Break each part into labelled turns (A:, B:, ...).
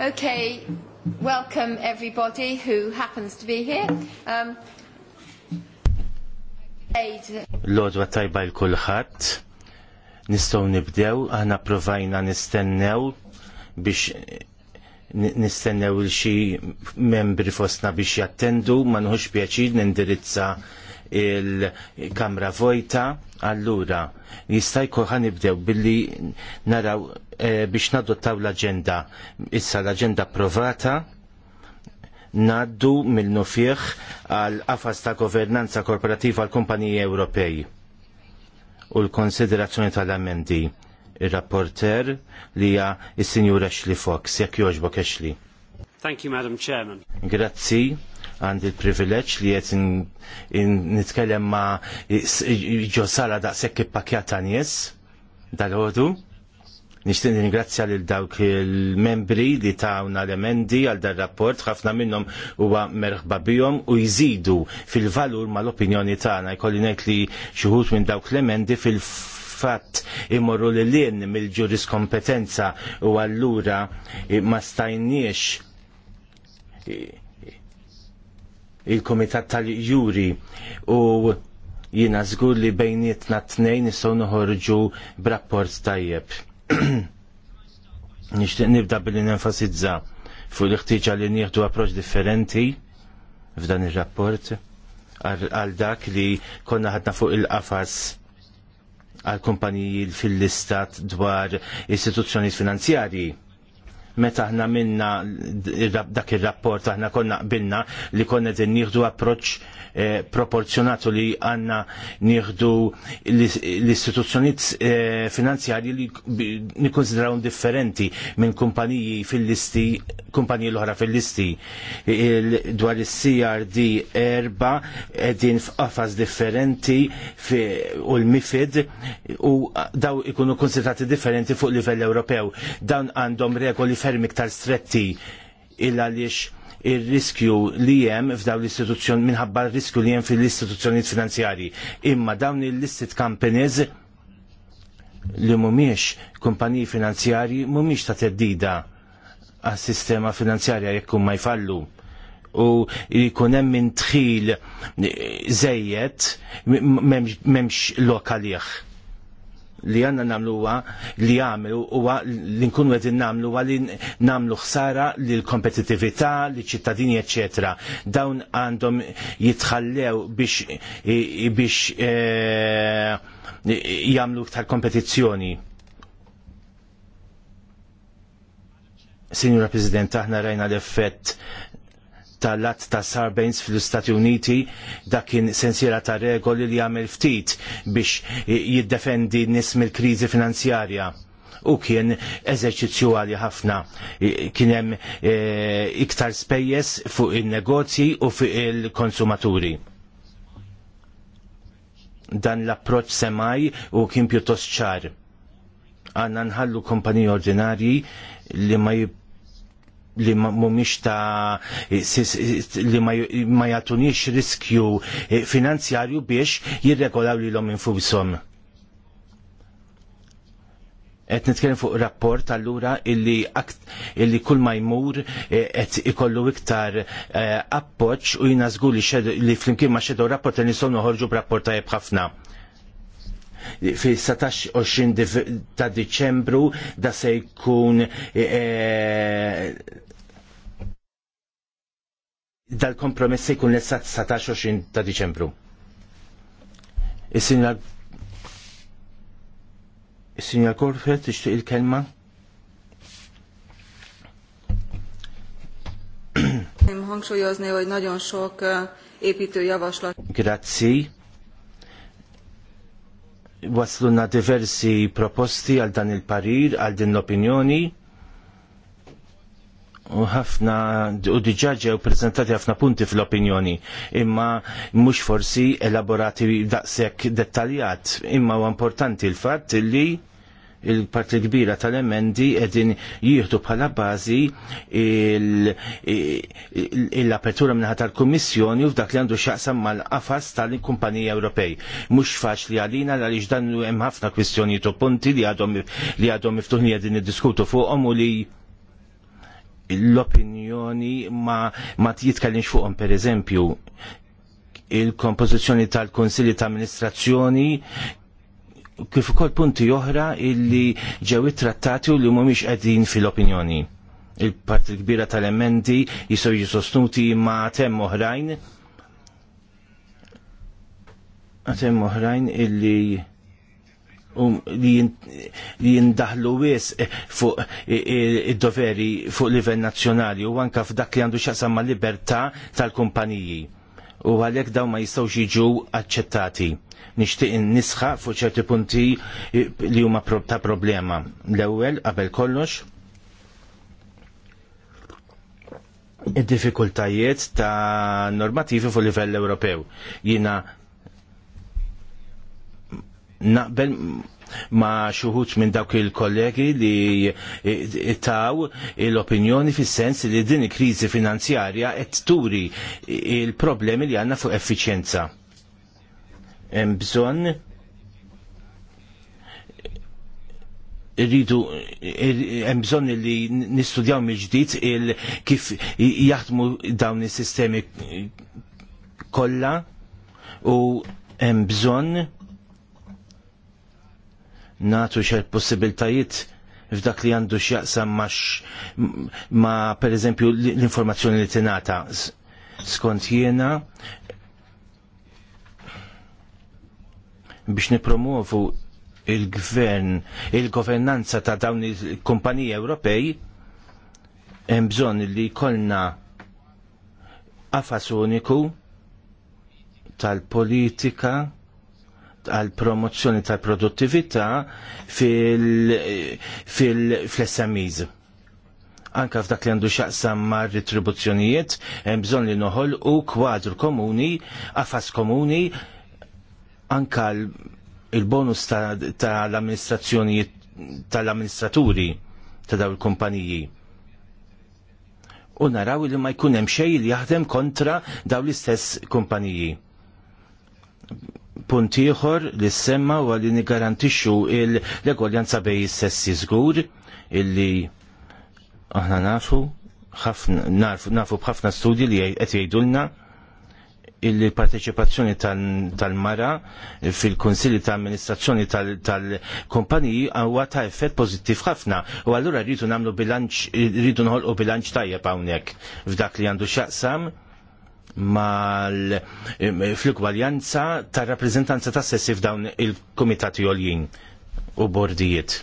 A: Okay, welcome everybody who happens to be here. Um, l
B: tajba l-kulħat, nistaw nibdew, għana provajna nistennew biex nistennew l-xi membri fostna biex jattendu, ma nħux pjaċir nindirizza il-Kamra Vojta, allura jista' jkun ħanibdew billi naraw e, biex taw l-aġenda. Issa l-aġenda approvata naddu mill-nufieħ għal qafas ta' governanza korporativa għal kumpaniji Ewropej u l-konsiderazzjoni tal-amendi il-rapporter li hija s-Sinjura Ashley Fox, jekk jogħġbok Ashley.
A: Thank you, Madam Chairman.
B: Grazzi għandi il-privileġġ li qed nitkellem ma' ġo sala daqshekk ippakjat ta' nies dal-ħodu. Nixtieq ningrazzja lil dawk il-membri li tawna l-emendi għal dar rapport ħafna minnhom huwa merħba bihom u jżidu fil-valur mal-opinjoni tagħna. Jkolli ngħid li xi minn dawk l-emendi fil fatt imorru li l-lien mill-ġuris kompetenza u allura ma stajniex il-Komitat tal-Juri u jina żgur li bejnietna t-tnejn nistgħu noħorġu b'rapport tajjeb. Nixtieq nibda billi nenfasizza fuq l-ħtieġa li nieħdu approċ differenti f'dan ir-rapport għal dak li konna ħadna fuq il-qafas għal kumpaniji fil-listat dwar istituzzjoni finanzjarji meta aħna minna dak ir-rapport aħna konna qbilna li konna din nieħdu approċċ eh, proporzjonatu li għanna nieħdu l-istituzzjonijiet eh, finanzjarji li nikkonsidraw differenti minn kumpaniji fil-listi, kumpaniji l-oħra fil-listi dwar is-CRD erba qegħdin f'qafas differenti u l-MIFID u daw ikunu konsidrati differenti fuq livell Ewropew. Dan għandhom regoli term iktar stretti illa għaliex il-riskju li jem f'daw l-istituzzjoni minħabba riskju li jem fil istituzzjoni finanzjari. Imma dawn il-listed companies li mumiex kumpaniji finanzjari mumiex ta' teddida għas sistema finanzjarja jekk ma jfallu u jkun hemm minn tħil żejjed m'hemmx lokalih li għanna namlu huwa li għamlu huwa li nkunu għedin namlu huwa li namlu ħsara li l-kompetitività, li ċittadini, ecc. Dawn għandhom jitħallew biex biex e, jamlu ktar kompetizzjoni. Signora President, aħna rajna l-effett tal-att ta' Sarbanes fl-Istati Uniti dak kien sensiela ta' regoli li għamil ftit biex jiddefendi nis mill-kriżi finanzjarja u kien eżerċizzju għali ħafna. Kien hemm e, iktar spejjeż fuq in-negozji u fuq il-konsumaturi dan l-approċ semaj u kien pjuttost ċar. Għanna nħallu kompaniji ordinarji li ma jib li mumiex ta' li ma jatunix riskju eh, finanzjarju biex jirregolaw li l-om infubisom. Et nitkellem fuq rapport allura illi, illi kull ma jmur et eh, ikollu iktar eh, appoċ u jina zgur li, flimkien ma xedu rapport li nisom noħorġu b'rapport tajjeb ħafna fi 17 ta' Diċembru da se jkun dal-kompromess jkun l-19 sat ta' Diċembru. Is-sinjal Is-sinjal Korfet tixtieq il-kelma? Hangsúlyozni, hogy nagyon sok javaslat. Grazzi. Waslunna diversi proposti għal dan il-parir, għal din l-opinjoni u ħafna u diġà ġew preżentati ħafna punti fl-opinjoni imma mhux forsi elaborati daqshekk dettaljat imma huwa importanti l-fatt li il-parti kbira tal-emendi edin jieħdu bħala bazi l-apertura minnaħa tal kummissjoni u f'dak li għandu xaqsam mal-qafas tal-Kumpanija Ewropej. Mhux faċli għalina għaliex dan hemm ħafna kwistjonijiet u punti li għadhom li għadhom miftuħnija din niddiskutu fuqhom u li l-opinjoni ma, ma jitkellimx fuqhom pereżempju il-kompożizzjoni tal konsilli ta' Amministrazzjoni kif ukoll punti oħra illi ġew ittrattati u li mhumiex qegħdin fil-opinjoni. Il-parti kbira tal-emendi jistgħu sostnuti ma' temm oħrajn. Temm oħrajn illi Um, li jindaħlu wis eh, fuq eh, eh, id-doveri fuq livell nazzjonali u anka f'dak li għandu xaqsam ma' libertà tal-kumpaniji. U għalhekk dawn ma jistgħux jiġu aċċettati. Nixtieq nisħa fuq ċerti punti li huma ta' problema. L-ewwel qabel kollox id-diffikultajiet ta' normativi fuq livell Ewropew. Jina naqbel ma xuħuċ minn dawk il-kollegi li taw l-opinjoni fis sens li din il-krizi finanzjarja qed turi il-problemi li għanna fuq effiċjenza. Hemm bżonn rridu hemm bżonn li nistudjaw mill-ġdid il kif jaħdmu dawn is-sistemi kollha u hemm bżonn natu xer possibiltajiet f'dak li għandu x'jaqsam max ma per eżempju l-informazzjoni li tingħata skont jiena biex nipromovu il-gvern, il-governanza ta' dawn il-kumpaniji Ewropej, hemm bżonn li jkollna afas uniku tal-politika għal promozzjoni tal produttività fil-SMEs. Anka f'dak li għandu xaqsam mar retribuzzjonijiet, hemm bżonn li noħol u kwadru komuni, affas komuni, anka il-bonus tal amministrazzjoni tal-amministraturi ta' daw il-kumpaniji u naraw li ma jkun hemm xejn li jaħdem kontra daw l-istess kumpaniji punt ieħor li semma u li nigarantixxu l-egwaljanza bej s sessi zgur illi aħna nafu nafu b'ħafna studji li qed jgħidulna Illi parteċipazzjoni tal-mara fil-konsili ta' amministrazzjoni tal-kompaniji għuwa ta' effett pozittiv ħafna u allura rridu namlu bilanċ, rridu nħolqu bilanċ tajjeb hawnhekk f'dak li għandu xaqsam mal fl-ugwaljanza tar rappreżentanza ta' sessi f'dawn il-komitati għoljin u bordijiet.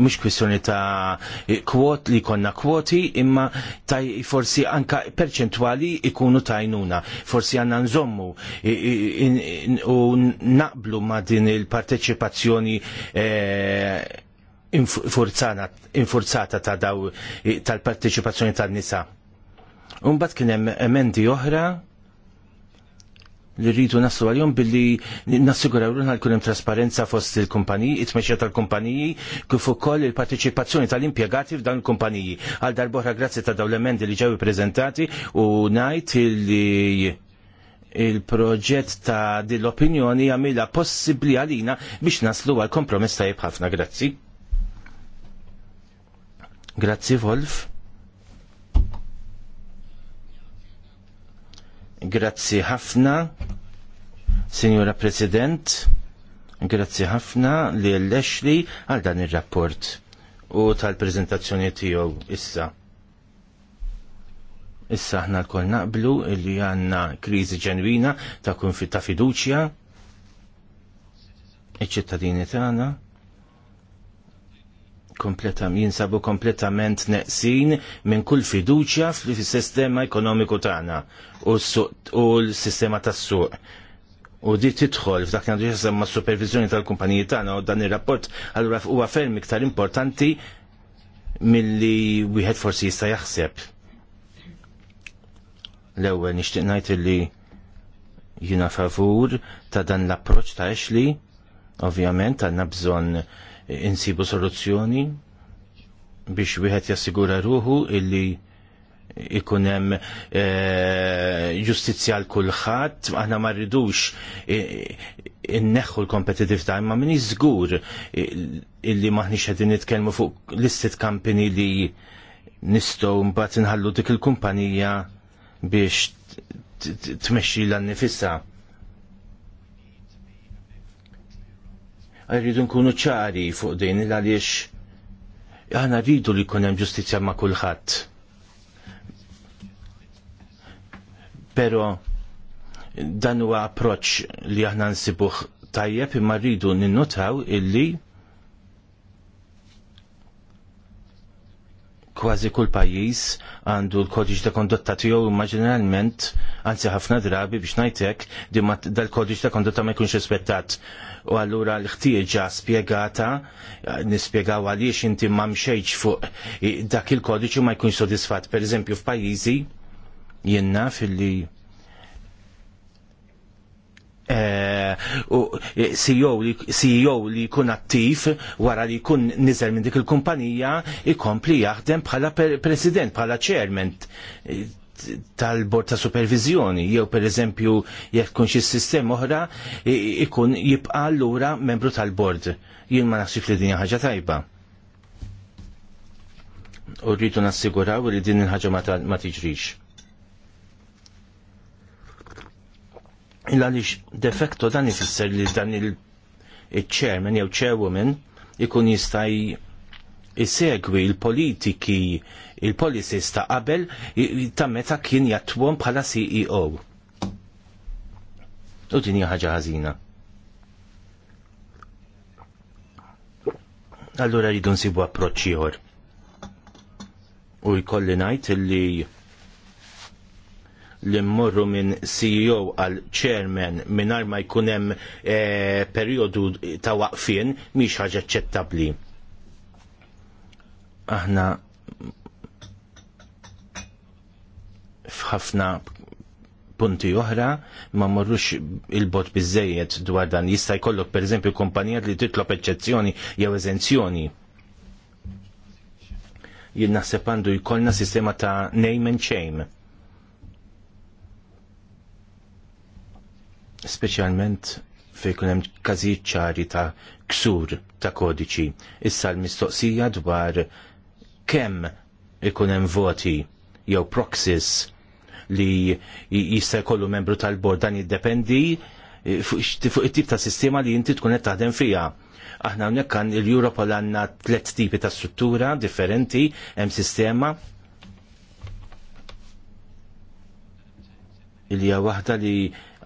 B: Mux kwistjoni ta' kwot li konna kwoti imma ta' forsi anka perċentwali ikunu tajnuna. Forsi għanna nżommu u naqblu ma' din il-parteċipazzjoni eh, infurzata ta' daw tal-parteċipazzjoni tan-nisa Umbat kien hemm emendi oħra li rridu naslu għal-jom billi nassiguraw l jkun hemm trasparenza fost il-kumpaniji, it-mexja tal-kumpaniji, kif ukoll il-parteċipazzjoni tal-impjegati f'dan il-kumpaniji. Għal darbohra grazzi ta' dawn l-emendi li ġew ippreżentati u ngħid li il-proġett ta' din l-opinjoni għamilha possibbli għalina biex naslu għal kompromess tajjeb ħafna. Grazzi. Grazzi Wolf. Grazzi ħafna, Signora President, grazzi ħafna li l-Lexli għal dan il-rapport u tal-prezentazzjoni tiegħu issa. Issa ħna l-kol naqblu li għanna krizi ġenwina ta' kun ta' fiduċja iċ-ċittadini tagħna kompletam, jinsabu kompletament neqsin minn kull fiduċja fil sistema ekonomiku tagħna u l-sistema tas-suq. U di tidħol f'dak għandu ma' supervizjoni tal-kumpaniji tagħna u dan ir-rapport allura huwa ferm iktar importanti milli wieħed forsi jista' jaħseb. L-ewwel nixtieq ngħid illi jiena favur ta' dan l-approċċ ta' Ashley, ovvjament għandna bżonn insibu soluzzjoni biex wieħed jassigura ruħu illi ikunem eh, ġustizja e, l kulħadd aħna ma rridux eh, inneħħu l-competitive time, ma minni zgur illi maħniex qegħdin nitkellmu fuq listed company li nistgħu mbagħad inħallu dik il-kumpanija biex tmexxi l-annifissa. rridu nkunu ċari fuq din għaliex aħna rridu li jkun hemm ġustizzja ma' kulħadd. Però dan huwa approċċ li aħna nsibuh tajjeb imma rridu ninnotaw illi kważi kull pajjiż għandu l kodiġ ta' kondotta tiegħu imma ġeneralment anzi ħafna drabi biex ngħidlek li dal-kodiċ ta' kondotta ma jkunx rispettat u allura l-ħtieġa spiegata nispjegaw għaliex inti ma mxejċ fuq dak il-kodiċu ma jkunx sodisfatt. Per eżempju f'pajjiżi jenna fil-li eh, CEO e li jkun attiv wara li jkun nizel minn dik il-kumpanija ikompli jaħdem bħala president, bħala chairman tal-bord ta' supervizjoni, jew per eżempju jekk kun xi sistema oħra ikun jibqa' allura membru tal-bord. Jien ma naħsibx li din ħaġa tajba. U rridu nassiguraw li din il-ħaġa ma tiġrix. Illa għaliex defekto dan ifisser li dan il-chairman jew chairwoman ikun jista' isegwi l-politiki il-policies ta' qabel ta' meta kien jattwom bħala CEO. U din hija ħaġa ħażina. Allura rridu nsibu approċċ ieħor. U jkolli ngħid li li mmorru minn CEO għal chairman mingħajr ma jkun hemm e, eh, perjodu ta' waqfien mhix ħaġa ċettabli. Aħna ħafna punti oħra ma morrux il-bot bizzejiet dwar dan. Jista' jkollok pereżempju kumpanija li titlob eċċezzjoni jew eżenzjoni. Jien naħseb għandu jkollna sistema ta' name and shame. Speċjalment fejn kun hemm każijiet ċari ta' ksur ta' kodiċi. Issa l-mistoqsija dwar kemm ikun hemm voti jew proxies li jista' jkollu membru tal-bord dan jiddependi eh, fuq it-tip ta' sistema li inti tkun qed taħdem fiha. Aħna hawnhekk kan il-Europa għandna tliet tipi ta' struttura differenti hemm sistema il hija waħda li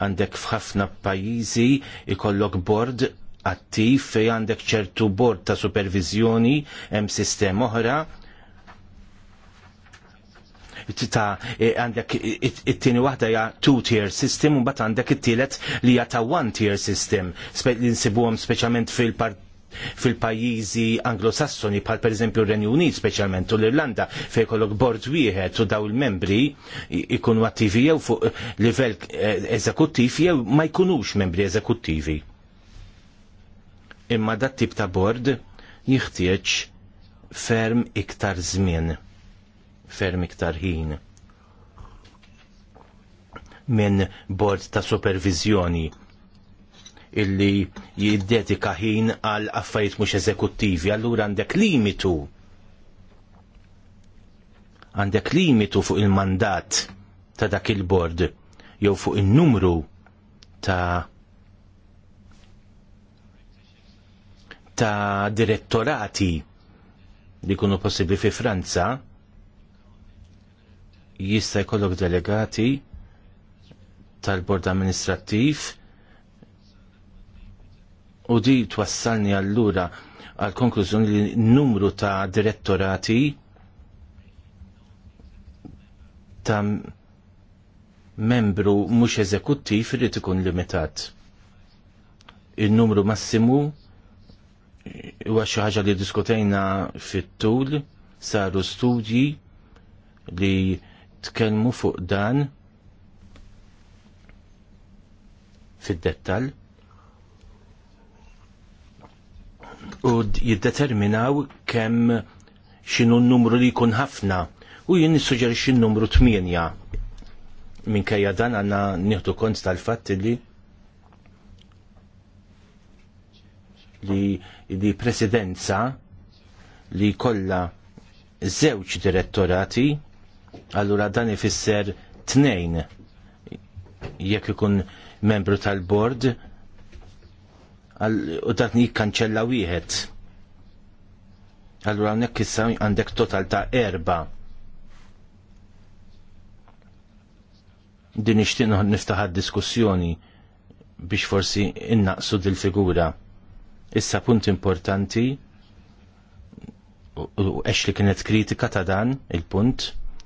B: għandek f'ħafna pajjiżi ikollok bord attiv fej għandek ċertu bord ta' supervizjoni hemm sistema oħra ta' e, għandek e, e, it-tieni waħda hija two tier system u bat għandek it-tielet li hija ta' one tier system li nsibuhom speċjalment fil-part fil-pajjiżi anglosassoni bħal pereżempju r-Renju Unit speċjalment u l-Irlanda fejn jkollok bord wieħed u daw il-membri ikunu attivi jew fuq livell eżekuttiv jew ma jkunux membri eżekuttivi. Imma dat tip ta' bord jiħtieġ ferm iktar żmien ferm iktar ħin minn bord ta' supervizjoni illi jiddedika ħin għal affajt mhux eżekuttivi, allura għandek limitu. Għandek limitu fuq il-mandat ta' dak il-bord jew fuq in-numru ta' ta' direttorati li kunu possibli fi Franza jista' jkollok delegati tal-bord amministrattiv u di twassalni allura għal konklużjoni li numru ta' direttorati ta' membru mhux eżekuttiv irid ikun limitat. Il-numru massimu huwa xi ħaġa li diskutejna fit-tul saru studji li Tkellmu fuq dan fid-dettal u jiddeterminaw kemm xinu n-numru li jkun ħafna u jien nissuġġerixxi n-numru 8 minkejja dan għandna nieħdu kont tal-fatt li li li presidenza li kollha żewġ direttorati Allura dan ifisser tnejn jekk ikun membru tal-bord u dan jikkanċella wieħed. Allura hawnhekk issa għandek total ta' erba. Din ixtieq niftaħ diskussjoni biex forsi innaqsu dil-figura. Issa punt importanti u għex li kienet kritika ta' dan il-punt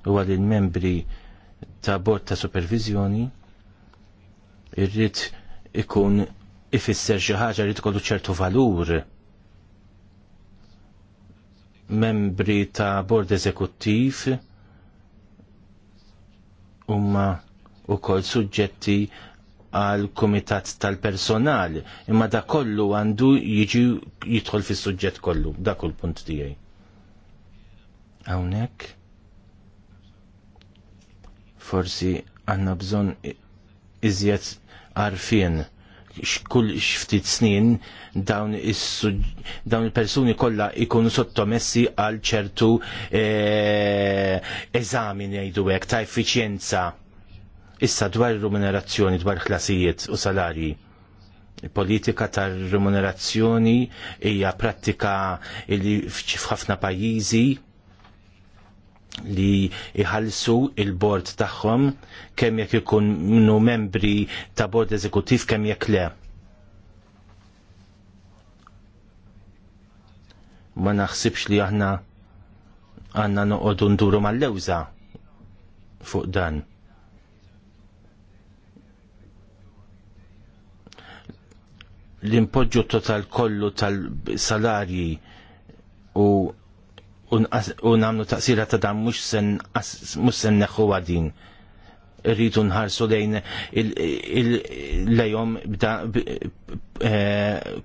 B: u għal il-membri ta' bord ta' supervizjoni irrid ikun ifisser xi ħaġa li tkollu ċertu valur membri ta' bord eżekuttiv huma wkoll suġġetti għal kumitat tal-personal imma da kollu għandu jiġi jidħol fis suġġett kollu dak kull punt tiegħi. Hawnhekk forsi għanna bżon iżjed għarfien kull xftit snin dawn il-persuni kollha ikunu sottomessi għal ċertu eh, eżami ngħidu għek ta' effiċjenza. Issa dwar remunerazzjoni dwar klasijiet u salarji. Politika tar remunerazzjoni hija prattika li f'ħafna pajjiżi li jħallsu il-bord tagħhom kemm jekk ikunu membri ta' bord eżekuttiv kemm jekk le. Ma naħsibx li aħna għanna noqogħdu nduru mal-lewża fuq dan. L-impoġġu total kollu tal-salarji u u namlu taqsira ta' dan mux sen neħu għadin. Rridu nħarsu lejn lejom eh,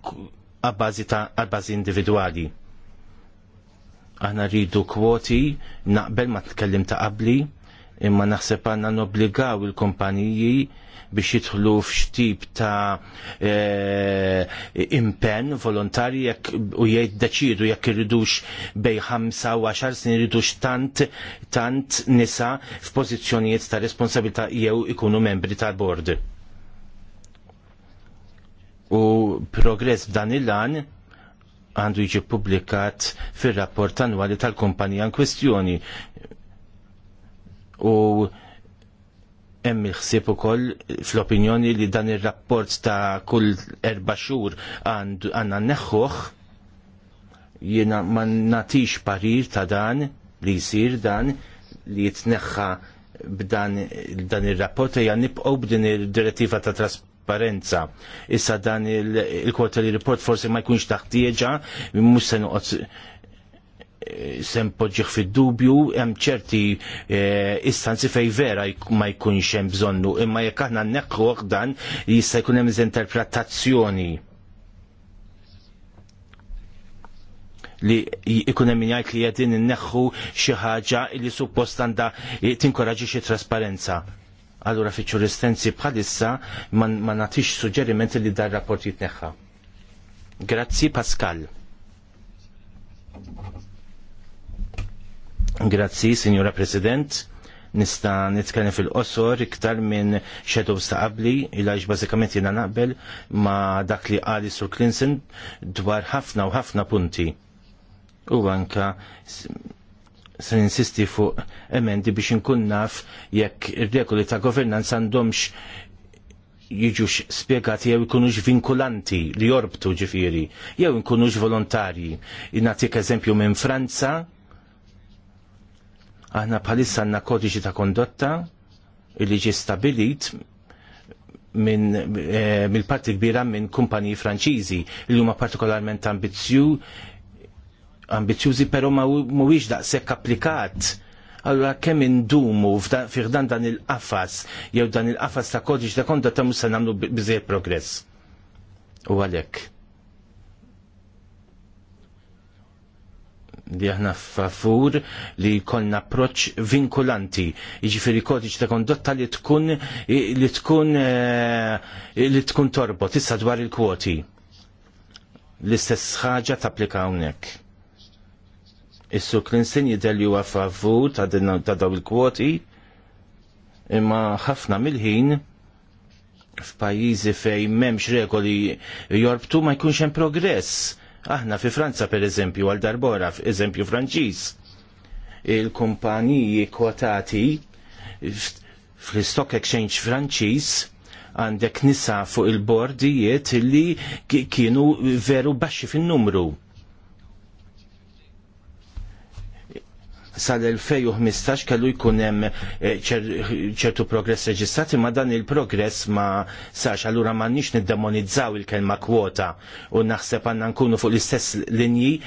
B: għabbażi individuali. Aħna rridu kwoti naqbel ma tkellim ta' qabli imma naħseb għanna nobligaw il-kumpaniji biex jidħlu f'xtip ta' e, impenn volontarji jekk u jiddeċidu jekk irridux bej 5 u 10 snin irridux tant tant nisa f'pożizzjonijiet ta' responsabilità jew ikunu membri tal-bord. U progress b'dan il-lan għandu jiġi publikat fir-rapport annwali tal-kumpanija in kwestjoni u hemm il-ħsieb ukoll fl-opinjoni li dan ir-rapport ta' kull erba' xhur għandna neħħuħ jena ma natix parir ta' dan li jsir dan li jitneħħa b'dan dan ir-rapport hija nibqgħu b'din id-direttiva ta' trasparenza. Issa dan il kwotali report forsi ma jkunx taħtieġa, mhux se noqgħod sempoġġiħ fid-dubju hemm ċerti eh, istanzi fej vera ma jkunx hemm bżonnu, imma jekk aħna nneħħuh dan jista' jkun hemm interpretazzjoni li ikun hemm jgħid li qegħdin inneħħu xi ħaġa li suppost għandha eh, tinkoraġi xi trasparenza. Allura fi ċuristenzi bħalissa ma nagħtix suġġerimenti li dar rapport jitneħħa. Grazzi Pascal. Grazzi, Signora President. Nista nitkellem fil-qosor iktar minn shadows ta' qabli il-għax bażikament jiena naqbel ma' dak li qali sur Clinton dwar ħafna u ħafna punti. U anka se ninsisti fuq emendi biex inkun naf jekk ir-regoli ta' governance għandhomx jiġux spiegati jew ikunux vinkulanti li jorbtu ġifiri, jew ikunux volontarji. Inatik eżempju minn Franza, Aħna bħalissa għandna kodiċi ta' kondotta li ġi stabilit minn eh, min parti kbira minn kumpaniji franċiżi li huma partikolarment ambizzju ambizzjużi però ma mhuwiex daqshekk applikat. Allura kemm indumu fih dan il-qafas jew dan il-qafas ta' kodiċ ta' kondotta mhux se nagħmlu biżejjed progress. U għalhekk li aħna favur li jkollna approċ vinkulanti, jiġifieri kodiċ ta' kondotta li tkun li tkun eh, li tkun torbot issa dwar il-kwoti. L-istess ħaġa tapplika hawnhekk. Issu Klinsin jidher li huwa favur ta' daw il-kwoti imma ħafna mill-ħin f'pajjiżi fejn m'hemmx regoli jorbtu ma jkunx hemm progress Aħna fi Franza per eżempju għal darbora, eżempju Franċiż, il-kumpaniji kwotati fl-Stock Exchange Franċiż għandek nisa fuq il-bordijiet li kienu veru baxxi fin-numru sal-2015 kellu jkun hemm eh, ċertu progress reġistrati ma dan il-progress ma sarx allura m'għandniex niddemonizzaw il-kelma kwota u naħseb għandna nkunu fuq l-istess linji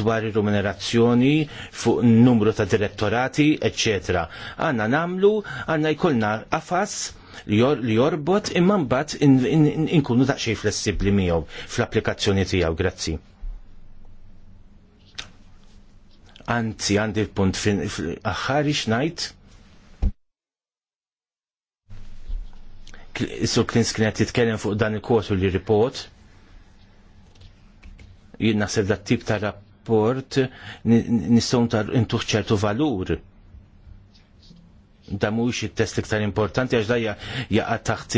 B: dwar ir-rumunerazzjoni fuq numru ta' direttorati, eccetera. Għandna nagħmlu, għandna jkollna qafas li jorbot imma mbagħad inkunu daqsxejn flessibbli miegħu fl-applikazzjoni tiegħu. Grazzi. anzi għandi punt fin aħħar ngħid. Isu Klins kien qed jitkellem fuq dan il-kotu li report. Jien naħseb dat tip ta' rapport nistgħu intuħ ċertu valur da mux it test iktar importanti għax dajja jaqa taħt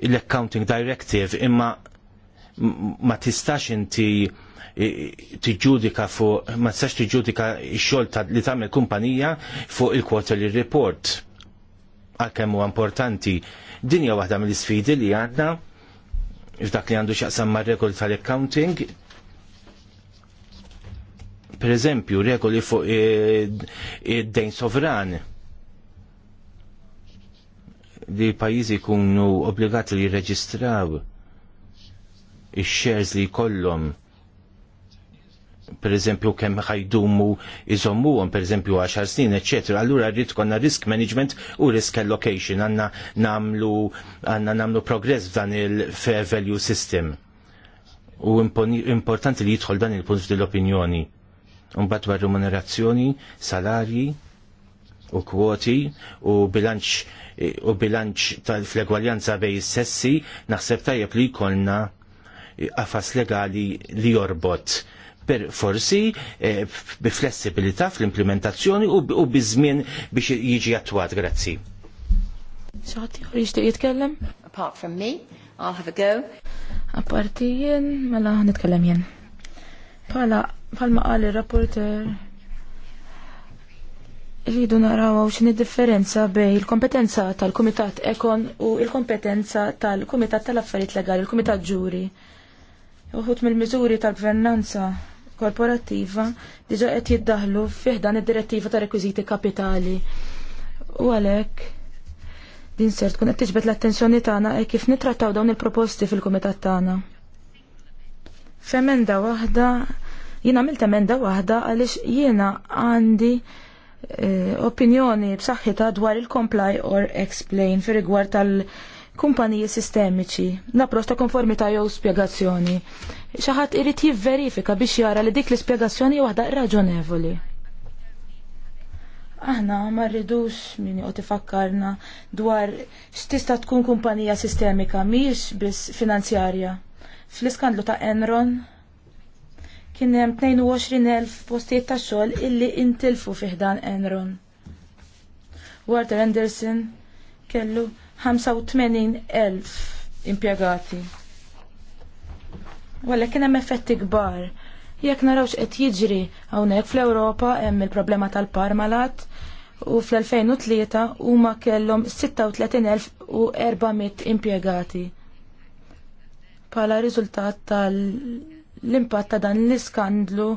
B: il-accounting directive imma ma tistax inti tiġġudika fuq ma tistax tiġġudika x-xogħol li tagħmel kumpanija fuq il-quarterly report. Għalkemm huwa importanti dinja waħda mill-isfidi li għandna f'dak li għandu x'aqsam mar-regoli tal-accounting per eżempju regoli fuq id-dejn sovran li l-pajjiżi jkunu obbligati li jirreġistraw ix-shares li jkollhom per eżempju kemm ħajdumu iżommuhom per eżempju 10 snin, etc. Allura rrid konna risk management u risk allocation għandna namlu għandna namlu progress f'dan il-fair value system. U importanti li jidħol dan il-punt dell-opinjoni. Mbagħad dwar remunerazzjoni, salarji, u kwoti u bilanċ u bilanċ tal-flegwaljanza bej sessi naħseb tajjeb li jkollna għafas legali li jorbot per forsi eh, bi flessibilità fl-implementazzjoni u bi żmien biex jiġi attwat. Grazzi.
C: Xaħti għor jishtiq
A: jitkellem? Apart from me, I'll have a go.
C: Apparti jien, mela nitkellem jien. Pala, palma għali rapporter, rridu naraw għaw xini differenza bej il-kompetenza tal-Komitat Ekon u il-kompetenza tal-Komitat tal-Affarijiet Legali, il-Komitat Ġuri. Uħut mill-miżuri tal-gvernanza korporattiva diġa qed jiddaħlu fih dan id-direttiva ta' rekwiżiti kapitali. U għalhekk din sert tkun qed tiġbed l-attenzjoni tagħna e kif nitrattaw dawn il-proposti fil-kumitat tagħna. F'emenda waħda jiena għamilt emenda waħda għaliex jiena għandi eh, opinjoni b'saħħitha dwar il-comply or explain fir rigward tal- kumpaniji sistemiċi, ta' konformità jew spjegazzjoni. Xi ħadd irid jivverifika biex jara li dik l-ispjegazzjoni waħda raġonevoli. Aħna ma rridux min joqgħod ifakkarna dwar x'tista' tkun kumpanija sistemika mhijiex biss finanzjarja. Fl-iskandlu ta' Enron kien hemm 22,000 postijiet ta' xogħol illi intilfu fiħdan Enron. Walter Anderson kellu 85,000 impjegati. Walla kien hemm effetti kbar. Jekk narawx qed jiġri hawnhekk fl-Ewropa hemm il-problema tal-parmalat u fl-2003 huma kellhom 36,400 impjegati. Pala riżultat tal-impatt ta' dan l-iskandlu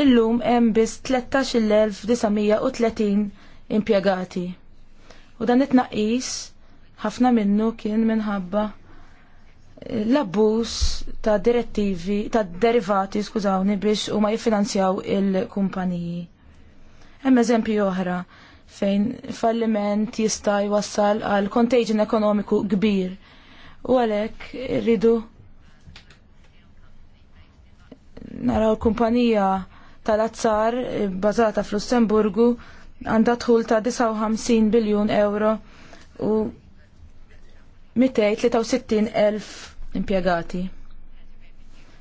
C: illum hemm biss 13,930 impjegati. U dan it-tnaqqis ħafna minnu kien minħabba l abbus ta' direttivi, ta' derivati, skużawni, biex u ma jiffinanzjaw il-kumpaniji. Hemm eżempju oħra fejn falliment jista' jwassal għal contagion ekonomiku kbir. U għalhekk rridu naraw kumpanija tal-azzar bbażata fl-Lussemburgu għandha dħul ta' 59 biljun euro u 263.000 impiegati.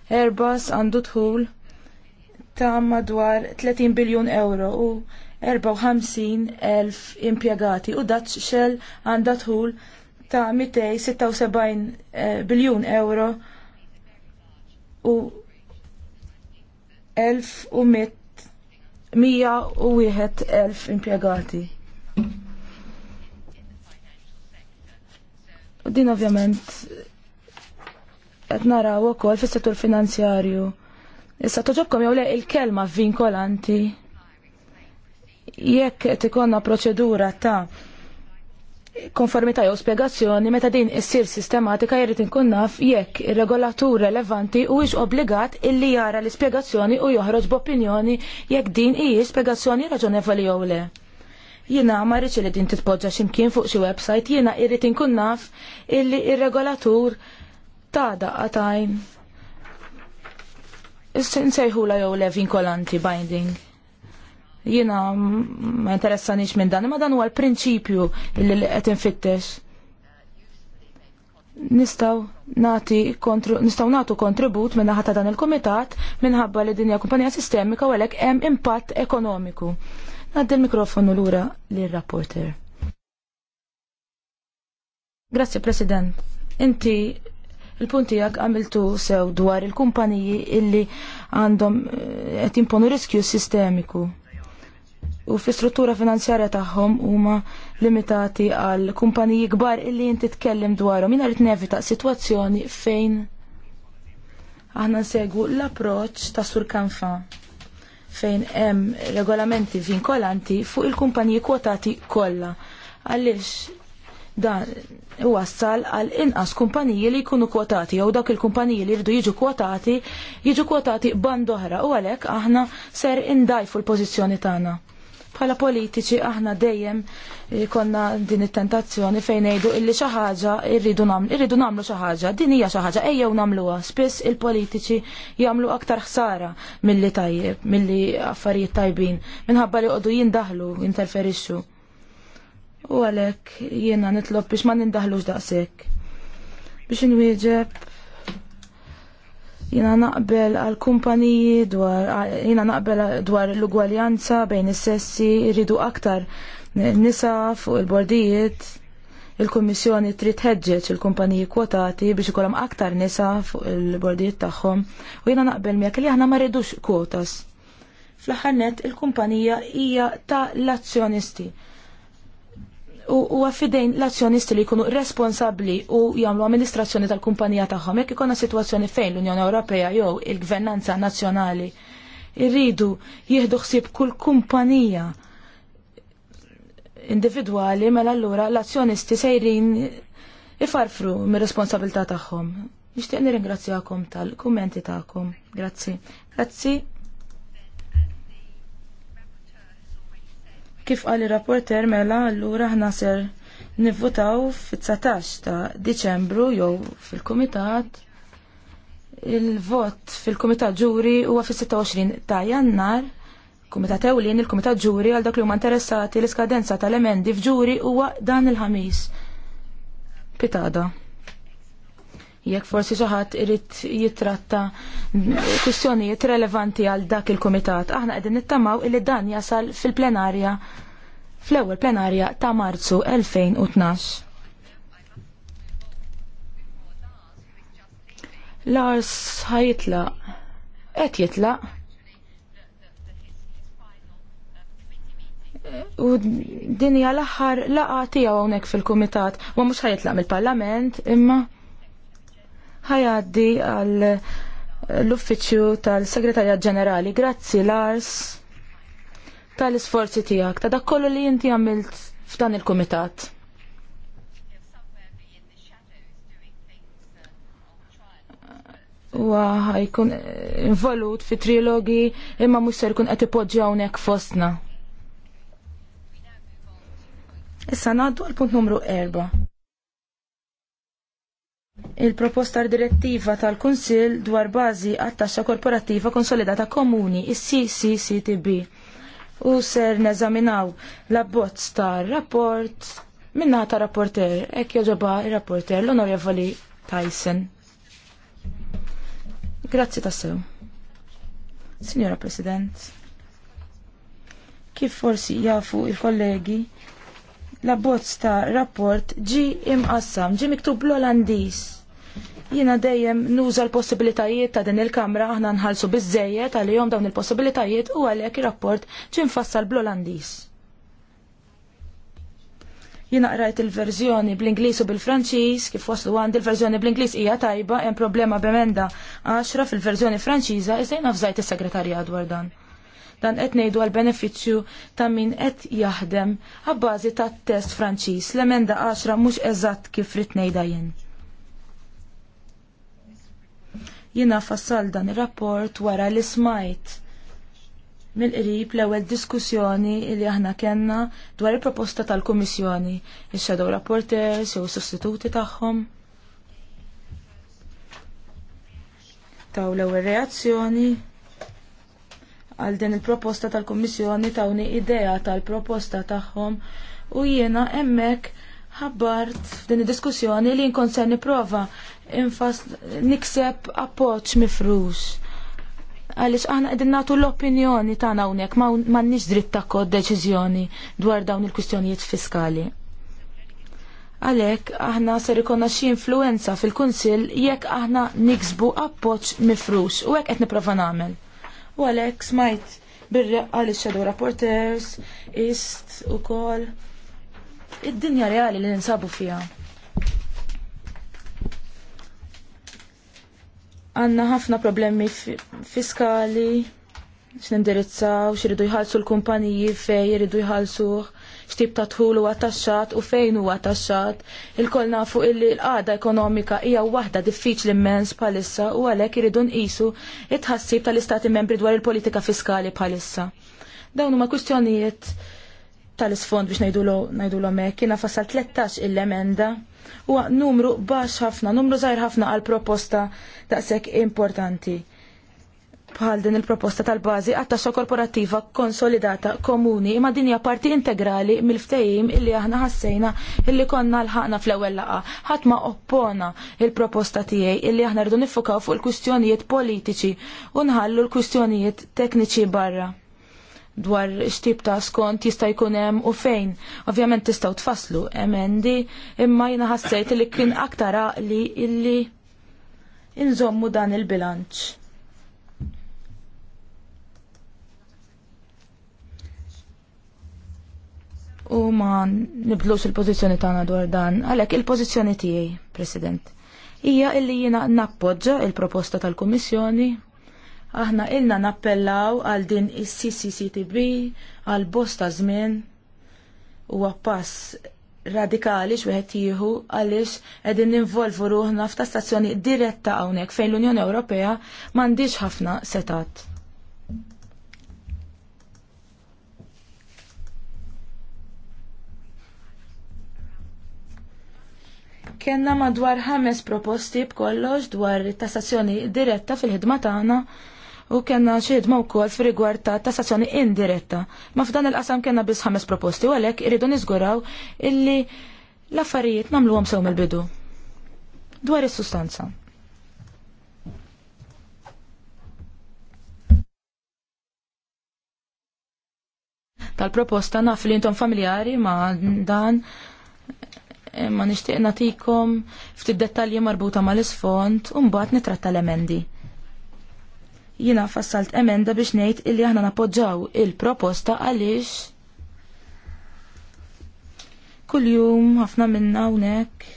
C: Airbus għandu dħul ta' madwar 30 biljun euro u 54.000 impiegati u Dutch Shell għandha tħul ta' 276 eh, biljun euro u 1100 elf impiegati. Din ovvjament qed naraw ukoll fis-settur finanzjarju. Issa toġobkom jew le il-kelma vinkolanti. Jekk qed ikonna proċedura ta' konformità jew spjegazzjoni meta din issir sistematika jrid inkun naf jekk ir-regolatur relevanti huwiex obbligat illi jara l-ispjegazzjoni u joħroġ b'opinjoni jekk din hija spjegazzjoni raġonevoli jew le. Jiena ma rridx li din titpoġġa x'imkien fuq xi website, jiena irrid inkun naf illi ir-regolatur ta' daqatajn. Nsejħula jew levin kolanti binding. Jiena ma interessanix minn dan, imma dan huwa l-prinċipju illi li qed infittex. Nistaw nati kontru, nistaw natu kontribut minna ħata dan il-komitat minħabba li dinja kumpanija sistemika u għalek hemm impatt ekonomiku. Għaddi l-mikrofonu l-ura l-rapporter. Grazie, President. Inti il-punti għak għamiltu sew dwar il-kumpaniji illi għandhom għet eh, imponu riskju sistemiku u fi struttura finanzjarja tagħhom huma limitati għal kumpaniji kbar illi inti tkellem dwarhom. Jien nevi nevita sitwazzjoni fejn aħna segu l-approċċ ta' sur kanfa fejn hemm regolamenti vinkolanti fuq il kumpaniji kwotati kollha. Għaliex dan wassal għal inqas kumpaniji li jkunu kwotati jew dak il-kumpaniji li jridu jiġu kwotati jiġu kwotati band oħra u għalhekk aħna ser indajfu l-pożizzjoni tagħna. Bħala politiċi aħna dejjem eh, konna din it-tentazzjoni fejn ngħidu illi xi ħaġa irridu nagħmlu, irridu nagħmlu xi ħaġa, din hija xi ħaġa ejjew nagħmluha. Spiss il-politiċi jagħmlu aktar ħsara milli tajjeb, milli affarijiet tajbin, minħabba li jqogħdu jindaħlu, jinterferixxu. U għalhekk jiena nitlob biex ma nindaħlux daqshekk. Biex inwieġeb. Jina naqbel għal kumpaniji dwar, jina naqbel dwar l-ugwaljanza bejn is-sessi, rridu aktar nisa fuq il-bordijiet, il-Kommissjoni trid ħeġġeġ il-kumpaniji kwotati biex ikollhom aktar nisa fuq il-bordijiet tagħhom u jiena naqbel miegħek li aħna ma rridux kwotas. Fl-aħħar nett il-kumpanija hija ta' l-azzjonisti u għaffidejn l-azzjonisti li jkunu responsabli u jagħmlu amministrazzjoni tal-kumpanija tagħhom jekk ikonna sitwazzjoni fejn l-Unjoni Ewropea jew il-Gvernanza Nazzjonali irridu jieħdu ħsieb kull kumpanija individwali mela allura l-azzjonisti sejrin ifarfru mir-responsabilità tagħhom. Nixtieq nirringrazzjakom tal-kummenti tagħkom. Grazzi. Grazzi. Kif qal ir-rapporter mela allura aħna ser nivvutaw fit-19 ta' Diċembru jew fil-Kumitat il-vot fil-Kumitat Ġuri huwa fis-26 ta' Jannar Kumitat Ewlien il-Kumitat Ġuri għal dak li huma interessati l-iskadenza tal-emendi f'ġuri huwa dan il-ħamis. Pitada jekk forsi xaħat irrit irid jitratta kwistjonijiet relevanti għal dak il-kumitat. Aħna qegħdin nittamaw li dan jasal fil-plenarja fl-ewwel plenarja ta' Marzu 2012. Lars ħajitla. qed jitlaq. u dinja l-aħħar laqa tiegħu hawnhekk fil-kumitat u mhux ħajitlaq mill-Parlament imma ħajaddi għal l-uffiċju tal-Segretarja Ġenerali. Grazzi Lars tal-isforzi tiegħek ta' dak kollu li inti għamilt f'dan il-kumitat. Wa ħajkun involut fi trilogi imma mhux se jkun qed ipoġġi hawnhekk fostna. Issa ngħaddu għal punt numru erba'. Il-proposta direttiva tal-Kunsil dwar bażi għat-taxxa korporattiva konsolidata komuni, is-CCCTB. U ser neżaminaw l-abbozz tar-rapport minna ta' rapporter, ek joġoba il-rapporter l-onorevoli Tyson. Grazzi tassew. Signora President, kif forsi jafu il-kollegi La bozz ta' rapport ġi imqassam, ġi miktub l-Olandis. Jina dejjem nuża l-possibilitajiet ta' din il-kamra aħna nħallsu biżejjed għalihom dawn il-possibilitajiet u għalhekk ir-rapport ġi mfassal bl-Olandis jina qrajt il-verżjoni bl ingliż u bil-Franċiż, kif waslu għandi il-verżjoni bl ingliż hija tajba, hemm problema b'emenda 10 fil-verżjoni Franċiża, iżda jnafżajt is-segretarja dwar dan. Dan qed ngħidu għal benefiċċju ta' min qed jaħdem għabbażi ta' test Franċiż l-emenda 10 mhux eżatt kif rid ngħidha jien. Jiena fassal dan ir-rapport wara li smajt mill-qrib l-ewwel diskussjoni li aħna kellna dwar il-proposta tal-Kummissjoni, ix-shadow rapporters jew sostituti tagħhom. taw l-ewwel reazzjoni għal din il-proposta tal-Kummissjoni tawni idea tal-proposta tagħhom u jiena hemmhekk ħabbart f'din id-diskussjoni li nkun se nipprova infas nikseb appoġġ mifrux. Għaliex aħna qegħdin nagħtu l-opinjoni tagħna hawnhekk m'għandniex dritt ta' kod deċiżjoni dwar dawn il-kwistjonijiet fiskali. Għalhekk aħna ser ikonna xi influenza fil-Kunsill jekk aħna niksbu appoġġ mifrux u hekk qed nipprova nagħmel u għalhekk smajt bir-reqqa li shadow rapporters ist ukoll id-dinja reali li ninsabu fiha. Għanna ħafna problemi fiskali x'nindirizzaw, x'iridu jħallsu l-kumpaniji fej jiridu jħallsuh x'tip ta' tħul huwa taxxat u fejn huwa taxxat. Il-kol nafu illi l-qagħda ekonomika hija waħda diffiċli immens bħalissa u għalhekk iridu nqisu it-tħassib tal-Istati Membri dwar il-politika fiskali bħalissa. Dawn huma kwistjonijiet tal-isfond biex ngħidulhom hekk jiena fassal 13 il-emenda huwa numru baxx ħafna, numru żgħir ħafna għal proposta daqshekk importanti bħal din il-proposta tal-bażi għat-taxxa korporattiva konsolidata komuni imma din hija parti integrali mill-ftehim illi aħna ħassejna illi konna l-ħaqna fl-ewwel laqa. Ħadd ma oppona il-proposta tiegħi illi aħna rridu niffukaw fuq il-kwistjonijiet politiċi u nħallu l-kwistjonijiet tekniċi barra dwar xtib ta' skont jista' jkun hemm u fejn. Ovvjament tistgħu tfasslu emendi, imma jiena ħassejt li kien aktar għaqli illi inżommu dan il-bilanċ u ma nibdlux il-pozizjoni tagħna dwar dan. Għalhekk il-pożizzjoni tiegħi, President, hija illi jiena nappoġġa il-proposta tal-Kummissjoni. Aħna ilna nappellaw għal din is-CCCTB għal bosta żmien huwa pass radikali x'wieħed jieħu għaliex qegħdin ninvolvu ruħna f'ta' stazzjoni diretta hawnhekk fejn l-Unjoni Ewropea m'għandix ħafna setat. kena madwar ħames proposti b'kollox dwar tassazzjoni diretta fil-ħidma tagħna u kena xidma ħidma wkoll f'rigward ta' tassazzjoni indiretta. Ma f'dan il-qasam kena biss ħames proposti u għalhekk irridu niżguraw illi l-affarijiet nagħmluhom sew mill-bidu. Dwar is-sustanza. Tal-proposta naf li intom familjari ma' dan imma eh, nixtieq nagħtikom ftit dettalji marbuta mal-isfond u mbagħad nitratta l-emendi. Jiena fassalt emenda biex ngħid illi aħna napoġġaw il-proposta għaliex kuljum ħafna minna hawnhekk.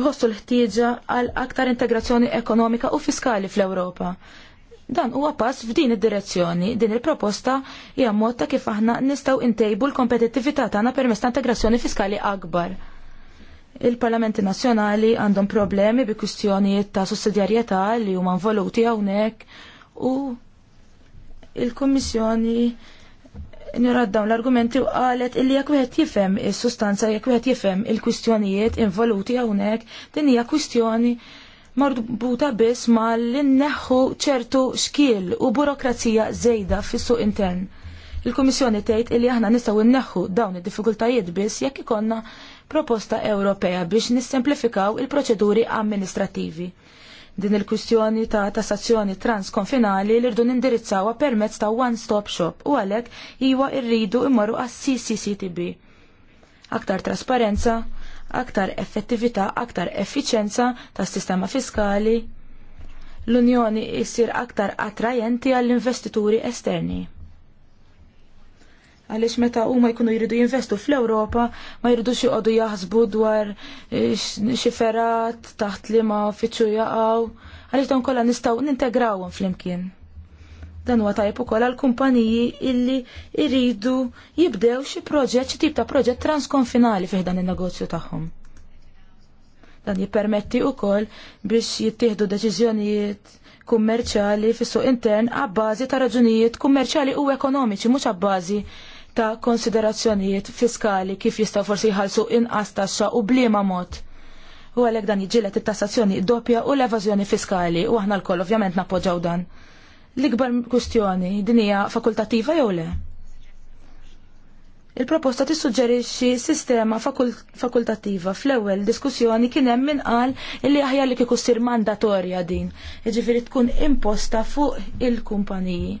C: Iħossu l-ħtieġa għal aktar integrazzjoni ekonomika u fiskali fl-Ewropa. Dan huwa pass f'din id-direzzjoni, din il-proposta hija mod ta' kif aħna nistgħu intejbu l-kompetittività tagħna permezz ta' integrazzjoni fiskali akbar. Il-Parlamenti Nazzjonali għandhom problemi bi kwistjonijiet ta' sussidjarjetà li huma involuti hawnhekk u il-Kummissjoni Njurad dawn l-argumenti u qalet illi jekk wieħed jifhem is-sustanza jekk wieħed jifhem il-kwistjonijiet involuti hawnhekk din hija kwistjoni marbuta biss ma l inneħħu ċertu xkiel u burokrazija żejda fis-suq intern. Il-Kummissjoni tgħid li aħna nistgħu nneħħu dawn id-diffikultajiet biss jekk ikonna proposta Ewropea biex nissemplifikaw il-proċeduri amministrativi. Din il-kwistjoni ta' tassazzjoni transkonfinali li rdu nindirizzawa permezz ta' one-stop shop u għalhekk iwa rridu immorru għas-CCCTB. Aktar trasparenza, aktar effettività, aktar effiċenza tas sistema fiskali, l-Unjoni jsir aktar attrajenti għall-investituri esterni. Għaliex meta huma jkunu jridu jinvestu fl-Ewropa, ma jridux joqogħdu jahzbu dwar eh, xiferat taħt li ma uffiċċju jaqgħu, għaliex dawn kollha nistgħu nintegrawhom flimkien. Dan huwa tajb ukoll għal kumpaniji illi jridu jibdew xi proġett xi tip ta' proġett transkonfinali fih dan in-negozju tagħhom. Dan jippermetti wkoll biex jittieħdu deċiżjonijiet kummerċali fis-suq intern għabbażi ta' raġunijiet kummerċali u ekonomiċi mhux għabbażi ta' konsiderazzjonijiet fiskali kif jistgħu forsi jħallsu inqas taxxa u bliema mod. U għalhekk dan jiġilet it-tassazzjoni doppja u l-evażjoni fiskali u aħna lkoll ovvjament nappoġġaw dan. L-ikbar kustjoni, din hija fakultattiva jew le? Il-proposta tissuġġerixxi sistema fakultattiva. Fl-ewwel diskussjoni kien hemm min qal illi aħjar li kieku ssir mandatorja din, jiġifieri tkun imposta fuq il-kumpaniji.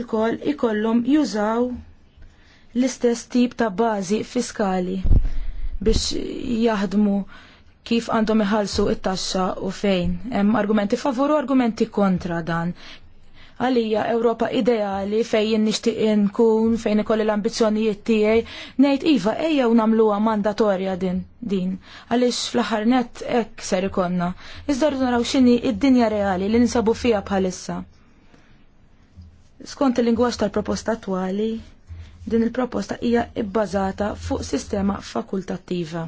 C: Il-koll ikollhom jużaw l-istess tip ta' bażi fiskali biex jaħdmu kif għandhom iħallsu it-taxxa u fejn. Hemm argumenti favur u argumenti kontra dan. Għalija Ewropa ideali fejn nixtieq nkun fejn ikolli l-ambizzjonijiet tiegħi, ngħid iva ejja u nagħmluha mandatorja din din. Għaliex fl-aħħar nett hekk ser ikonna. Iżda naraw x'inhi id-dinja reali li ninsabu fiha bħalissa. Skont il-lingwaġġ tal-proposta attwali, din il-proposta hija bbażata fuq sistema fakultattiva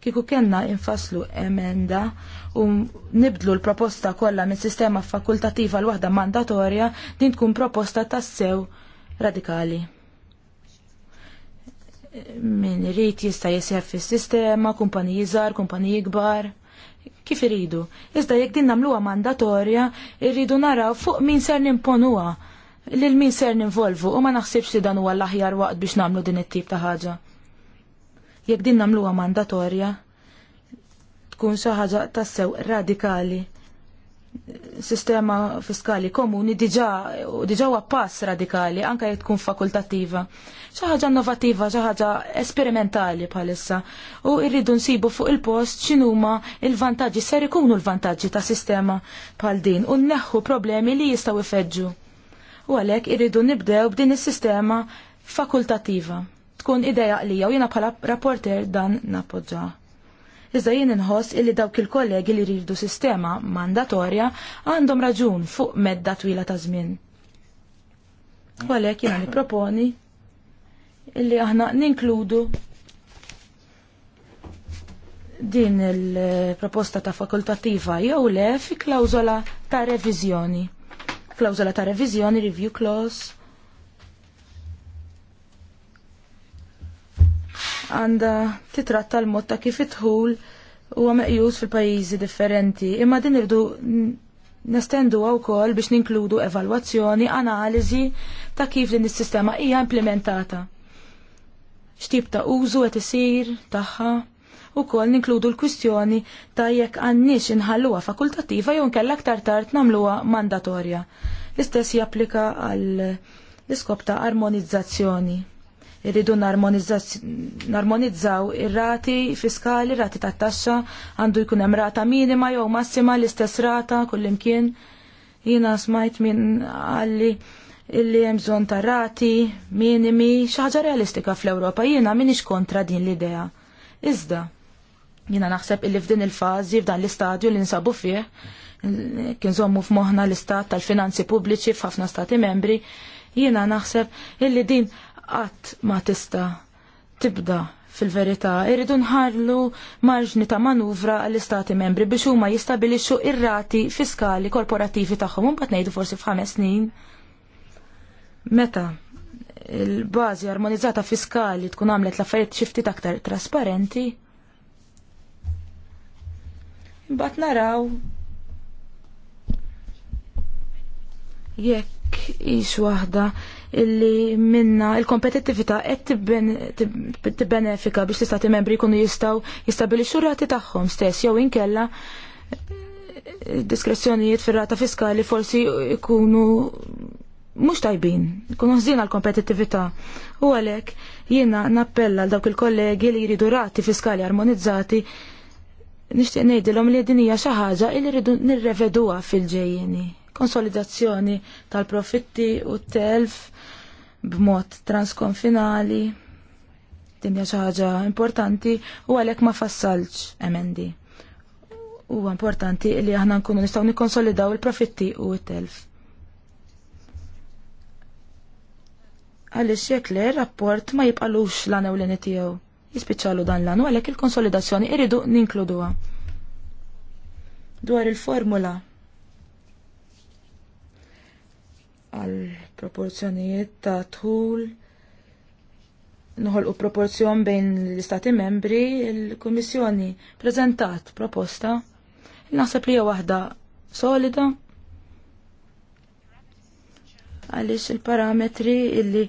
C: Kieku kellna infaslu emenda u nibdlu l-proposta kollha minn sistema fakultattiva l waħda mandatorja din tkun proposta tassew radikali min rrit jista' jisjef fis-sistema, kumpaniji żgħar, kumpaniji kbar. Kif irridu? Iżda jekk din nagħmluha mandatorja, irridu naraw fuq min ser nimponuha lil min ser ninvolvu u ma naħsibx li dan huwa l-aħjar waqt biex nagħmlu din it-tip ta' ħaġa. Jekk din nagħmluha mandatorja, tkun xi ħaġa tassew radikali. Sistema fiskali komuni u diġa huwa pass radikali anke jekk tkun fakultattiva. Xi ħaġa innovattiva, xi ħaġa esperimentali bħalissa u rridu nsibu fuq il-post x'inhuma l-vantaġġi ser ikunu l-vantaġġi ta' sistema bħal din u nneħħu problemi li jistgħu ifeġġu. U għalhekk irridu nibdew b'din is-sistema fakultattiva tkun ideja għalija u jiena bħala rapporter dan nappoġġa. Iżda jien inħoss illi dawk il-kollegi li rridu sistema mandatorja għandhom raġun fuq medda twila ta' żmien. U għalhekk jiena nipproponi illi aħna ninkludu din il-proposta ta' fakultattiva jew le fi klawżola ta' reviżjoni. Klawżola ta' reviżjoni, review clause, għandha titratta l-mod ta' kif idħul huwa għameqjus fil-pajjiżi differenti. Imma din irdu nestendu wkoll biex ninkludu evalwazzjoni, analiżi ta' kif din is-sistema hija implementata. X'tip ta' użu qed isir tagħha u kol ninkludu l-kwistjoni ta' jekk għannix inħalluha fakultattiva jew nkella aktar tard namluwa mandatorja. L-istess japplika għal l-iskop ta' armonizzazzjoni irridu narmonizzaw ir-rati fiskali, rati ta' taxxa, għandu jkun hemm rata minima jew massima l-istess rata kullimkien. Jiena smajt minn għalli illi hemm bżonn ta' rati minimi xi ħaġa realistika fl-Ewropa jiena m'iniex kontra din l-idea. Iżda, jiena naħseb illi f'din il-fażi f'dan l-istadju li nsabu fih, kien żommu f'moħħna l-istat tal-finanzi pubbliċi f'ħafna stati membri, jiena naħseb illi din qatt ma tista' tibda fil-verità irridu nħarlu marġni ta' manuvra għall-istati membri biex huma jistabilixxu ir-rati fiskali korporattivi tagħhom mbagħad ngħidu forsi f'ħames snin. Meta il-bażi armonizzata fiskali tkun għamlet l-affarijiet xi ftit aktar trasparenti, imbagħad naraw jekk ix waħda illi minna il-kompetittività qed tibbenefika biex l-istati membri jkunu jistgħu jistabilixxu rati tagħhom stess jew inkella eh, diskrezzjonijiet fir-rata fiskali forsi jkunu mhux tajbin, jkunu ħżin għall kompetittività U għalhekk jiena nappella għal dawk il-kollegi li jridu rati fiskali armonizzati nixtieq ngħidilhom li din hija xi ħaġa li rridu nirreveduha fil-ġejjieni konsolidazzjoni tal-profitti u telf b'mod transkonfinali din hija xi ħaġa importanti u għalhekk ma fassalx MND. Huwa importanti li aħna nkunu nistgħu nikkonsolidaw il-profitti u t-telf. Għaliex jekk le rapport ma jibqalux l-għana tiegħu. Jispiċċalu dan l-għanu għalhekk il-konsolidazzjoni iridu ninkluduha. Dwar il-formula għal proporzjonijiet ta' tħul nħolqu proporzjon bejn l-istati membri il-Kummissjoni prezentat proposta naħseb li hija waħda solida għaliex il-parametri illi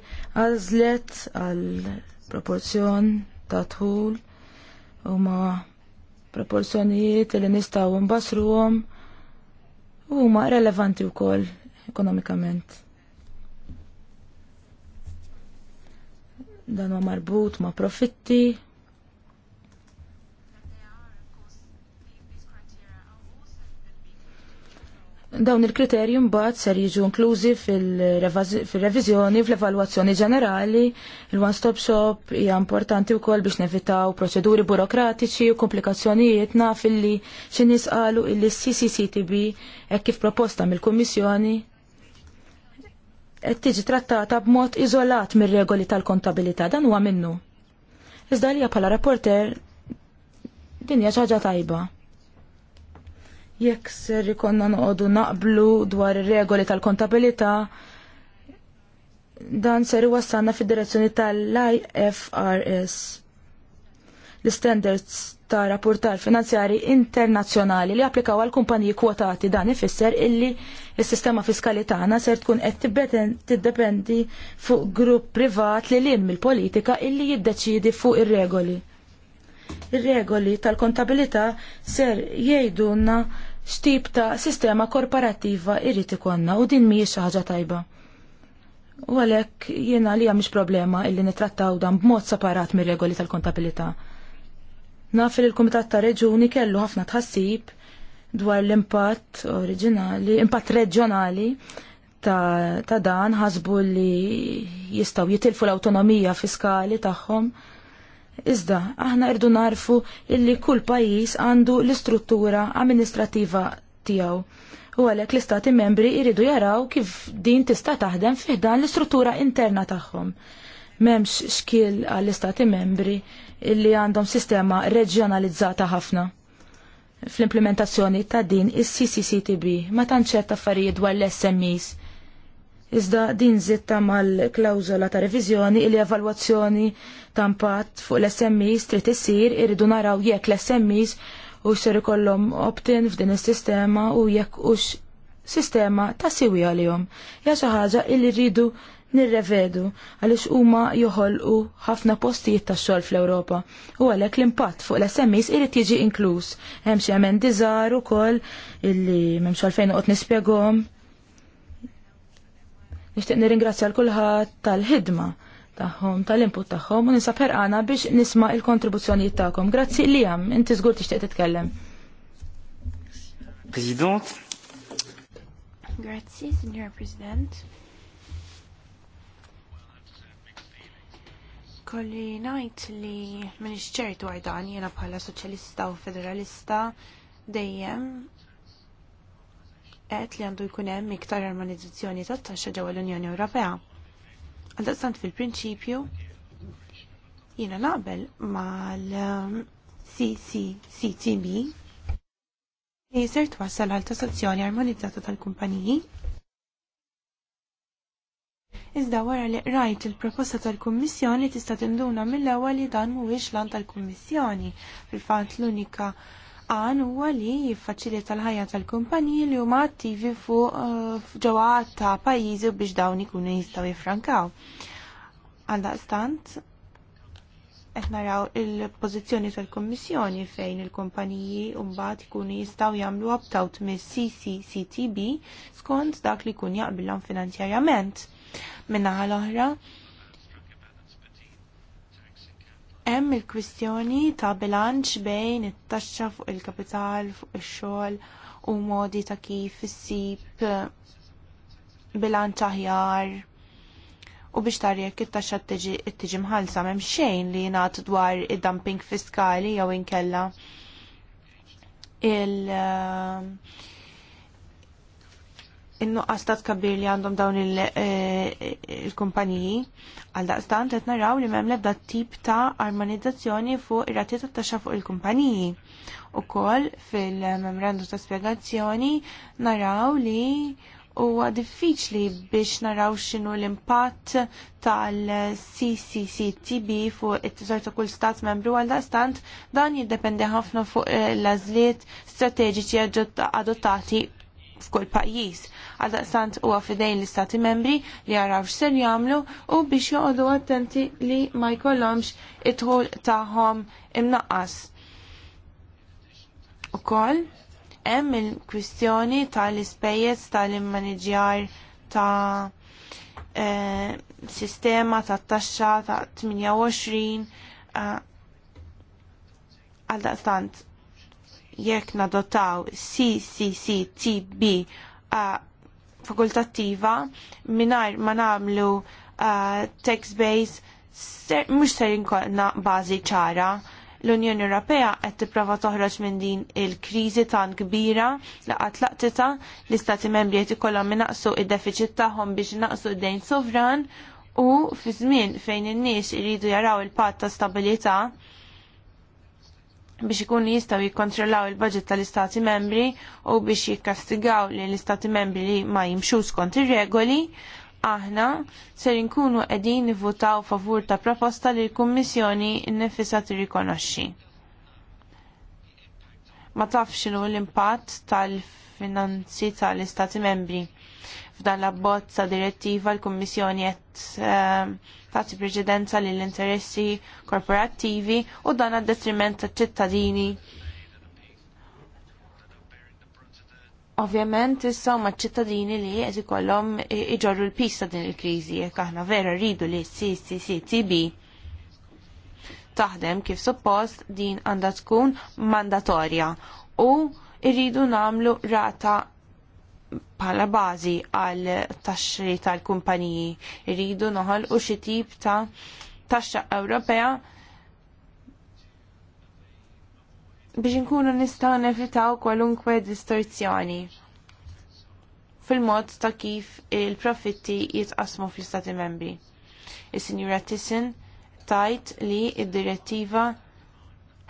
C: għażlet għal proporzjon ta' tħul huma proporzjonijiet li nistgħu nbassruhom huma relevanti wkoll ekonomikament. Dan huwa marbut ma' profitti. Dawn il-kriterji mbagħad ser jiġu inklużi fil-reviżjoni fl-evalwazzjoni ġenerali. Il-one stop shop hija importanti wkoll biex nevitaw proċeduri burokratiċi u komplikazzjonijiet naf illi xi nisqalu qalu illi s-CCCTB hekk kif proposta mill-Kummissjoni qed tiġi trattata b'mod iżolat mir-regoli tal-kontabilità dan huwa minnu. Iżda li bħala rapporter din hija ħaġa tajba. Jekk ser ikonna noqogħdu naqblu dwar ir-regoli tal-kontabilità, dan ser iwassalna fid-direzzjoni tal-IFRS. L-standards ta' rapportar finanzjari internazzjonali li applikaw għal kumpaniji kwotati dan ifisser illi Is-sistema fiskali tagħna ser tkun qed tiddependi fuq grupp privat li lim mill-politika illi jiddeċidi fuq ir-regoli. Ir-regoli tal-kontabilità ser jgħidulna x'tip ta' sistema korporattiva irrid ikonna u din mhijiex ħaġa tajba. U għalhekk jiena li mhix problema illi nitrattaw dan b'mod separat mir-regoli tal-kontabilità. Naf li l-Kumitat ta' Reġuni kellu ħafna tħassib dwar l-impatt oriġinali, impatt reġjonali ta', ta dan ħasbu li jistaw jitilfu l-autonomija fiskali tagħhom. Iżda, aħna irdu narfu illi kull pajjiż għandu l-istruttura amministrativa tiegħu. U għalhekk l-istati membri jridu jaraw kif din tista' taħdem fih dan l-istruttura interna tagħhom. M'hemmx xkil għall-istati membri illi għandhom sistema reġjonalizzata ħafna fl-implementazzjoni ta' din is-CCCTB ma tantx hemm affarijiet dwar l-SMEs. Iżda din zitta mal-klawżola ta' revizjoni il evalwazzjoni ta' impatt fuq l-SMEs trid issir irridu naraw jekk l-SMEs u ser ikollhom opt-in f'din is-sistema u jekk hux sistema ta' siwi għalihom. Ja xi ħaġa li rridu nirrevedu għaliex huma joħolqu ħafna postijiet ta' xogħol fl-Ewropa u għalhekk l-impatt fuq l-SMEs irid jiġi inkluż. Hemm xi hemm diżar ukoll illi m'hemmx fejn noqgħod nispjegahom. Nixtieq nirringrazzja l kulħadd tal-ħidma tagħhom, tal-input tagħhom u ninsab ħerqana biex nisma' il-kontribuzzjonijiet tagħkom. Grazzi li hemm inti żgur tixtieq titkellem.
B: President.
A: Grazzi, Signor President. kolli najt li minn ċertu għardan jena bħala soċjalista u federalista dejjem qed li għandu jkun hemm iktar armonizzazzjoni ta' taxxa ġewwa l-Unjoni Ewropea. Għaldaqstant fil-prinċipju jiena naqbel mal-CCCTB li jisir twassal għal tassazzjoni armonizzata tal-kumpaniji Iżda wara li rajt il-proposta tal-Kummissjoni tista' tinduna mill-ewwel li dan mhuwiex lan tal-Kummissjoni. Fil-fatt l-unika għan huwa li jiffaċilita l-ħajja tal-kumpaniji li huma attivi fuq eh, ġewwa ta' pajjiżi biex dawn ikunu jistgħu jiffrankaw. Għaldaqstant, qed naraw il-pożizzjoni tal-Kummissjoni fejn il-kumpaniji mbagħad ikunu jistgħu jagħmlu opt-out mis-CCCTB skont dak li jkun jaqbilhom finanzjarjament minna l-oħra, hemm il-kwistjoni ta' bilanċ bejn it-taxxa fuq il-kapital, fuq ix-xogħol u modi ta' kif issib eh, bilanċ aħjar u biex tarjek it-taxxa tiġi mħallsa m'hemm xejn li jingħad dwar id-dumping fiskali jew inkella il- eh, in-nuqqas ta' tkabbir li għandhom dawn eh, il-kumpaniji għal daqstan qed naraw li m'hemm l-ebda tip ta' armonizzazzjoni fuq ir-rati tat-taxxa fuq il-kumpaniji. Ukoll fil-memorandum ta' spjegazzjoni naraw li huwa diffiċli biex naraw x'inhu l-impatt tal-CCCTB fuq it-teżor ta' kull stat membru għal daqstant dan jiddependi ħafna fuq l azliet strateġiċi adottati f'kull pajjiż. Għaldaqstant huwa fidejn l-istati membri li jaraw x'ser jagħmlu u biex joqogħdu attenti li ma jkollhomx id-dħul tagħhom imnaqqas. Ukoll hemm il-kwistjoni tal-ispejjeż tal-immaniġjar ta' e, sistema ta' taxxa ta' 28 e, għaldaqstant jekk nadotaw CCCTB uh, fakultattiva minar ma namlu uh, text-based mux ser inkolna bazi ċara. L-Unjoni Ewropea qed tipprova toħroġ minn din il-kriżi tan kbira laqat laqtita l-istati membri qed ikollhom inaqsu id-defiċit tagħhom biex inaqsu id-dejn sovran u fi żmien fejn in-nies iridu jaraw il-patt ta' stabilità biex ikunu jistaw jikkontrollaw il-budget tal-istati membri u biex jikkastigaw li l-istati membri li ma jimxu skont ir-regoli, aħna ser inkunu qegħdin nivvutaw favur ta' proposta li l-Kummissjoni nnifisha tirrikonoxxi. Ma tafx l-impatt tal-finanzi tal-istati membri f'dan l-abbozza direttiva l-Kummissjoni qed ehm, tagħti preċedenza lill interessi korporattivi u dan għad detriment taċ ċittadini Ovvjament issa huma ċittadini li qed ikollhom iġorru l-pista din il-kriżi jekk aħna vera rridu li CCCTB taħdem kif suppost din għandha tkun mandatorja u irridu namlu rata bħala bażi għal taxxi tal-kumpaniji. Irridu noħol u xi tip ta' taxxa Ewropea biex inkunu nistgħu nevitaw kwalunkwe distorzjoni fil-mod ta' kif il-profitti jitqasmu fl-Istati membri. Is-Sinjura Thyssen tajt li id-direttiva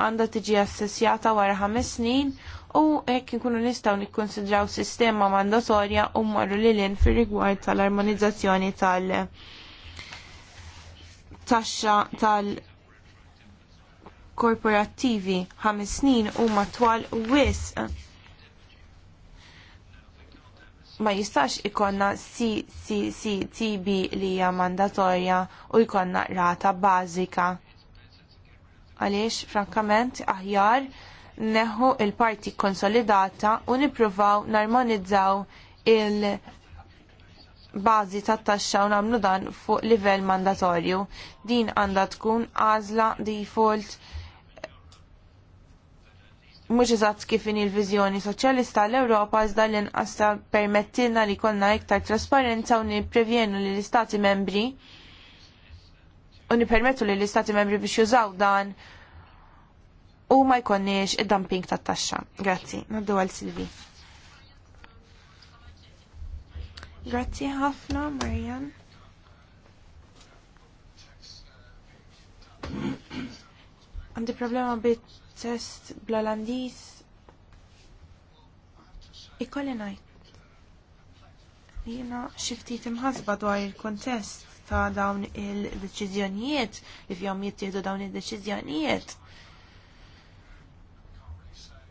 A: għandha tiġi assessjata wara ħames snin u hekk ikunu nistgħu nikkonsidraw sistema mandatorja u marru l-in fir-rigward tal-armonizzazzjoni tal taxxa tal korporattivi ħames snin huma twal wisq ma jistax ikonna CCCTB li hija mandatorja u jkollna rata bażika. Għaliex, frankament, aħjar neħu il-parti konsolidata u nippruvaw narmonizzaw il- bażi tat taxxa u nagħmlu dan fuq livell mandatorju. Din għandha tkun għażla default mhux eżatt kif in il-viżjoni soċjalista l-Ewropa iżda l ta permettilna li jkollna iktar trasparenza u nipprevjenu li l-Istati membri u nippermettu li l-Istati membri biex jużaw dan u ma jkonniex id-dumping tat taxxa. Grazzi, naddu għal Silvi. Grazzi ħafna, Marian. Għandi problema bit test bl-Olandis. Ikolli najt. Jina xiftit imħasba dwar il-kontest ta' dawn il-deċizjonijiet, li fjom jittieħdu dawn il-deċizjonijiet.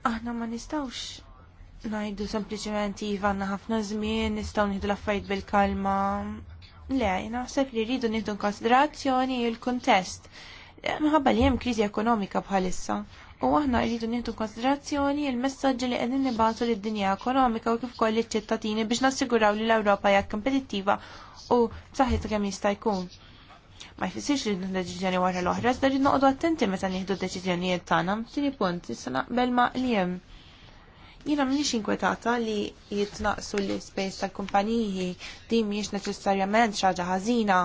A: Aħna ma nistawx najdu sempliciment jivanna ħafna żmien, nistaw nħidu l bil-kalma. Le, naħseb li rridu n konsiderazzjoni il-kuntest. Eh, minħabba li hemm kriżi ekonomika bħalissa. U aħna rridu nieħdu konsiderazzjoni il messagġi li qegħdin li lid-dinja ekonomika u kif kolli ċittatini ċittadini biex nassiguraw li l-Ewropa hija kompetittiva u t kemm jista' jkun ma jfissirx li d deċiżjoni wara l-oħra, iżda ġid noqogħdu attenti meta nieħdu deċiżjonijiet tagħna, tieni punt, issa naqbel ma' li hemm. Jiena m'iniex inkwetata li jitnaqsu l-ispejs tal-kumpaniji din mhijiex neċessarjament xi ħaġa ħażina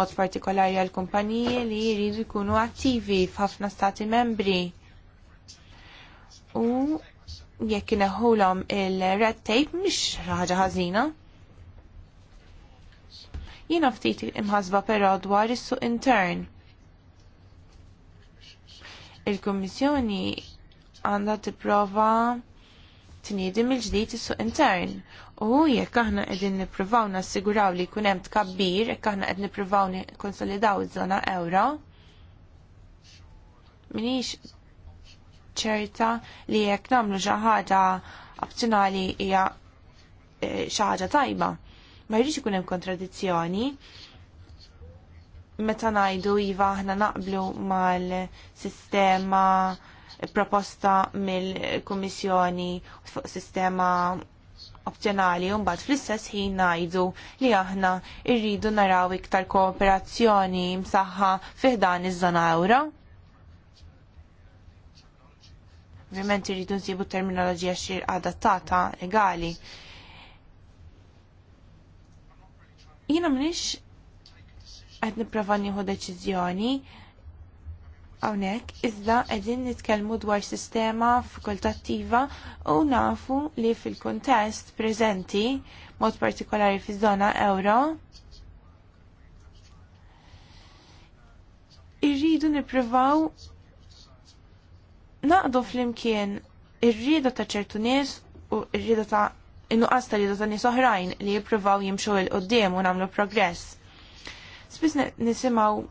A: mod partikolari għal kumpaniji li jridu jkunu attivi f'ħafna stati membri. U jekk ineħħulhom il-red tape mhix ħaġa ħażina. Jiena ftit imħasba però dwar is-suq intern. Il-Kummissjoni għandha tipprova tniedim il-ġdid is-suq intern. U jekk aħna qegħdin nippruvaw nassiguraw li jkun hemm tkabbir, jekk aħna qed nippruvaw nikkonsolidaw iż-żona ewro, minix ċerta li jekk nagħmlu xi ħaġa opzjonali hija eh, xi ħaġa tajba. Ma jridx ikun hemm kontradizzjoni meta ngħidu iva aħna naqblu mal-sistema proposta mill-Kummissjoni fuq sistema opzjonali u mbagħad fl-istess ħin ngħidu li aħna rridu naraw iktar kooperazzjoni msaħħa fih dan iż-żona ewro. Ovvjament irridu nsibu terminoloġija xir adattata legali. jina mnix qed nipprova nieħu deċiżjoni hawnhekk iżda qegħdin nitkellmu dwar sistema fakultattiva u nafu li fil-kuntest preżenti mod partikolari fiż-żona euro irridu nippruvaw naqdu fl-imkien ir-rieda ta' ċertu nies u ir-rieda ta' innu qasta li ta' nies oħrajn li jippruvaw jimxu il qoddim u nagħmlu progress. Spiss nisimgħu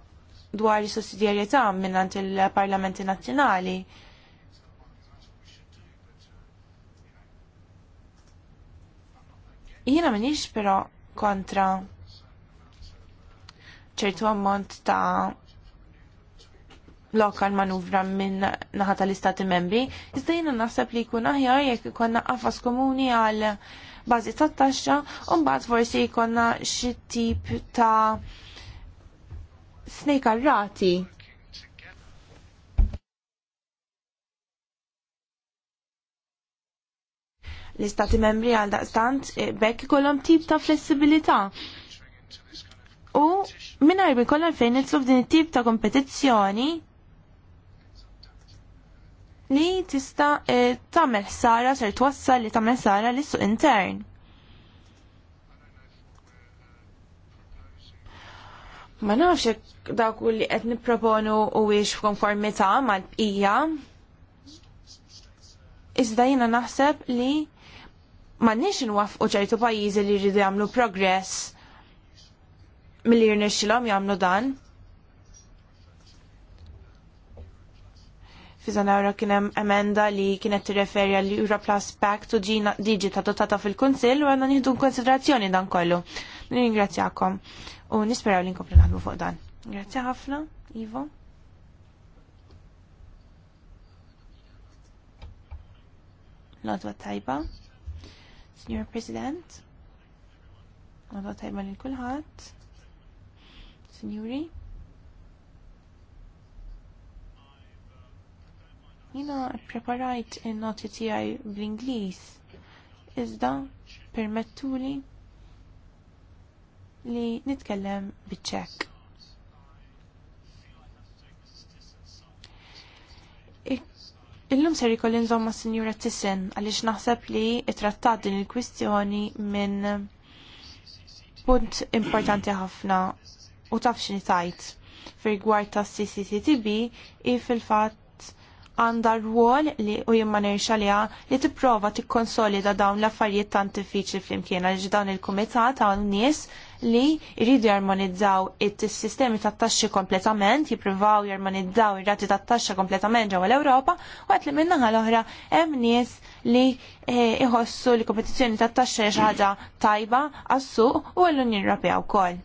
A: dwar is-sussidjarjetà minnant il-parlamenti nazzjonali. Jiena minix però kontra ċertu ammont ta' lokal manuvra minn naħa tal-istati membri, iżda naħseb li jkun aħjar jekk konna għafas komuni għal bażi tat-taxxa u mbagħad forsi jkollna xi tip ta' snejka rati L-istati membri għal daqstant e, bekk ikollhom tip ta' flessibilità. U minn arbi kollha fejn nitlu f'din it-tip ta' kompetizzjoni li tista' eh, tagħmel ser twassal li tagħmel Sara li su intern. Ma nafx hekk u li qed nipproponu huwiex f'konformità mal-bqija. Iżda jiena naħseb li ma m'għandniex inwaffqu ċertu pajjiżi li jridu jagħmlu progress milli jirnexxilhom jagħmlu dan. Fizanawra kienem emenda li kienet tirreferi għal Europlus Pact u ġina digita dotata fil-Kunsill u għanna nieħdu konsiderazzjoni dan kollu. Ringrazzjakom u nisperaw li nkomplu naħdmu fuq dan. Grazzi ħafna, Ivo. Lodwa tajba. Signor President. Lodwa tajba li kulħadd. Signori. Jina preparajt il-noti tijaj bl-Inglis. Iżda permettuli li nitkellem bit-ċek. Illum ser ikolli nżomma Sinjura Tissen għaliex naħseb li trattat din il-kwistjoni minn punt importanti ħafna u taf xini tajt fil-gwar ta' CCTB i fil-fat għandha rwol li u jimman nirxalija li tipprova tikkonsolida dawn l-affarijiet tant diffiċli flimkien li dawn il-kumitat għal nies li jridu jarmonizzaw it-sistemi tat taxxi kompletament, jippruvaw jarmonizzaw ir-rati tat taxxa kompletament ġewwa l-Ewropa, u qed li minnaħa l-oħra hemm nies li eh, iħossu li kompetizzjoni tat taxxa xi ħaġa tajba għas-suq u l-Unjoni Ewropea wkoll.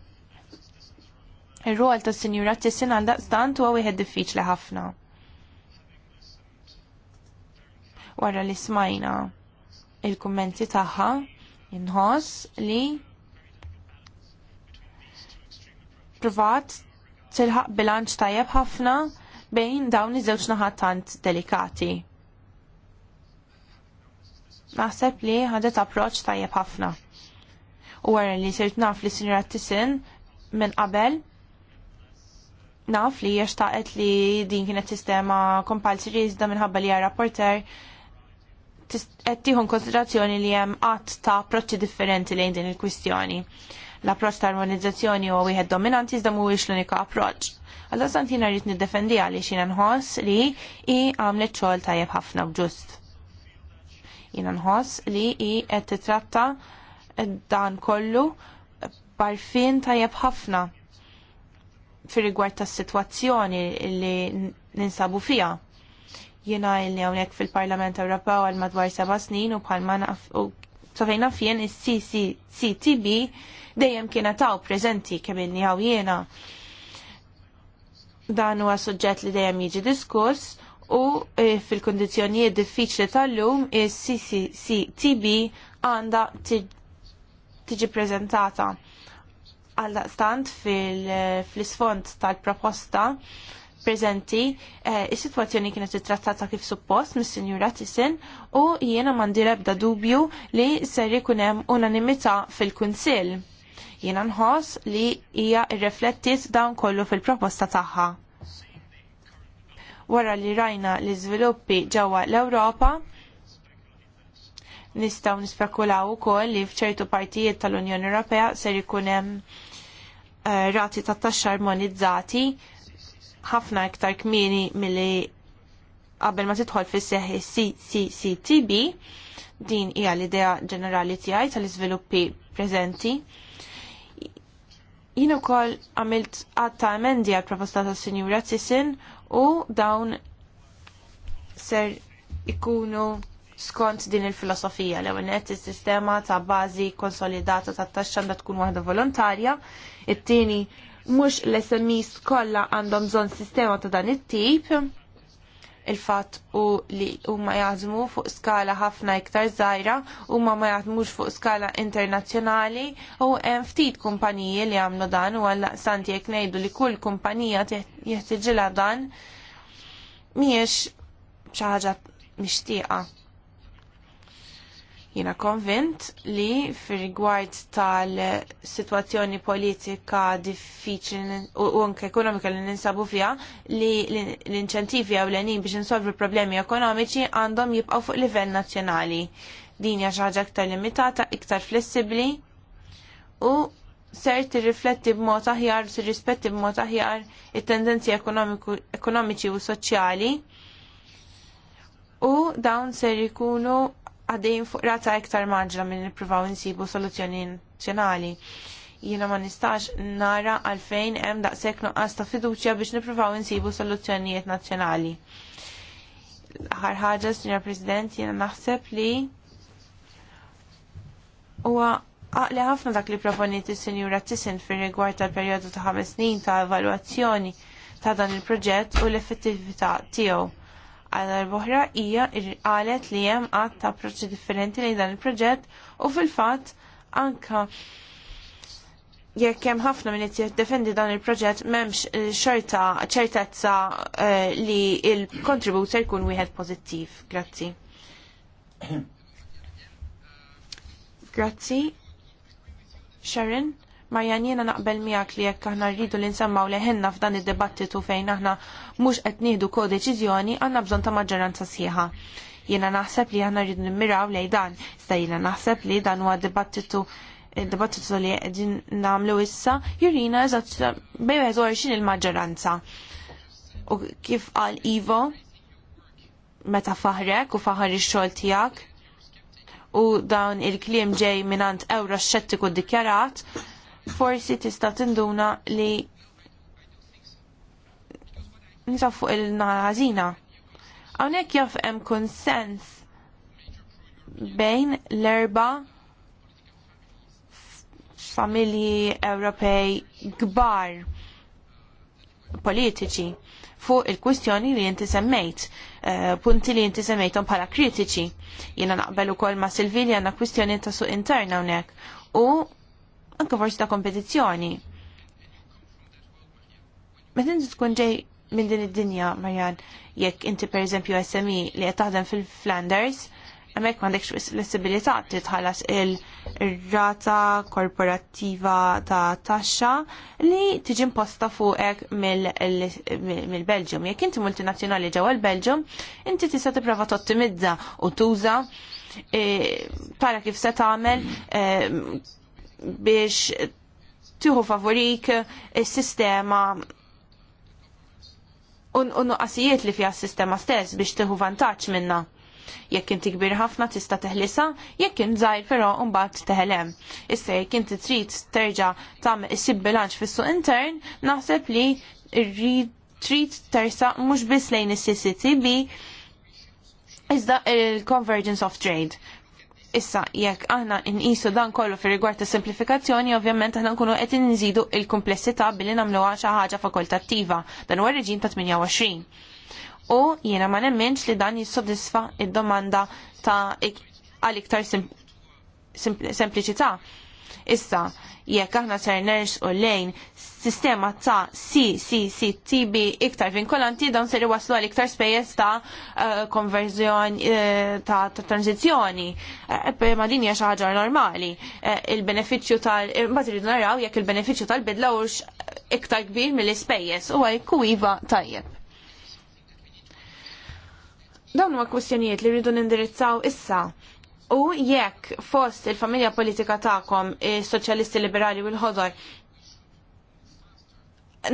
A: Ir-rol tas-Sinjura Tissin għal daqstant huwa wieħed diffiċli ħafna. wara li smajna il-kummenti tagħha inħoss li provat tilħaq bilanċ tajjeb ħafna bejn dawn iż-żewġ naħat tant delikati. Naħseb li ħadet approċċ tajjeb ħafna. U wara li sirt naf li sinjora Tisin minn qabel naf li jaxtaqet li din kienet sistema kompalsiri iżda minħabba li hija rapporter qed tieħu konsiderazzjoni li hemm qatt ta' approċċi differenti lejn din il-kwistjoni. L-approċċ ta' armonizzazzjoni huwa wieħed dominanti iżda mhuwiex l-unika approċċ. Għalda santina rrid niddefendi għaliex jiena nħoss li hi għamlet xogħol tajjeb ħafna b'ġust. Jiena nħoss li hi qed titratta dan kollu barfin tajjeb ħafna fir rigward tas-sitwazzjoni li ninsabu fija Jiena illi hawnhekk fil-Parlament Ewropew għal madwar seba' snin u bħalma naf u sofejna fjen is-CCTB dejjem kienet taw preżenti kemm għaw jena. Dan huwa suġġett li dejjem jiġi diskuss u e, fil-kondizjonijiet diffiċli tal-lum is-CCTB għandha tiġi prezentata għal stant fil-isfond tal-proposta preżenti eh, is-sitwazzjoni kienet trattata kif suppost mis-Sinjura Tisin u jiena m'għandi ebda dubju li ser jkun hemm unanimità fil-Kunsill. Jiena nħoss li hija rriflettiet dawn kollu fil-proposta tagħha. Wara li rajna l iżviluppi ġewwa l-Ewropa, nistaw nispekulaw ukoll li fċertu partijiet tal-Unjoni Ewropea ser jkun hemm uh, rati ta' taxxa armonizzati ħafna iktar kmieni milli qabel ma tidħol fis seħi CCCTB, din hija l-idea ġenerali tiegħi tal-iżviluppi preżenti. Jien ukoll għamilt għatta emendi għal proposta ta' Sinjura Tisin u dawn ser ikunu skont din il-filosofija l għanet is-sistema ta' bażi konsolidata ta' taxxa għandha tkun waħda volontarja, it-tieni mhux l-SMEs kollha għandhom bżonn sistema ta' dan it-tip il-fatt u li huma jaħdmu fuq skala ħafna iktar żgħira huma ma jaħdmux fuq skala internazzjonali u hemm ftit kumpaniji li għamlu dan u għalla santi jekk ngħidu li kull kumpanija jeħtieġilha dan mhijiex xi ħaġa mixtieqa. Jina konvint li fir-rigward tal-situazzjoni politika diffiċli u anke ekonomika li ninsabu fija li l-inċentivi għaw l-għanin biex nsolvi problemi ekonomiċi għandhom jibqaw fuq livell nazzjonali. Din hija xi ħaġa iktar limitata, iktar flessibbli u ser tirrifletti b'mod aħjar, tirrispetti b'mod aħjar it-tendenzi ekonomiċi u soċjali u dawn ser ikunu għadejn fuq rata iktar maġra minn nippruvaw insibu soluzzjoni nazzjonali. Jiena ma nistax nara għalfejn hemm daqshekk nuqqas ta' fiduċja biex nippruvaw nsibu soluzzjonijiet nazzjonali. Aħar ħaġa, Sinjor President, jiena naħseb li huwa għaqli ħafna dak li proponiet is-Sinjura Tisin fir-rigward tal-perjodu ta' ħames snin ta' evalwazzjoni ta' dan il-proġett u l-effettività tiegħu għal boħra hija qalet li hemm qatt ta' approċċi differenti lejn dan il-proġett u fil-fatt anka jekk hemm ħafna min qed jiddefendi dan il-proġett m'hemmx eh, xorta ċertezza eh, li l-kontribut se jkun wieħed pożittiv. Grazzi. Grazzi. Sharon? Marjan jiena naqbel miegħek li jekk aħna rridu li nsemmaw leħenna f'dan id-dibattitu fejn aħna mhux qed nieħdu kodeċiżjoni għandna bżonn ta' maġġoranza sħiħa. Jiena naħseb li aħna rridu nimmiraw lejn dan, sta jiena naħseb li dan huwa dibattitu il-dibattitu li qegħdin nagħmlu issa jurina eżatt bejn il-maġġoranza. U kif qal Ivo, meta faħrek u faħar ix-xogħol tiegħek u dawn il-kliem ġej minant euro xettiku dikjarat forsi tista' tinduna li nisaf fuq il narazina Għonek jaff hemm konsens bejn l-erba familji Ewropej gbar politiċi fuq il-kwistjoni li jinti semmejt, eh, punti li jinti semmejtom bħala kritiċi. Jena naqbel u kol ma Silvili għanna kwistjoni ta' suq interna unek. U anke forsi ta' kompetizzjoni. Meta tinti tkun ġej minn din id-dinja, Marjan, jekk inti pereżempju SME li qed taħdem fil-Flanders, hemmhekk m'għandekx flessibilità titħallas il-rata korporattiva ta' taxxa li tiġi imposta fuqek mill-Belġium. Jekk inti multinazzjonali ġewwa l-Belġium, inti tista' tipprova tottimizza u tuża eh, tara kif se tagħmel eh, biex tieħu favorik is-sistema u qasijiet li fija s-sistema stess biex tieħu vantaġġ minna. Jekk inti kbir ħafna tista' teħlisa, jekk int żgħir però mbagħad teħelem. Issa jekk inti trid terġa' tagħmel issib bilanċ fis-suq intern, naħseb li rrid trid tersaq mhux biss lejn is-CCTB iżda il-convergence of trade. Issa, jekk aħna nqisu dan kollu fi rigward ta' simplifikazzjoni, ovvjament aħna nkunu qed inżidu il-komplessità billi nagħmluha xi ħaġa fakultattiva dan huwa reġim ta' 28. U jiena ma nemmenx li dan jissodisfa id-domanda ta' għal iktar sempliċità. Sim Issa, jekk aħna ser u lejn sistema ta' CCCTB iktar vinkolanti dawn ser iwaslu għal iktar spejjeż ta' eh, konverżjoni eh, ta' tranzizjoni. Eh, ma din hija xi ħaġa normali. Il-benefiċċju tal imbagħad iridu naraw jekk il-benefiċċju tal-bidla hux iktar kbir mill-ispejjeż huwa jkun iva tajjeb. Dawn huwa kwistjonijiet li rridu nindirizzaw issa U jekk fost il-familja politika ta'kom, il-soċjalisti liberali u l-ħodor,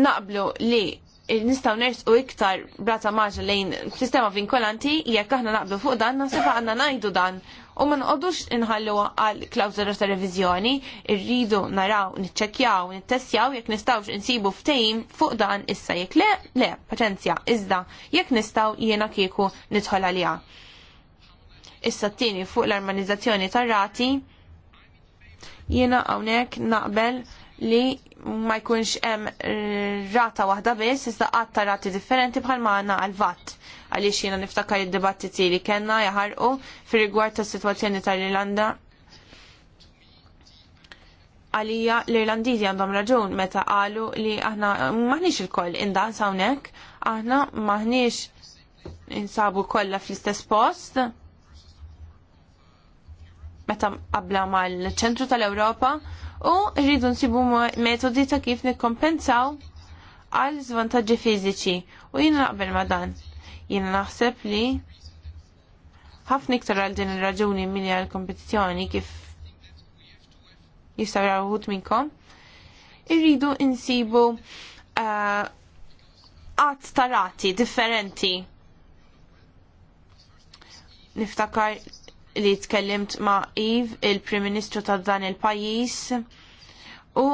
A: naqblu li nistaw ners u iktar brata maġa lejn sistema vinkolanti, jekk aħna naqblu fuq dan, nasifa għanna najdu dan. U ma nqodux inħallu għal klawzola ta' revizjoni, irridu naraw, nitċekjaw, nittestjaw, jekk nistawx insibu ftejm fuq dan issa, jekk le, le, paċenzja, iżda, jekk nistaw jena kieku nitħol għalija issa t-tieni fuq l-armonizzazzjoni tar-rati jiena hawnhekk naqbel li ma jkunx hemm rata waħda biss iżda qatt rati differenti bħal ma għal vatt għaliex jiena niftakar id-dibattiti li kellna jaħarqu fir-rigward tas-sitwazzjoni tal-Irlanda għalija l-Irlandiżi għandhom raġun meta qalu li aħna maħniex il-koll indaqs hawnhekk, aħna maħniex insabu kollha fl-istess post meta qabla mal-ċentru tal-Ewropa u rridu nsibu metodi ta' kif nikkompensaw għal zvantaġġi fiżiċi u jiena naqbel ma' dan. Jiena naħseb li ħafna iktar għal din ir-raġuni milli għal kompetizzjoni kif jistgħu jaraw minnkom, irridu insibu qatt eh, uh, tarati differenti. Niftakar li tkellimt ma' Iv, il-Prim Ministru ta' dan il-pajis, u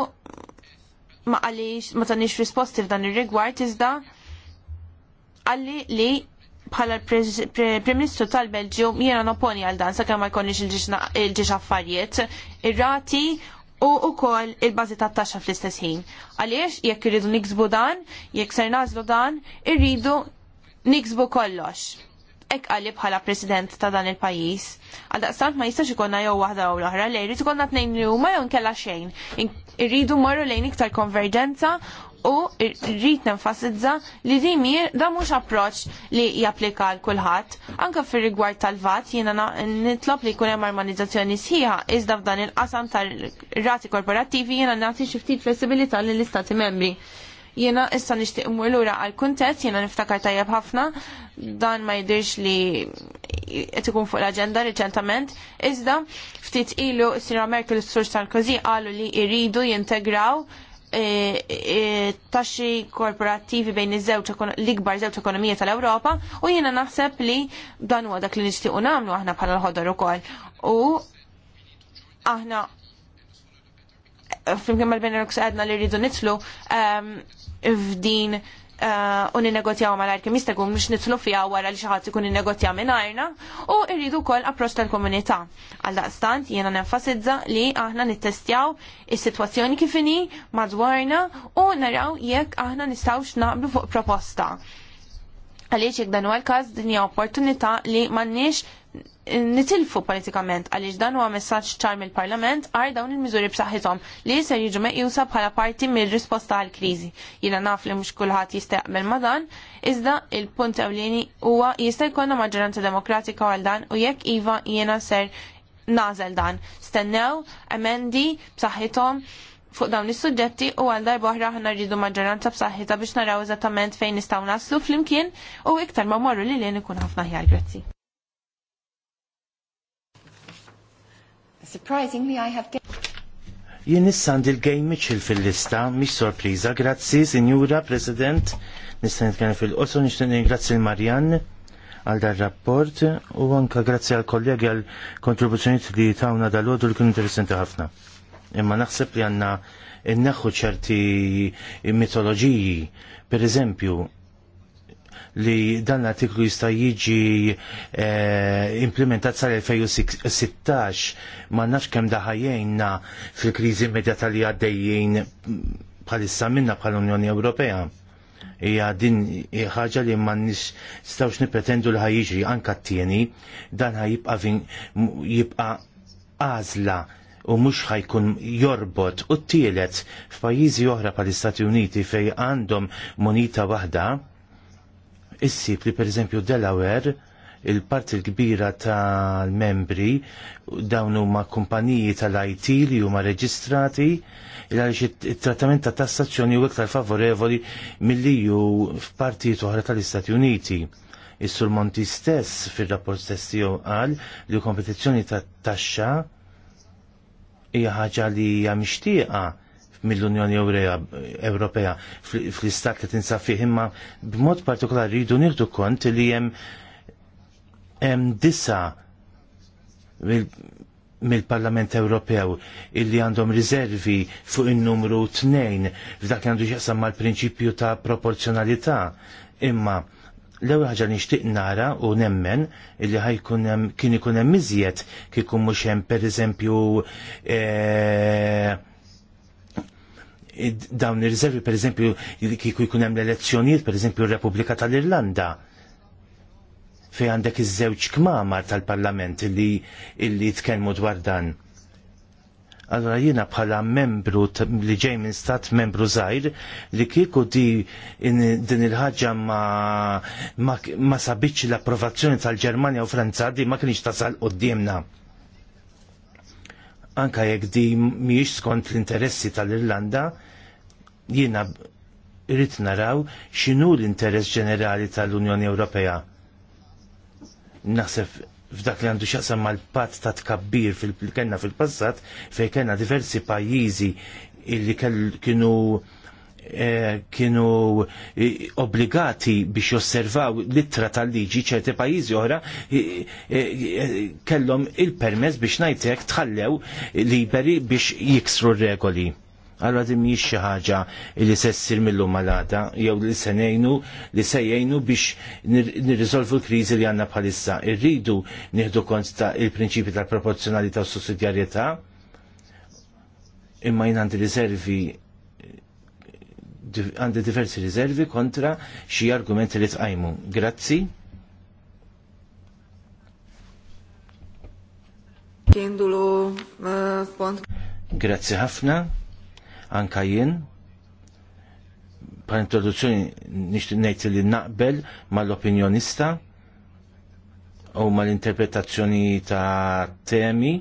A: ma' għalix, ma' tanix risposti f'dan il-rigward, iżda għalli li bħala l-Prim Ministru tal belġju jena nopponi għal dan, sakemm ma' jkonix il-ġiex affarijiet, ir-rati u wkoll il-bażi tat-taxxa fl-istess ħin. Għaliex jekk irridu niksbu dan, jekk ser nażlu dan, irridu niksbu kollox ek għalli bħala president ta' dan il-pajis. Għaldaqstant ma jistax ikonna jow waħda u l-oħra, jridu jrid t-nejn li huma jow nkella xejn. Irridu marru lejn iktar konverġenza u rrid nenfasizza li dimir da mhux approċċ li japplika l kulħadd. Anke fir-rigward tal-vat jiena nitlob li jkun hemm armonizzazzjoni sħiħa iżda f'dan il-qasam tar-rati korporattivi jiena nagħti xi ftit flessibilità lill-istati membri. Jiena issa nixtieq imur lura għal kuntet, jiena niftakar tajjeb ħafna, dan ma jidirx li qed ikun fuq l-aġenda riċentament, iżda ftit ilu s-Sira Merkel s-Sur Sarkozy qalu li jridu jintegraw e, e, taxxi korporattivi bejn iż-żewġ l-ikbar żewġ ekonomija tal-Ewropa u jiena naħseb li dan huwa dak li nixtiequ nagħmlu aħna bħala l-ħodor ukoll. U aħna flimkien mal-Benelux għadna li rridu nitlu um, f'din uh, u ninnegozjaw mal l jista' jkun mhux nitlu fiha wara li xi ħadd ikun innegozja mingħajrna u rridu wkoll approċ tal-komunità. Għalda stant jiena nenfasizza li aħna nittestjaw is-sitwazzjoni kif inhi madwarna u naraw jekk aħna nistgħux naqblu fuq proposta. Għaliex jekk dan għal-kaz każ din hija opportunità li m'għandniex nitilfu politikament għaliex dan huwa messaġġ ċar mill-Parlament għar dawn il-miżuri b'saħħithom li ser jiġu meqjusa bħala parti mir-risposta għall kriżi Jiena naf li mhux kulħadd jistaqbel ma' dan, iżda il-punt ewlieni huwa jista' jkollna maġġoranza demokratika għal dan u jekk iva jiena ser nażel dan. Stennew emendi b'saħħithom fuq dawn is-suġġetti u għal darba oħra ħana rridu maġġoranza b'saħħitha biex naraw eżattament fejn nistgħu naslu flimkien u iktar ma morru li lien ikun ħafna ħjar grazzi. Surprisingly, I have
B: Jien nissand il gejn Mitchell fil-lista, mhix sorpriża, grazzi, Sinjura President, nista' nitkellem fil-qosor, nixtieq ningrazzi l-Marjan għal dar rapport u anka grazzi għal kollegi għal kontribuzzjoniet li tawna dal-għodu li kienu interessanti ħafna imma naħseb li għanna inneħħu ċerti mitoloġiji, per eżempju, li dan l-artiklu jista' jiġi e, implementat sal-2016 ma nafx kemm daħajjejna fil-kriżi immedjata li għaddejjin bħalissa minna bħal-Unjoni Ewropea hija din ħaġa li ma nistawx nipretendu li ħajġi anka t-tieni dan ħajibqa' jibqa' għażla u mhux ħajkun jorbot u t-tielet f'pajjiżi oħra pal-Istati Uniti fej għandhom monita waħda issib li pereżempju Delaware il-parti l-kbira tal-membri dawn huma kumpaniji tal-IT li huma reġistrati għaliex it-trattament ta' tassazzjoni u iktar favorevoli milli ju f'partijiet oħra tal-Istati Uniti. Is-Sur Monti stess fir-rapport stess tiegħu qal li kompetizzjoni ta' taxxa hija ħaġa li hija mixtieqa mill-Unjoni Ewropea fl-istat li tinsab fih imma b'mod partikolari jridu nieħdu kont li hemm hemm disa mill-Parlament Ewropew illi għandhom riservi fuq in-numru tnejn f'dak li għandu x'jaqsam mal-prinċipju ta' proporzjonalità imma l-ewwel ħaġa nixtieq nara u nemmen illi ħajkun hemm kien ikun hemm iżjed kif ikun mhux hemm pereżempju eh, dawn ir-riservi pereżempju kieku jkun hemm l-elezzjonijiet pereżempju r-Repubblika tal-Irlanda fej għandek iż-żewġ kmamar tal-Parlament illi illi tkellmu dwar dan Allora jiena bħala membru li ġej minn stat membru żgħir li kieku di din il-ħaġa ma, ma, ma sabiċ l-approvazzjoni tal-Ġermanja u Franza di ma kienx tasal qudiemna. Anka jekk di mhijiex skont l-interessi tal-Irlanda, jiena irrid naraw x'inhu l-interess ġenerali tal-Unjoni Ewropea. Naħseb f'dak li għandu xaqsam mal-pat ta' tkabbir fil-kenna fil-passat fej kenna diversi pajjiżi illi kienu eh, kienu obbligati biex josservaw l-ittra tal-liġi ċerti pajjiżi oħra kellhom il-permess biex najtek tħallew liberi biex jiksru r regoli għalra din mhijiex xi ħaġa e li se ssir mill-lum malata jew li se ngħinu li se jgħinu biex nirriżolvu l-kriżi li għandna bħalissa. Irridu e nieħdu kont ta' il-prinċipi tal-proporzjonalità u sussidjarjetà imma jina għandi riservi għandi diversi riservi kontra xi argumenti li tqajmu. Grazzi.
A: uh, eh, pont.
B: Grazzi ħafna anka jien pa' introduzzjoni nixtieq ngħid li naqbel mal-opinjonista u mal-interpretazzjoni ta' temi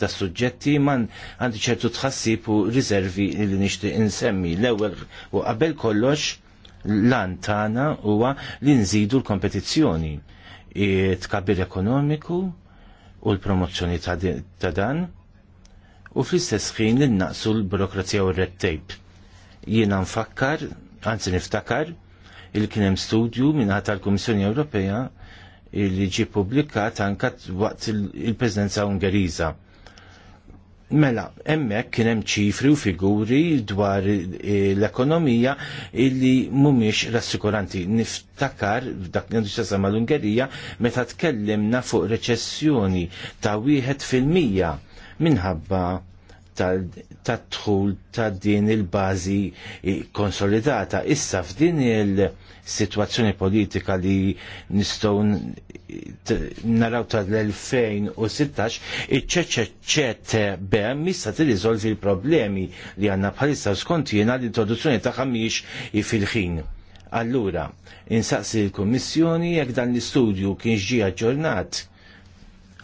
B: ta' suġġetti man għandi ċertu tħassib u riservi li nixtieq insemmi. L-ewwel u qabel kollox lan tagħna huwa li nżidu l-kompetizzjoni tkabbir ekonomiku u l-promozzjoni ta' dan u fl-istess ħin innaqsu l-burokrazija u r-red-tape. Jiena nfakkar, anzi niftakar, il-kienem studju minn tal-Komissjoni Ewropea li ġi publikat anka waqt il-Presidenza Ungeriża. Mela, emmek kien hemm ċifri u figuri dwar l-ekonomija illi mhumiex rassikuranti. Niftakar dak li mal ungerija meta tkellimna fuq reċessjoni ta' wieħed fil-mija minħabba tad-dħul ta' din il-bazi konsolidata. Issa f'din il-situazzjoni politika li nistgħu naraw tal-2016 iċċeċċeċċet bem issa tirriżolvi l-problemi li għandna bħalissa skont jiena l-introduzzjoni ta' ħamix fil-ħin. Allura, insaqsi l-Kummissjoni jekk dan l-istudju kien ġie aġġornat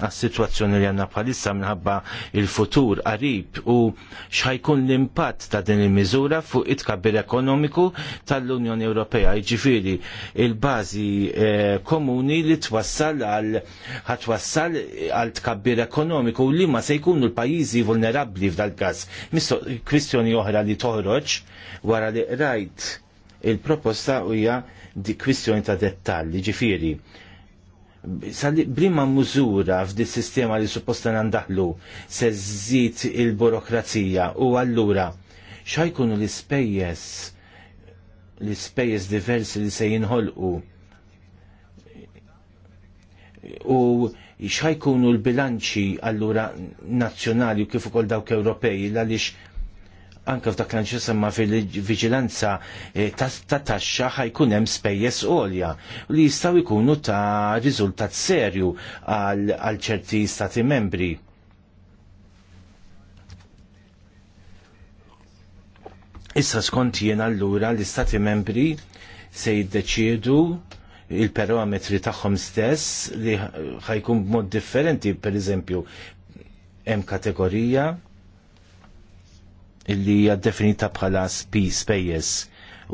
B: għas-sitwazzjoni li għanna bħalissa minħabba il-futur qarib u x'ħajkun l-impatt ta' din il-miżura fuq it-kabbir ekonomiku tal-Unjoni Ewropea. Jiġifieri il-bażi eh, komuni li twassal għal ħatwassal għal tkabbir ekonomiku u li ma se jkunu l-pajjiżi vulnerabbli f'dal każ. Misto kwistjoni oħra li toħroġ wara li rajt il-proposta huja di kwistjoni ta' dettalli. ġifiri, Brima mużura f'di sistema li supposta nandaħlu se żżid il-burokrazija u allura xajkunu l-ispejjeż l-ispejjeż diversi li se jinħolqu u xajkunu l-bilanċi allura nazzjonali u kif ukoll dawk Ewropej għaliex anke f'dak li nċisemma fil-viġilanza eh, ta' taxxa ħajkun hemm spejjeż għolja li jistgħu jkunu ta' riżultat serju għal ċerti stati membri. Issa skont jien allura l-istati membri se jiddeċiedu il-parametri tagħhom stess li ħajkun b'mod differenti, per eżempju, hemm kategorija illi hija definita bħala payers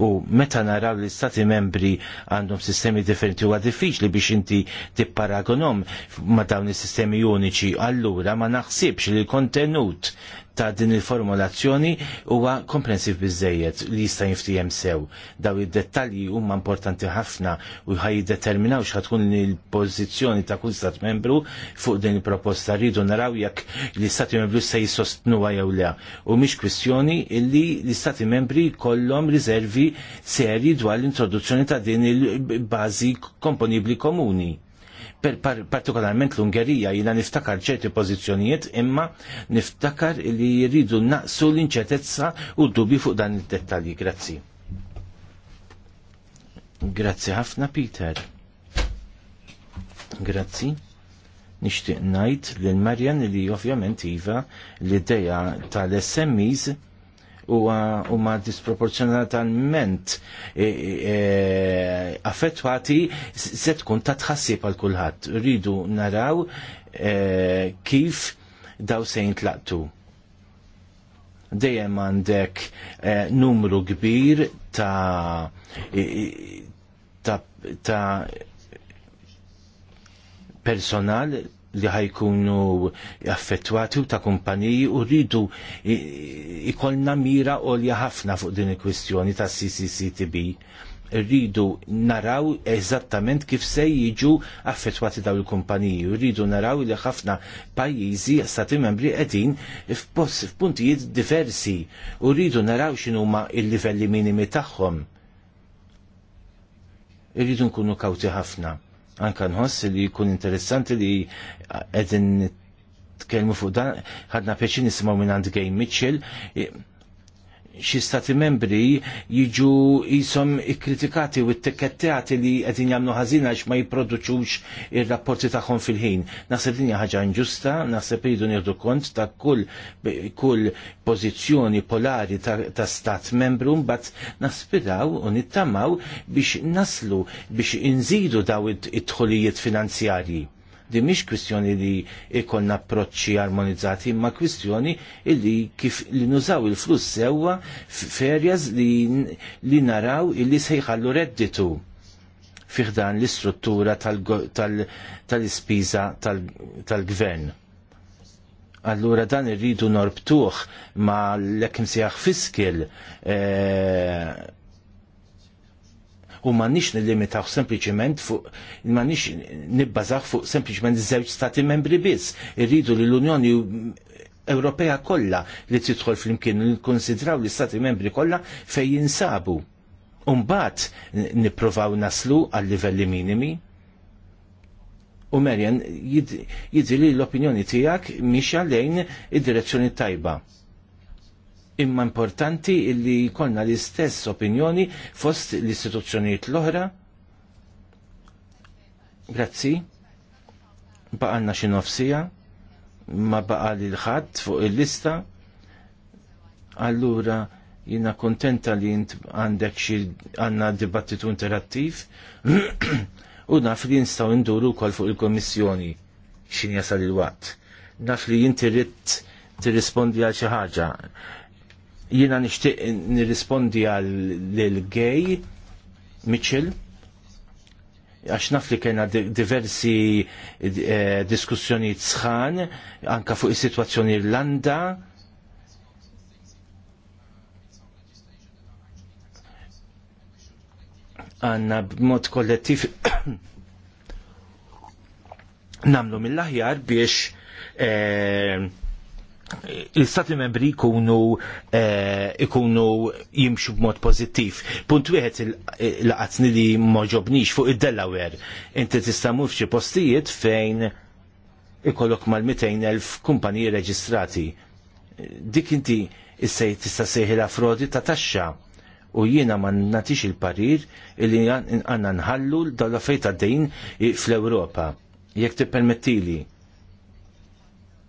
B: U meta naraw li stati membri għandhom sistemi differenti huwa diffiċli biex inti tipparagonom ma dawn is-sistemi uniċi, allura ma naħsibx li l-kontenut ta' din il-formulazzjoni huwa komprensiv biżejjed li jista' jiftijem sew. Daw id-dettalji huma importanti ħafna u ħaj determinaw x'ħatkun il-pożizzjoni ta' kull stat membru fuq din il-proposta rridu naraw jekk l-istati membru se jisostnuwa jew le. U mhix kwistjoni li l-istati membri kollhom riservi serji dwar l-introduzzjoni ta' din il-bażi komponibbli komuni partikolarment l-Ungerija jina niftakar ċerti pozizjonijiet imma niftakar li jiridu naqsu l-inċertezza u dubi fuq dan il-dettalji. Grazzi. Grazzi ħafna Peter. Grazzi. Nishtiq najt l-Marjan li ovvjament iva l-ideja tal smis u ma disproporzjonatament e, e, e, affettwati se tkun ta' tħassib għal kulħadd. Ridu naraw kif daw se tlaqtu. Dejjem għandek numru kbir ta' ta' personal li ħajkunu affettwati u ta' kumpaniji u rridu ikolna mira olja ħafna fuq din il-kwistjoni ta' CCCTB. Rridu naraw eżattament kif se jiġu affettwati daw il-kumpaniji. Rridu naraw li ħafna pajjiżi stati membri qegħdin f'puntijiet diversi u rridu naraw x'inhuma il-livelli minimi tagħhom. Irridu nkunu kawti ħafna Anka nħoss li jkun interessanti li qegħdin tkellmu fuq dan, ħadna peċi nisimgħu minn għand Gay Mitchell, xi stati membri jiġu jisom ikkritikati u t-tekkettati li qed jagħmlu ħażin għax ma jipproduċux ir-rapporti tagħhom fil-ħin. Naħseb dinja ħaġa inġusta, naħseb iridu nieħdu kont ta' kull kull pożizzjoni polari ta', ta stat membru mbagħad naspiraw u nittamaw biex naslu biex inżidu daw it dħolijiet finanzjarji Di mhix kwistjoni li ikonna approċċi armonizzati, imma kwistjoni li kif li nużaw il-flus sewwa f'erjas li, li naraw illi se jħallu redditu fiħdan l-istruttura tal-ispiża tal-gvern. Allura dan irridu norbtuħ ma l-ekim sijaħ fiskil eh, u m'għandniex nilimitaw sempliċement fuq m'għandniex nibbażaw fuq sempliċement żewġ stati membri biss. Irridu li l-Unjoni Ewropea kollha li tidħol flimkien nikkonsidraw l-istati membri kollha fejn jinsabu. Umbat niprofaw naslu għal livelli minimi. U Merjan, jidri l-opinjoni tijak miex lejn id-direzzjoni tajba imma importanti illi jkollna l-istess opinjoni fost l-istituzzjonijiet l-oħra. Grazzi. Baqanna xi nofsija ma baqa li l-ħadd fuq il-lista. Allura jina kontenta li jint għandek xi għandna dibattitu interattiv u naf li jinstaw induru kol fuq il-Komissjoni xin jasal il-waqt. Naf li jint irrit tirrispondi għal xi ħaġa jina nishtiq nirrispondi għal l gay Mitchell għax naf li kena diversi eh, diskussjoni tsħan, anka fuq is-sitwazzjoni Irlanda għanna b-mod kollettiv namlu mill-aħjar biex eh, il-stati membri ikunu ikunu eh, jimxu b'mod pozittiv. Punt wieħed il-laqatni li moġobnix fuq id-Delaware. Inti tista' mur f'xi postijiet fejn ikollok mal-200,000 kumpaniji reġistrati. Dik inti issej tista' la frodi ta' taxxa u jiena ma natix il-parir li għanna nħallu l-dalla fejta d-dejn fl-Europa. Jek ti permettili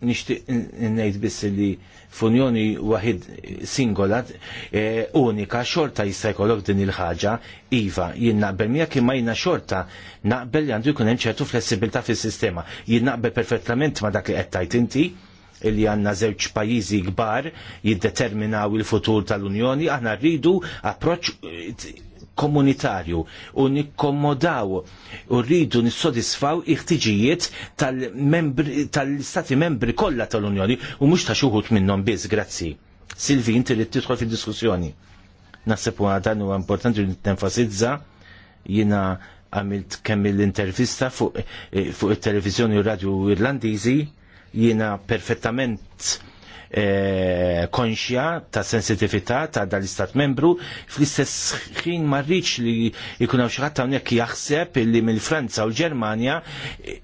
B: nixtieq ngħid biss li f'unjoni waħid singola e, unika xorta jista' jkollok din il-ħaġa iva jien naqbel miegħek imma jiena xorta naqbel li għandu jkun hemm ċertu flessibilità fis-sistema. Jien naqbel perfettament ma dak li qed tajt inti illi għanna żewġ pajjiżi kbar jiddeterminaw il-futur tal-Unjoni, aħna rridu approċċ komunitarju u nikkomodaw u rridu nissodisfaw il-ħtiġijiet tal-istati membri kollha tal-Unjoni u mhux ta' xuħut minnhom biss, grazzi. Silvi, inti li tidħol fid-diskussjoni. Naħseb u dan huwa importanti li nenfasizza jiena għamilt kemm l-intervista fuq eh, it-televiżjoni u radju Irlandiżi jiena perfettament Eh, konxja ta' sensitività ta' dal-istat membru fl-istess ħin marriċ li jikunaw xaħat hawnhekk jaħseb li mill-Franza u l-Ġermanja eh,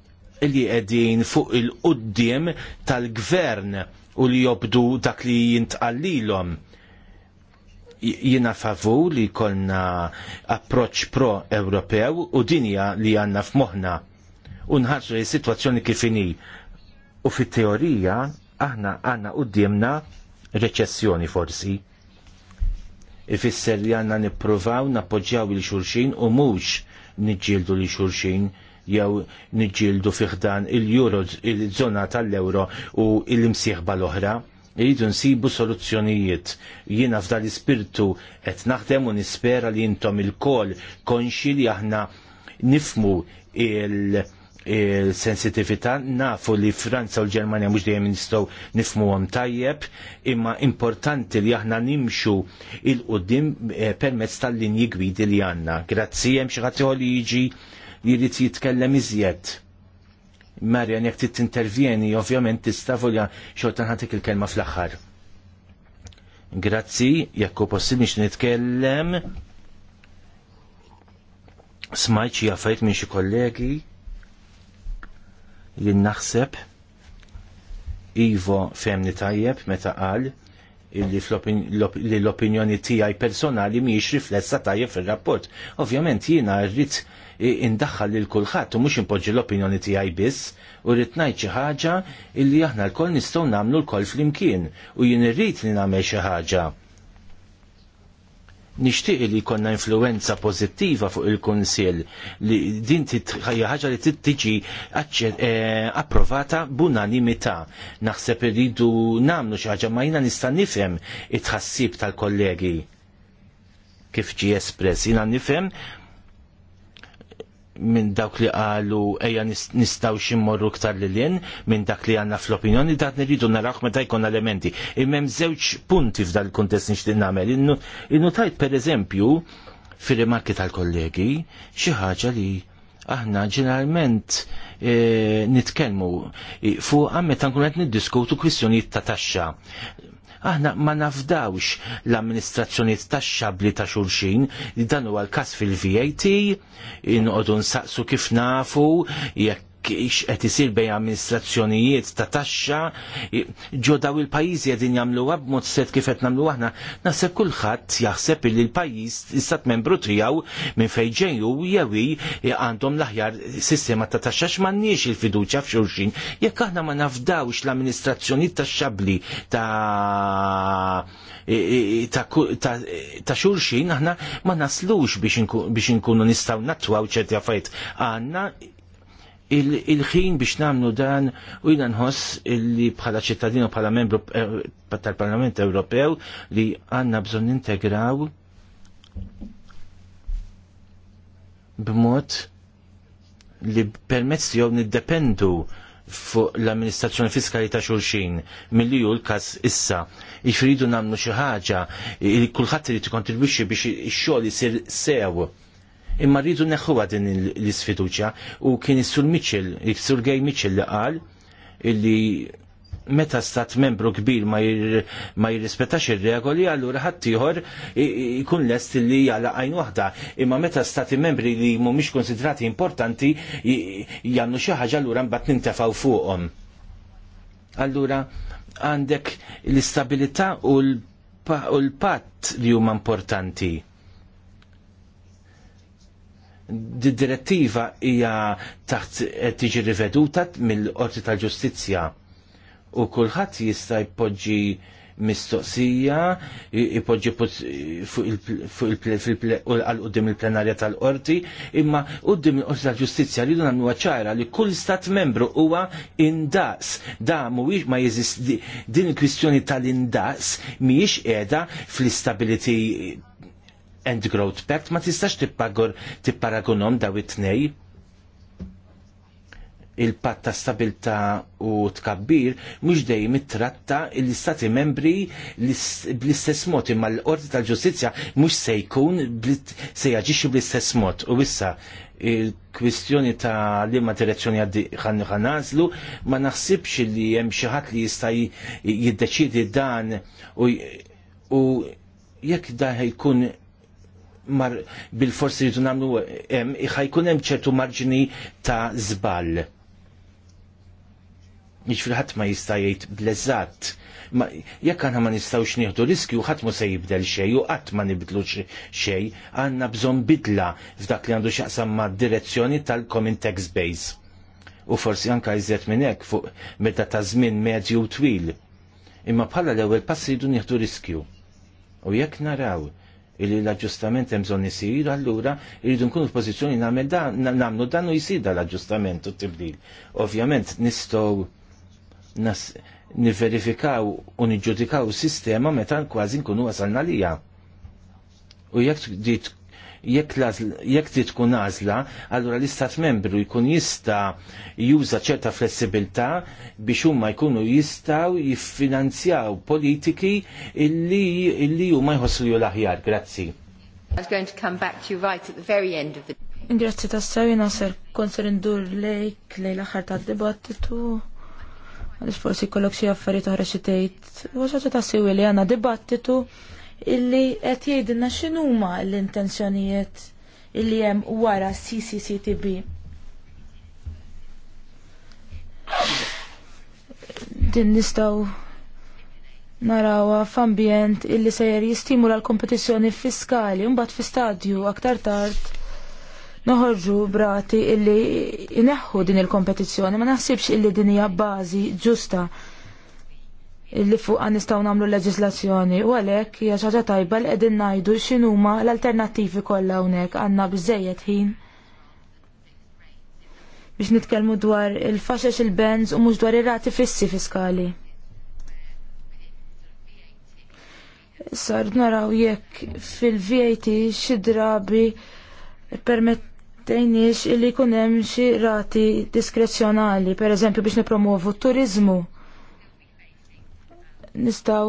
B: li qegħdin fuq il-qudiem tal-gvern u li jobdu dak li jintqallilhom jina favu li konna approċ pro-Ewropew u dinja li għanna f'moħna. Unħarġu situazzjoni kifini. U fit teorija aħna għanna djemna reċessjoni forsi. Ifisser li għanna nippruvaw nappoġġjaw il xulxin u mhux niġġieldu li xulxin jew niġġieldu fiħdan il juro il zona tal-euro u l-imsieħba l-oħra. Iridu nsibu soluzzjonijiet. Jiena f'dan l-ispirtu qed naħdem u nispera li intom il-kol konxi li aħna nifmu il- il-sensitivita. Nafu li Franza u l germania mux dejjem nistgħu għom tajjeb, imma importanti li aħna nimxu il qoddim eh, permezz tal-linji gwidi li għandna. Grazzi hemm xi ħadd li jiġi li jrid jitkellem iżjed. Marjan, jek tit intervjeni, ovvjament tista' volja xorta ħatik il-kelma fl-aħħar. Grazzi, jekk u possibli nitkellem smajt xi minn xie kollegi li naħseb Ivo femni tajjeb meta qal li l-opinjoni tiegħi personali mhijiex riflessa tajjeb fir-rapport. Ovvjament jiena rrid indaħħal lil kulħadd u mhux impoġġi l-opinjoni tiegħi biss u rrid ngħid xi ħaġa illi aħna lkoll nistgħu nagħmlu lkoll flimkien u jien irrid li nagħmel xi ħaġa nixtieq li jkollna influenza pożittiva fuq il-Kunsill li din ħajja ħaġa li tittiġi eh, approvata b'unanimità. Naħseb iridu nagħmlu xi ħaġa ma jiena nista' nifhem it-tħassib tal-kollegi kif ġie espress. Jiena nifhem minn dawk li qalu eja nistaw ximmorru ktar li l-jen minn dak li għanna fl-opinjoni dat nridu naraw meta jkun elementi. imem zewċ punti f'dal kontest nixtieq nagħmel. Innu tajt per eżempju fir-rimarki tal-kollegi xi ħaġa li aħna ġeneralment e, nitkellmu fuq meta nkun qed niddiskutu kwistjonijiet ta' taxxa aħna ma nafdawx l amministrazzjoni tax xabli ta' xulxin li dan huwa l-każ fil-VAT, inqogħdu nsaqsu kif nafu jekk kiex qed isir bejn amministrazzjonijiet ta' taxxa ġo daw il-pajjiżi qegħdin jagħmluha b'mod set kif qed nagħmlu aħna, naħseb kulħadd jaħseb li l-pajjiż istat membru tiegħu minn fejn ġejju jew għandhom l-aħjar sistema ta' taxxa x'mandniex il-fiduċja f'xulxin. Jekk aħna ma nafdawx l-amministrazzjonijiet tax-xabli ta' ta' xulxin aħna ma naslux biex inkunu nistgħu nattwaw ċerti affarijiet. Għandna il-ħin biex namlu dan u jina nħoss li bħala ċittadino bħala membru eh, tal-Parlament Ewropew li għanna bżon integraw b'mod li permezz jew niddependu fuq l-amministrazzjoni fiskali ta' xulxin milli hu l-każ issa. Ixridu namlu xi ħaġa, kulħadd irid ikkontribwixxi biex ix-xogħol isir sew imma rridu neħħuha din l-isfiduċja u kien is-Sur Mitchell, is-Sur Gay Mitchell li qal illi meta stat membru kbir ma, jirrispettax ir-regoli, allura ieħor jkun lest li jala għajn waħda. Imma meta stati membri li mhumiex konsidrati importanti jannu xi ħaġa allura mbagħad nintefgħu fuqhom. Allura għandek l-istabilità u l-patt li huma importanti direttiva hija taħt tiġi riveduta mill-Qorti tal-Ġustizzja u kulħadd jista' jpoġġi mistoqsija, ipoġġi għal-qoddim il-plenarja tal-qorti, imma qoddim il-qorti tal-ġustizja li dun ċara li kull stat membru huwa indaqs. Da mhuwiex ma jeżist din il-kwistjoni tal-indaqs mhijiex qiegħda fl istabbiliti and Growth Pact ma tistax tipparagunom daw it-tnej il-patt ta' stabilta u tkabbir mhux dejjem ittratta l-istati membri bl-istess mod imma l-Qorti tal-Ġustizzja mhux se jkun se jaġixxu bl-istess mod. U issa il-kwistjoni ta' li ma direzzjoni għaddi ħanazlu ma naħsibx li hemm xi ħadd li jista' jiddeċidi dan u, u jekk da jkun mar bil-forsi rridu nagħmlu hemm ħajkun hemm ċertu marġini ta' żball. fil jiġifieri ħadd ma jista' jgħid bleżatt. Jekk aħna ma nistgħux nieħdu riskju ħadd ma se jibdel xejn u qatt ma nibdlu xejn, għandna bżonn bidla f'dak li għandu x'aqsam mad-direzzjoni tal-Common Tax Base. U forsi anka jżed minn hekk fuq meta ta' żmien medju twil. Imma bħala l-ewwel passi jridu nieħdu riskju. U jekk naraw illi l-aġġustament hemm bżonn isir, allura irridu nkunu f'pożizzjoni nagħmel dan nagħmlu dan u jsir l-aġġustament u tibdil. Ovvjament nistgħu niverifikaw u niġġudikaw sistema meta kważi nkunu wasalna lija. U jekk di jekk trid tkun għażla, allura l-istat membru jkun jista' juża ċerta flessibilità biex huma jkunu jistgħu jiffinanzjaw politiki illi huma jħossu l-aħjar. Grazzi.
A: I was going to come back
C: Ingrazzi ta' sewi nasir, konser indur lejk lej l-axar ta' dibattitu. Għalix forsi kollok xi affarijiet oħra xi tgħid. Waxa ta' sewi li għandna dibattitu illi qed jgħidilna x'inhuma l-intenzjonijiet illi hemm wara CCCTB. Din nistgħu narawha f'ambjent illi sejjer jistimula l-kompetizzjoni fiskali mbagħad fi stadju aktar tard noħorġu brati illi ineħħu din il-kompetizzjoni ma naħsibx illi din hija bażi ġusta li fuq nistgħu nagħmlu leġislazzjoni u għalhekk hija xi ħaġa tajba li qegħdin ngħidu x'inhuma l-alternattivi kollha hawnhekk għandna biżejjed ħin biex nitkellmu dwar il-faxex il bands u mhux dwar ir-rati fissi fiskali. Sar naraw jekk fil-VAT xi drabi permettejniex li jkun hemm xi rati diskrezzjonali, pereżempju biex nipromuvu t-turizmu nistaw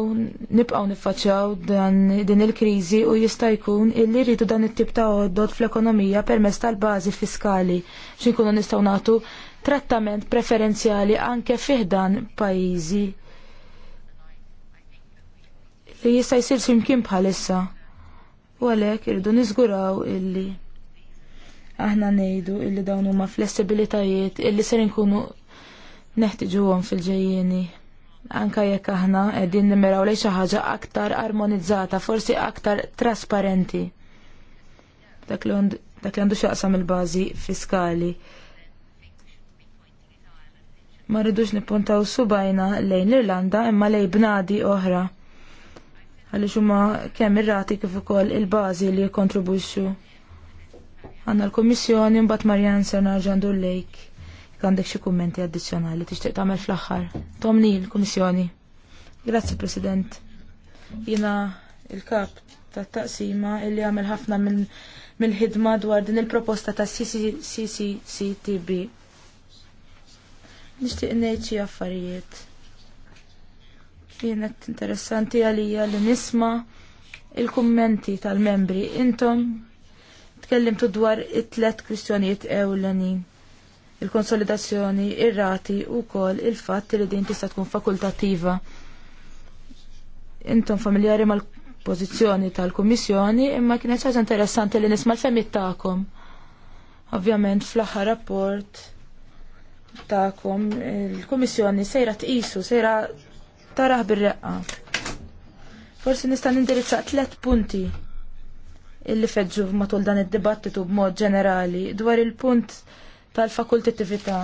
C: nibqaw niffaċċaw dan din il-kriżi u jista' jkun illi rridu dan it-tip ta' għoddot fl-ekonomija permezz tal-bażi fiskali x'inkunu nistgħu nagħtu trattament preferenzjali anke fiħdan pajjiżi li jista' jsir simkien bħalissa. U għalhekk irridu niżguraw illi aħna ngħidu illi dawn huma flessibilitajiet illi ser inkunu neħtiġuhom fil-ġejjieni anka jekk aħna qegħdin nimmiraw lejn xi ħaġa aktar armonizzata, forsi aktar trasparenti. Dak li għandu xaqsam il-bażi fiskali. Ma rridux nippuntaw subajna lejn l-Irlanda imma lejn bnadi oħra. Għaliex huma kemm ir-rati kif ukoll il-bażi li jikkontribwixxu. Għandna l-Kummissjoni mbagħad Marjan Senar l Lejk għandek xi kummenti addizzjonali tixtieq tagħmel fl-aħħar. Tom Neil, Kummissjoni. Grazzi President. Jiena il-kap ta' taqsima illi għamel ħafna mill-ħidma dwar din il-proposta ta' CCCTB. Nixtieq ngħid xi affarijiet. Kienet interessanti għalija li nisma il-kummenti tal-membri. Intom tkellimtu dwar it-tlet kwistjonijiet ewlenin il-konsolidazzjoni, ir-rati wkoll u il-fatt li din tista' tkun fakultattiva. Intom familjari mal-pożizzjoni tal-Kummissjoni imma kienet ħaġa interessanti li nisma' l-femmit tagħkom. Ovvjament fl-aħħar rapport tagħkom il-Kummissjoni sejra tqisu, sejra taraħ bir-reqqa. Forsi nista' nindirizza tliet punti illi feġġu matul dan id-dibattitu b'mod ġenerali dwar il-punt tal-fakultattività.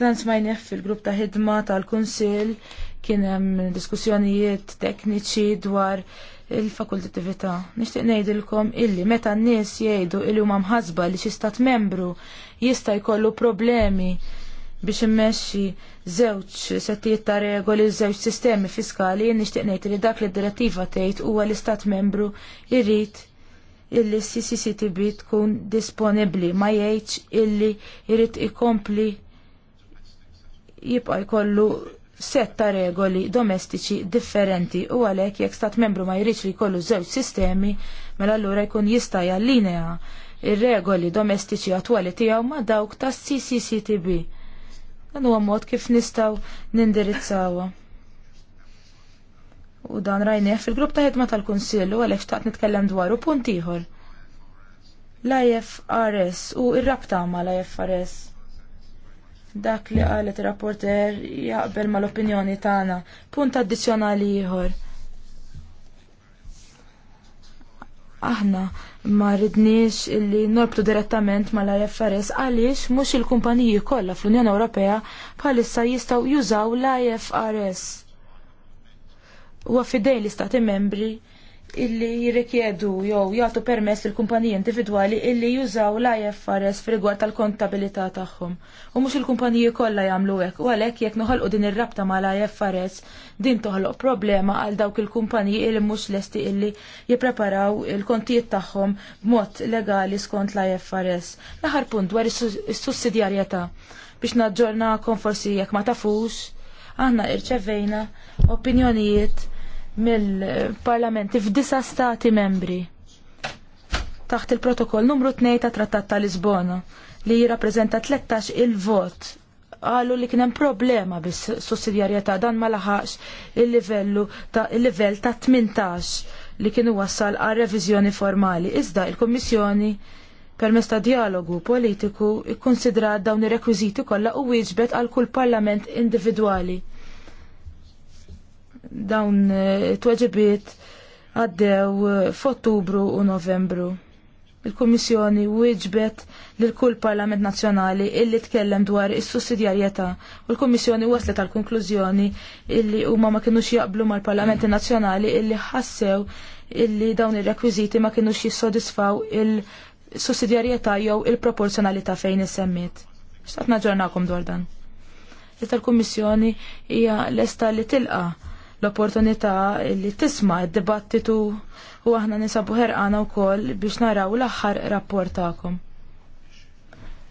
C: Dan smajnieh fil-grupp ta' ħidma tal-Kunsill kien hemm diskussjonijiet tekniċi dwar il-fakultattività. Nixtieq ngħidilkom illi meta n-nies jgħidu illi huma mħasba li xi stat membru jista' jkollu problemi biex immexxi żewġ settijiet ta' regoli żewġ sistemi fiskali nixtieq ngħid li dak li d-direttiva tgħid huwa l-istat membru jrid illi CCCTB tkun disponibli ma jgħidx illi jrid ikompli jibqa' jkollu setta regoli domestiċi differenti u għalhekk jekk stat membru ma jridx li jkollu żewġ sistemi mela allura jkun jista' jallinea ir-regoli domestiċi attwali tiegħu ma dawk tas-CCCTB. Dan huwa mod kif nistgħu nindirizzawha u dan rajnieh fil-grupp ta' ħidma tal-Kunsill u għalhekk xtaqt nitkellem dwaru punt ieħor. L-IFRS u r-rabta ma l-IFRS. Dak li qalet ir-rapporter jaqbel mal-opinjoni tagħna. Punt addizzjonali ieħor. aħna ma ridniex illi norbtu direttament mal ifrs għaliex mhux il-kumpaniji kollha fl-Unjoni Ewropea bħalissa jistgħu jużaw l-IFRS huwa fidejn l-istati membri illi jirrikjedu jew jagħtu permess lill kumpaniji individwali illi jużaw l-IFRS f'rigward tal-kontabilità tagħhom. U mhux il-kumpaniji kollha jagħmlu hekk, u għalhekk jekk noħolqu din ir-rabta mal-IFRS din toħloq problema għal dawk il-kumpaniji illi mhux lesti illi jippreparaw il-kontijiet tagħhom b'mod legali skont l-IFRS. L-aħħar punt dwar is-sussidjarjetà biex naġġornakom forsi jekk ma tafux aħna irċevejna opinjonijiet mill-parlamenti f'disa stati membri taħt il-protokoll numru 2 ta' Trattat ta' Lisbona li jirrappreżenta 13 il-vot għalu li kienem problema bis sussidjarjetà dan ma laħax il-livellu ta' il-livell ta' 18 li kienu wassal għal reviżjoni formali. Iżda il-Kommissjoni permess ta' dialogu politiku ikkonsidra dawn ir-rekwiżiti kollha u wieġbet għal kull parlament individwali dawn eh, twaġibiet tweġibiet għaddew eh, f'Ottubru u Novembru. Il-Kummissjoni wieġbet lil kull Parlament Nazzjonali illi tkellem dwar is-sussidjarjetà u l-Kummissjoni waslet għal konklużjoni illi huma ma kinux jaqblu mal-Parlamenti Nazzjonali illi ħassew illi dawn ir-rekwiżiti ma kinux jissodisfaw il-sussidjarjetà jew il-proporzjonalità fejn isemmiet. Xtaqt naġġornakom dwar dan. Ita' l-Kummissjoni hija lesta li tilqa' l-opportunità li tisma' id-dibattitu u aħna nisabu ħerqana wkoll biex naraw l-aħħar rapport tagħkom.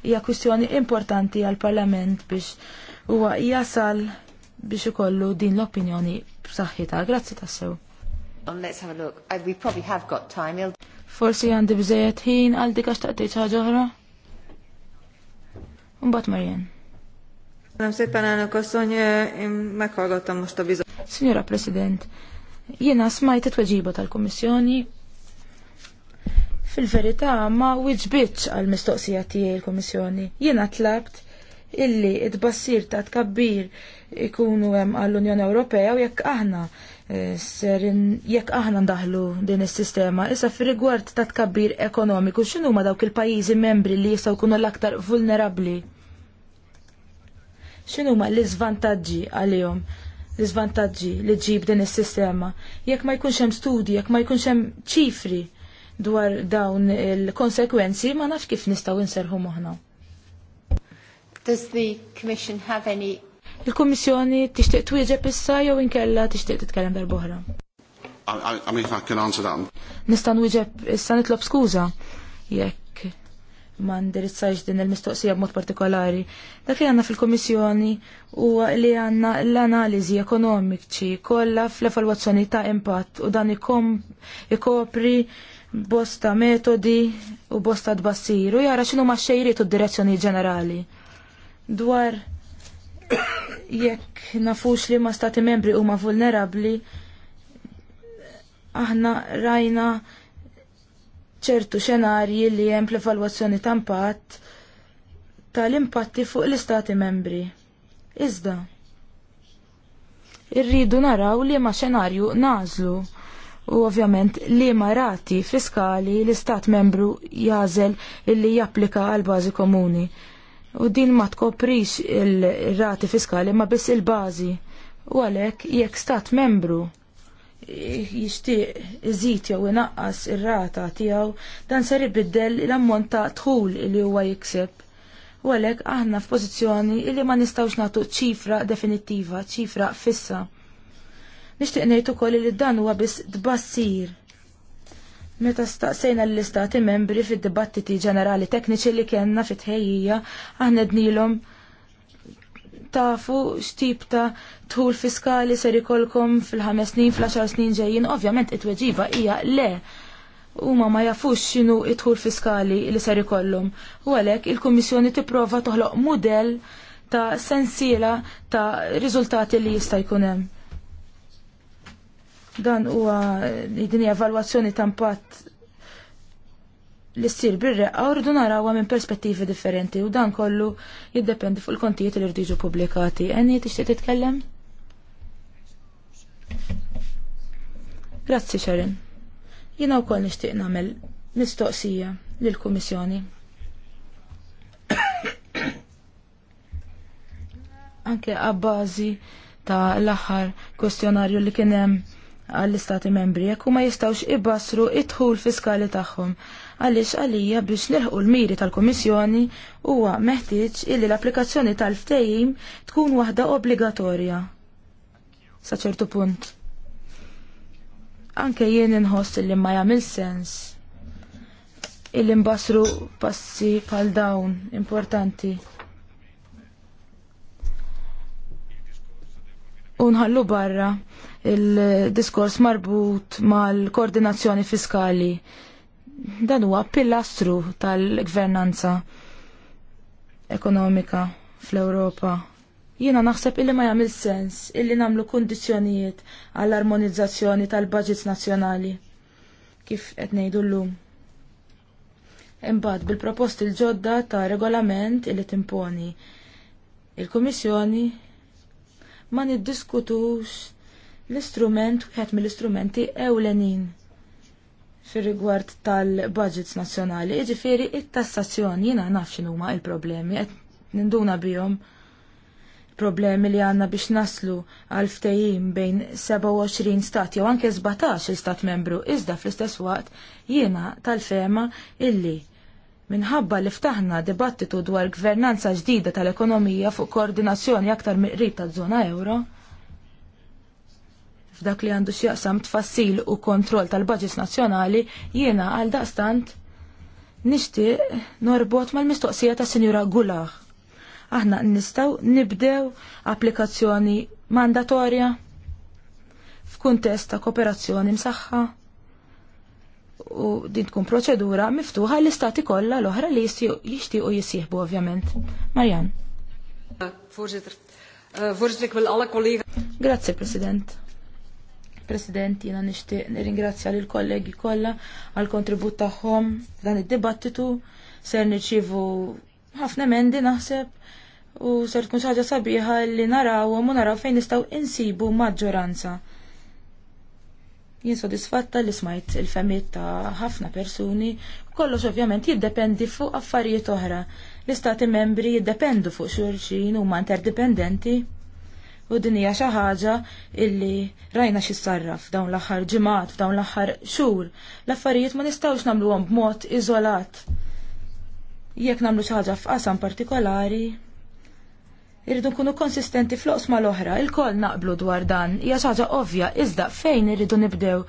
C: Hija kwistjoni importanti għall-Parlament biex huwa jasal biex ikollu din l-opinjoni
A: b'saħħitha. Grazzi tassew. Um, let's have a look. Uh, we probably have got time. Forsi
C: għandi bżejjed ħin għal dik għax taqtejt ħaġa oħra. Mbagħad Marjen. Nem szépen għana asszony, imma meghallgattam mux Signora President, jiena smajt it-tweġiba tal-Kommissjoni fil-verità ma wieġbitx għal mistoqsija tiegħi l-Kommissjoni. Jiena tlabt illi id-bassir ta' tkabbir ikunu hemm għall-Unjoni Ewropea u jekk aħna eh, ser jekk aħna ndaħlu din is-sistema, issa fir-rigward ta' tkabbir ekonomiku, x'inhu ma dawk il-pajjiżi membri li jistgħu jkunu l-aktar vulnerabbli? X'inhu ma l-iżvantaġġi għalihom? l-iżvantaġġi li ġib din is-sistema. Jekk ma jkunx hemm studji, jekk ma jkunx hemm ċifri dwar dawn il-konsekwenzi, ma nafx kif nistgħu inserħu moħħna.
A: Does the Commission have any
C: il kummissjoni tixtieq twieġeb issa jew inkella tixtieq titkellem darb'oħra.
B: I mean, I can answer that.
C: Nista' nwieġeb issa nitlob skuża jekk ma ndirizzajx din il-mistoqsija b'mod partikolari. Dak li għanna fil-Komissjoni huwa li għanna l-analiżi ekonomiċi kollha fl-evalwazzjoni ta' impatt u dan ikopri bosta metodi u bosta tbassir u jara xinu ma' xejriet u d-direzzjoni ġenerali. Dwar jekk nafux li ma' stati membri huma vulnerabbli aħna rajna ċertu xenarji li hemm fl-evalwazzjoni ta' impatt tal-impatti fuq l-istati membri. Iżda, irridu naraw li ma xenarju nażlu u ovvjament li ma rati fiskali l-istat membru jażel illi japplika għal bażi komuni. U din ma tkoprix il-rati fiskali ma biss il-bażi u għalhekk jekk stat membru jixtieq iżid jew inaqqas ir-rata tiegħu dan ser ibiddel l-ammont ta' dħul li huwa jikseb. U għalhekk aħna f'pożizzjoni li ma nistgħux nagħtu ċifra definittiva, ċifra fissa. Nixtieq ngħid ukoll li dan huwa biss tbassir. Meta staqsejna l-istati membri fid-dibattiti ġenerali tekniċi li kellna fit-tħejjija aħna dnilhom tafu x'tip ta' tħul fiskali ser ikolkom fil-ħames snin, fil-10 snin ġejjin, ovvjament it-tweġiba hija le. Huma ma jafux x'inhu it-tħul fiskali li ser ikollhom. U għalhekk il-Kummissjoni tipprova toħloq mudell ta' sensiela ta' riżultati li jista' jkun hemm. Dan huwa din evalwazzjoni ta' impatt li ssir bir-reqqa u rridu narawha minn perspettivi differenti u dan kollu jiddependi fuq il-kontijiet li rridu publikati. Enni, t titkellem? Grazzi Sharon. Jiena wkoll nixtieq nagħmel mistoqsija lill-Kummissjoni. Anke għabbażi ta' l-aħħar kwestjonarju li kien hemm għall-istati membri jekk ma jistgħux ibassru it dħul fiskali tagħhom għaliex għalija biex leħqu l-miri tal-Komissjoni huwa meħtieġ illi l-applikazzjoni tal-ftehim tkun waħda obbligatorja. Sa ċertu punt. Anke jien inħoss illi ma jagħmel sens illi mbasru passi pal dawn importanti. unħallu barra il-diskors marbut mal-koordinazzjoni fiskali dan huwa pilastru tal-gvernanza ekonomika fl-Ewropa. Jiena naħseb illi ma jagħmel sens illi nagħmlu kundizzjonijiet għall-armonizzazzjoni tal-budgets nazzjonali kif qed ngħidu llum. Imbagħad bil-proposti l-ġodda ta' regolament illi timponi il-Kummissjoni ma niddiskutux l-istrument wieħed mill-istrumenti ewlenin fir-rigward tal-budgets nazzjonali, jiġifieri it-tassazzjoni jiena naf huma il-problemi qed ninduna bihom problemi li għanna biex naslu għal ftejim bejn 27 stat jew anke 17 il-stat membru iżda fl-istess waqt jiena tal-fema illi minħabba li ftaħna dibattitu dwar gvernanza ġdida tal-ekonomija fuq koordinazzjoni aktar miqrib taż-żona euro f'dak li għandu xieqsam tfassil u kontroll tal-budgets nazzjonali, jiena għal daqstant nixtieq norbot mal-mistoqsija ta' Sinjura Gulag. Aħna nistgħu nibdew applikazzjoni mandatorja f'kuntest ta' kooperazzjoni msaħħa u din tkun proċedura miftuħa l-istati kollha l-oħra li jixtiequ jisieħbu ovvjament. Marjan.
B: Eh,
C: Grazie, president. President, jiena nixtieq nirringrazzja lill kollegi kollha għall kontribut tagħhom dan id-dibattitu ser nirċievu ħafna emendi naħseb u ser tkun xi ħaġa sabiħa li narawhom u naraw fejn nistgħu insibu maġġoranza. Jien sodisfatta li smajt il-femiet ta' ħafna persuni, kollox ovvjament jiddependi fuq affarijiet oħra. L-istati membri jiddependu fuq xulxin huma interdipendenti U din hija xi ħaġa illi rajna xi sarraf dawn l-aħħar ġimgħat, f'dawn l-aħħar xhur. L-affarijiet ma nistgħux nagħmluhom b'mod iżolat. Jekk nagħmlu xi ħaġa f'qasam partikolari, irridu nkunu konsistenti fl-oqsma l-oħra, il-koll naqblu dwar dan, hija xi ħaġa ovvja, iżda fejn irridu nibdew,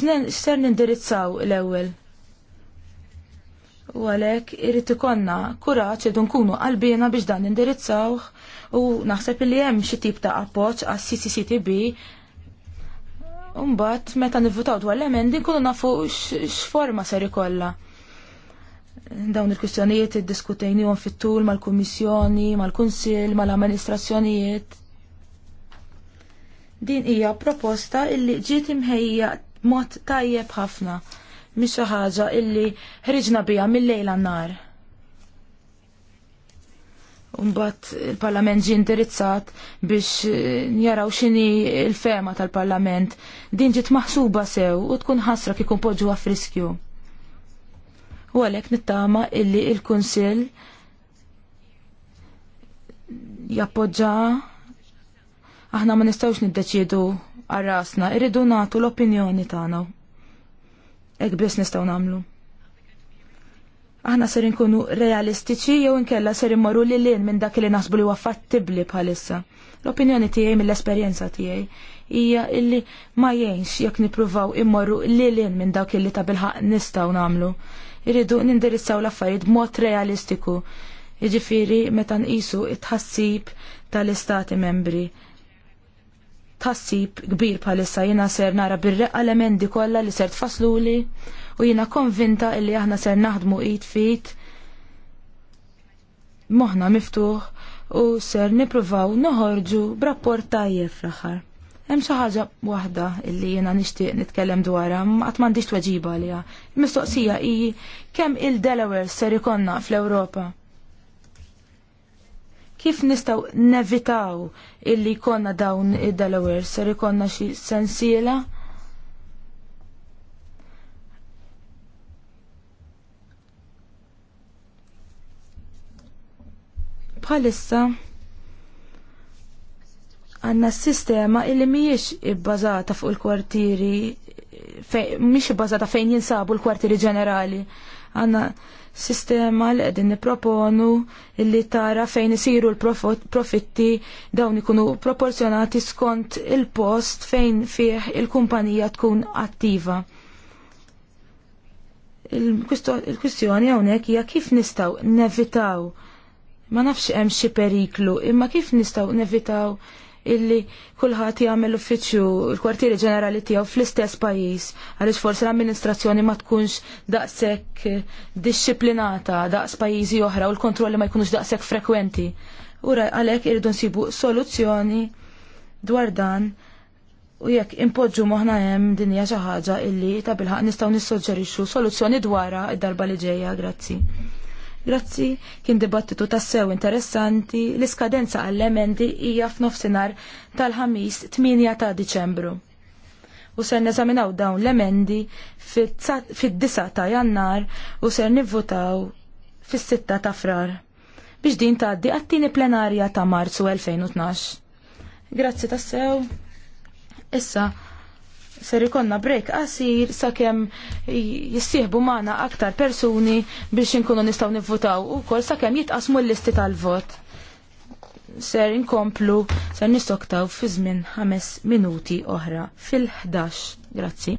C: x'ser nindirizzaw l-ewwel. U għalek irrit ikonna kuraċ id nkunu qalbina biex dan indirizzawh u naħseb li hemm xi tip ta' appoġġ għas CCCTB Umbat, meta nivvutaw dwar l-emendi, nkunu nafu x-forma ser ikolla. Dawn il-kwistjonijiet id-diskutejnijom fit-tul mal-Kummissjoni, mal-Kunsil, mal-Amministrazzjonijiet. Din hija proposta illi ġiet imħejja mod tajjeb ħafna missa xi ħaġa illi ħriġna biha mill lejl nar. Umbat il-parlament ġi indirizzat biex eh, jaraw xini il-fema tal-parlament. Din ġiet maħsuba sew u tkun ħasra kikun poġu għafriskju. U għalek nittama illi il-Kunsil jappoġġa aħna ma nistawx niddeċiedu għarrasna, irridu natu l-opinjoni tagħna Ek biss nistgħu nagħmlu. Aħna ser inkunu realistiċi jew inkella ser immorru li lin minn dak li naħsbu li huwa fattibbli bħalissa. L-opinjoni tiegħi mill-esperjenza tiegħi hija illi ma jgħinx jekk nippruvaw immorru li lin minn dak li ta' bilħaq nistgħu nagħmlu. Irridu nindirizzaw l-affarijiet b'mod realistiku. Jiġifieri meta nqisu it-tħassib tal-istati membri tassib kbir palissa jina ser nara bir-reqqa l-emendi kollha li ser tfasluli u jina konvinta illi aħna ser naħdmu id fit moħna miftuħ u ser nipruvaw noħorġu b'rapport tajjeb fl Hemm xi ħaġa waħda illi jiena nixtieq nitkellem dwarha qatt m'għandix tweġiba għaliha. mistoqsija hi kemm il-Delaware ser ikonna fl-Ewropa. Kif nistaw nevitaw illi konna dawn id-Delaware? Ser ikonna xi sensiela? Bħalissa għanna s-sistema illi miex ibbażata fuq il-kwartieri fej, miex bazata fejn jinsabu l-kwartieri ġenerali. Għanna sistema li qegħdin nipproponu illi tara fejn isiru l-profitti dawn ikunu proporzjonati skont il-post fejn fih il-kumpanija tkun attiva. Il-kwistjoni hawnhekk hija kif nistgħu nevitaw ma nafx hemm xi periklu imma kif nistgħu nevitaw illi kulħadd jagħmel uffiċċju l-kwartieri ġenerali tiegħu fl-istess pajjiż għaliex forsi l-amministrazzjoni ma tkunx daqshekk dixxiplinata daqs pajjiżi oħra u l-kontrolli ma jkunux daqshekk frekwenti. Ura għalhekk irridu nsibu soluzzjoni dwar dan u jekk impoġġu moħna hemm din hija xi ħaġa illi ta' bilħaq nistgħu nissuġġerixxu soluzzjoni dwarha id-darba li ġejja, grazzi. Grazzi, kien dibattitu tassew interessanti, l-iskadenza għall-emendi hija f'nofsinhar tal-ħamis 8 ta' Diċembru. U ser neżaminaw dawn l-emendi fid-9 ta' Jannar u ser nivvotaw fis-6 ta' Frar biex din tgħaddi għat-tieni plenarja ta' Marzu 2012. Grazzi tassew. Issa ser ikonna break qasir sakemm jissieħbu magħna aktar persuni biex inkunu nistgħu nivvutaw ukoll sakemm jitqasmu l-listi tal-vot. Ser inkomplu ser nistoktaw fi żmien ħames minuti oħra fil-11. Grazzi.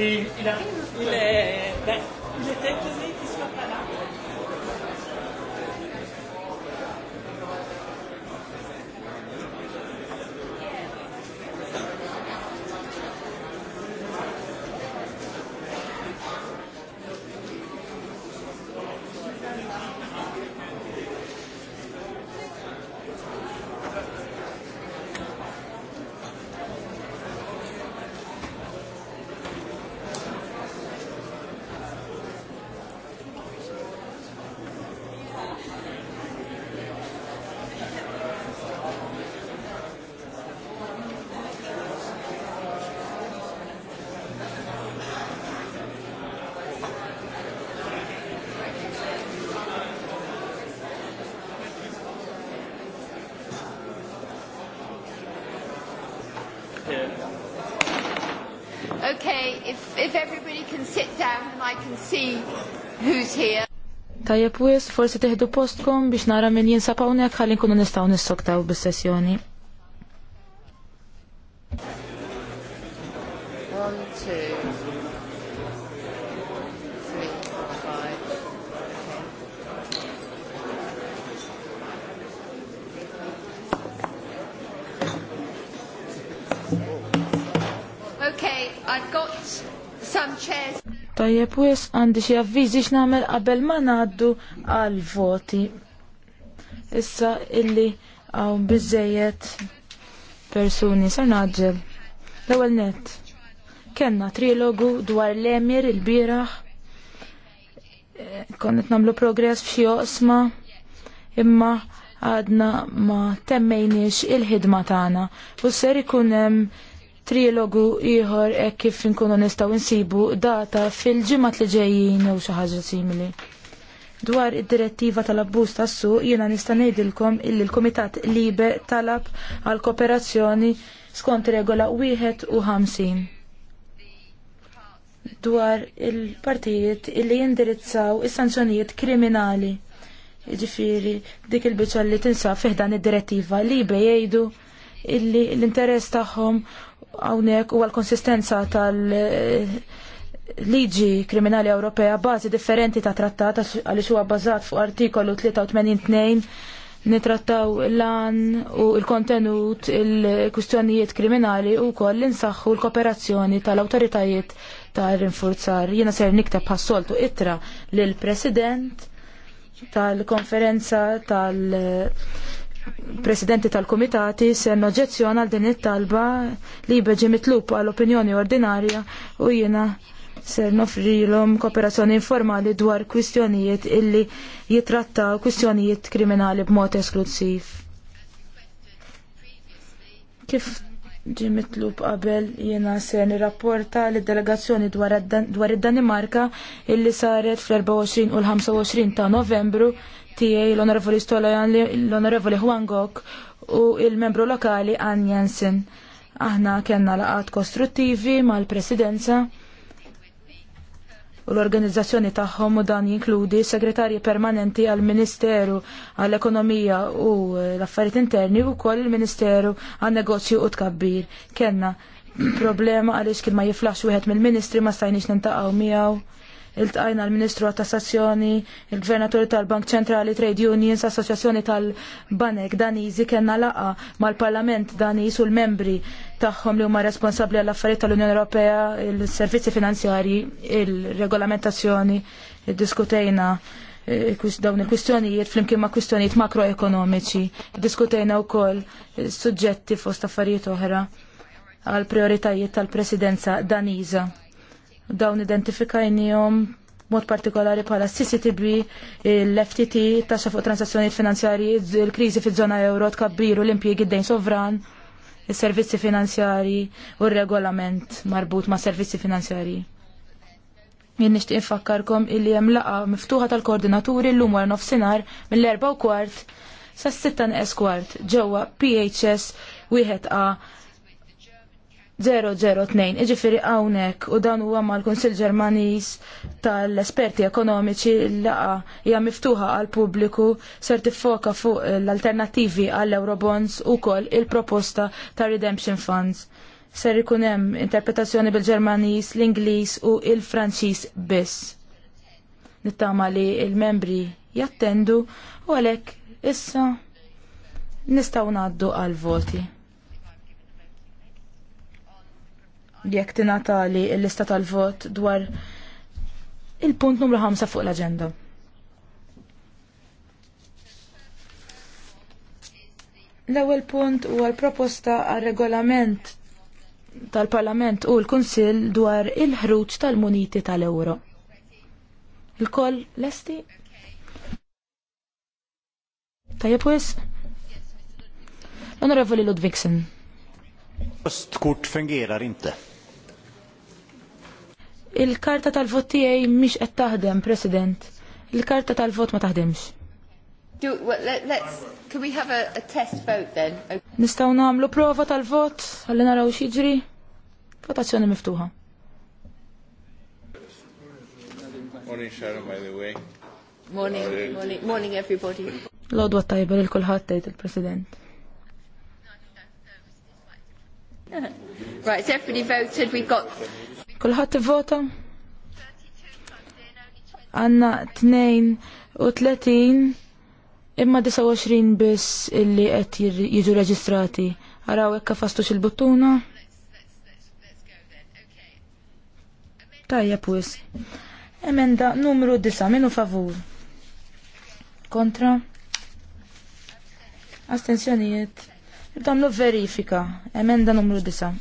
A: il, il, il, il, see who's here.
C: Tajjeb wis, forsi teħdu postkom biex nara min jinsab hawnhekk ħalli nkunu nistgħu nissoktaw bis-sessjoni. Pues għandi xi avviżi x'nagħmel qabel ma ngħaddu għal voti. Issa illi hawn biżejjed persuni sar naġġel. L-ewwel nett. Kenna trilogu dwar l-emir il-bieraħ. Konnet namlu progress fxie osma, imma għadna ma temmejniex il-ħidma tagħna u ser ikun hemm trilogu ieħor hekk kif inkunu nistgħu nsibu data fil-ġimgħat li ġejjin jew xi ħaġa simili. Dwar id-direttiva tal-abbuż tas-suq jiena nista' ngħidilkom illi l-Kumitat Libe talab għal kooperazzjoni skont regola wieħed u ħamsin. Dwar il-partijiet illi jindirizzaw is-sanzjonijiet kriminali. Ġifiri, dik il-biċċa li tinsab fiħdan id-direttiva Libe jgħidu illi l-interess tagħhom hawnhekk huwa l-konsistenza tal- liġi kriminali Ewropea bażi differenti ta' trattat għaliex huwa bbażat fuq artikolu 83 nitrattaw l-an u l-kontenut il-kustjonijiet kriminali u koll insaħħu l-kooperazzjoni tal-autoritajiet tal-rinforzar. Jena ser nikteb ħassoltu itra lill-President tal-konferenza tal-, -konferenza tal presidenti tal-komitati se noġezzjona għal din it-talba li beġi mitlub għal opinjoni ordinarja u jiena se nofrilhom kooperazzjoni informali dwar kwistjonijiet illi jitratta kwistjonijiet kriminali b'mod esklusiv. Kif ġi mitlub qabel jiena se nirrapporta li delegazzjoni dwar id-Danimarka illi saret fl-24 u l-25 ta' Novembru tiegħi l-Onorevoli Stolojan, l-Onorevoli Juan Gok u il-membru lokali Ann Jensen. Aħna kellna laqat kostruttivi mal-Presidenza u l-organizzazzjoni tagħhom u dan jinkludi segretarji permanenti għall ministeru għall ekonomija u l-affarijiet interni u koll il-Ministeru għan negozju u tkabbir. Kenna problema għaliex kien ma jiflax wieħed mill-ministri ma stajniex nintaqgħu miegħu iltqajna l-Ministru għat-Tassazzjoni, il-Gvernatur tal-Bank Ċentrali Trade Unions, Assoċjazzjoni tal-Banek Daniżi kellna laqa mal-Parlament Daniż u l-membri tagħhom li huma responsabbli għall affarijiet tal-Unjoni Ewropea, il-servizzi finanzjarji, il-regolamentazzjoni, id-diskutejna eh, dawn il-kwistjonijiet flimkien ma' kwistjonijiet makroekonomiċi, diskutejna wkoll suġġetti fost affarijiet oħra għal prioritajiet tal-presidenza Daniża dawn identifikajnijom mod partikolari bħala CCTB, l-FTT, taxxa fuq transazzjonijiet finanzjarji, il-kriżi fiż-żona euro tkabbiru u l-impjiegi d-dejn sovran, is-servizzi finanzjarji u r-regolament marbut ma' servizzi finanzjarji. Jien nixtieq infakkarkom illi hemm laqa miftuħa tal-koordinaturi llum wara nofsinhar mill-4 kwart sa' 6 kwart ġewwa PHS wieħed A 002, iġifiri għawnek u dan huwa mal-Konsil Ġermanis tal-esperti ekonomiċi l-laqa hija miftuħa għal pubbliku ser tiffoka fuq l-alternativi għall eurobonds u koll il-proposta ta' redemption funds. Ser ikunem hemm interpretazzjoni bil-Ġermanis, l-Ingliż u il-Franċiż biss. Nittama li il-membri jattendu u għalhekk issa nistgħu ngħaddu għal voti. jekk tingħatali l-lista tal-vot dwar il-punt numru 5 fuq l-aġenda. L-ewwel punt huwa l-proposta għal regolament tal-Parlament u l-Kunsill dwar il-ħruġ tal-muniti tal-Ewro. Il-koll lesti? Tajjeb wis? Onorevoli Ludvigsen.
B: Östkort fungerar rinte.
C: Il-karta tal-vot tiegħi mhix qed taħdem, President. Il-karta tal-vot ma taħdemx.
B: Do,
A: can we have a, a test vote then? Okay.
C: Nistaw namlu prova tal-vot, għalli naraw xieġri. Votazzjoni miftuħa.
B: Morning Sharon, by the way. Morning, morning, morning, everybody.
C: L-għodwa tajba l-kulħat tajt il-President.
A: Right, so everybody voted, we've got
C: Kulħadd ivvota? Għanna 32 imma 29 biss illi qed jiġu reġistrati. Araw hekk fastux il-buttuna. Tajja pwis. Emenda numru 9 minu favur. Kontra. Astenzjonijiet. Ibdamlu verifika. Emenda numru 9.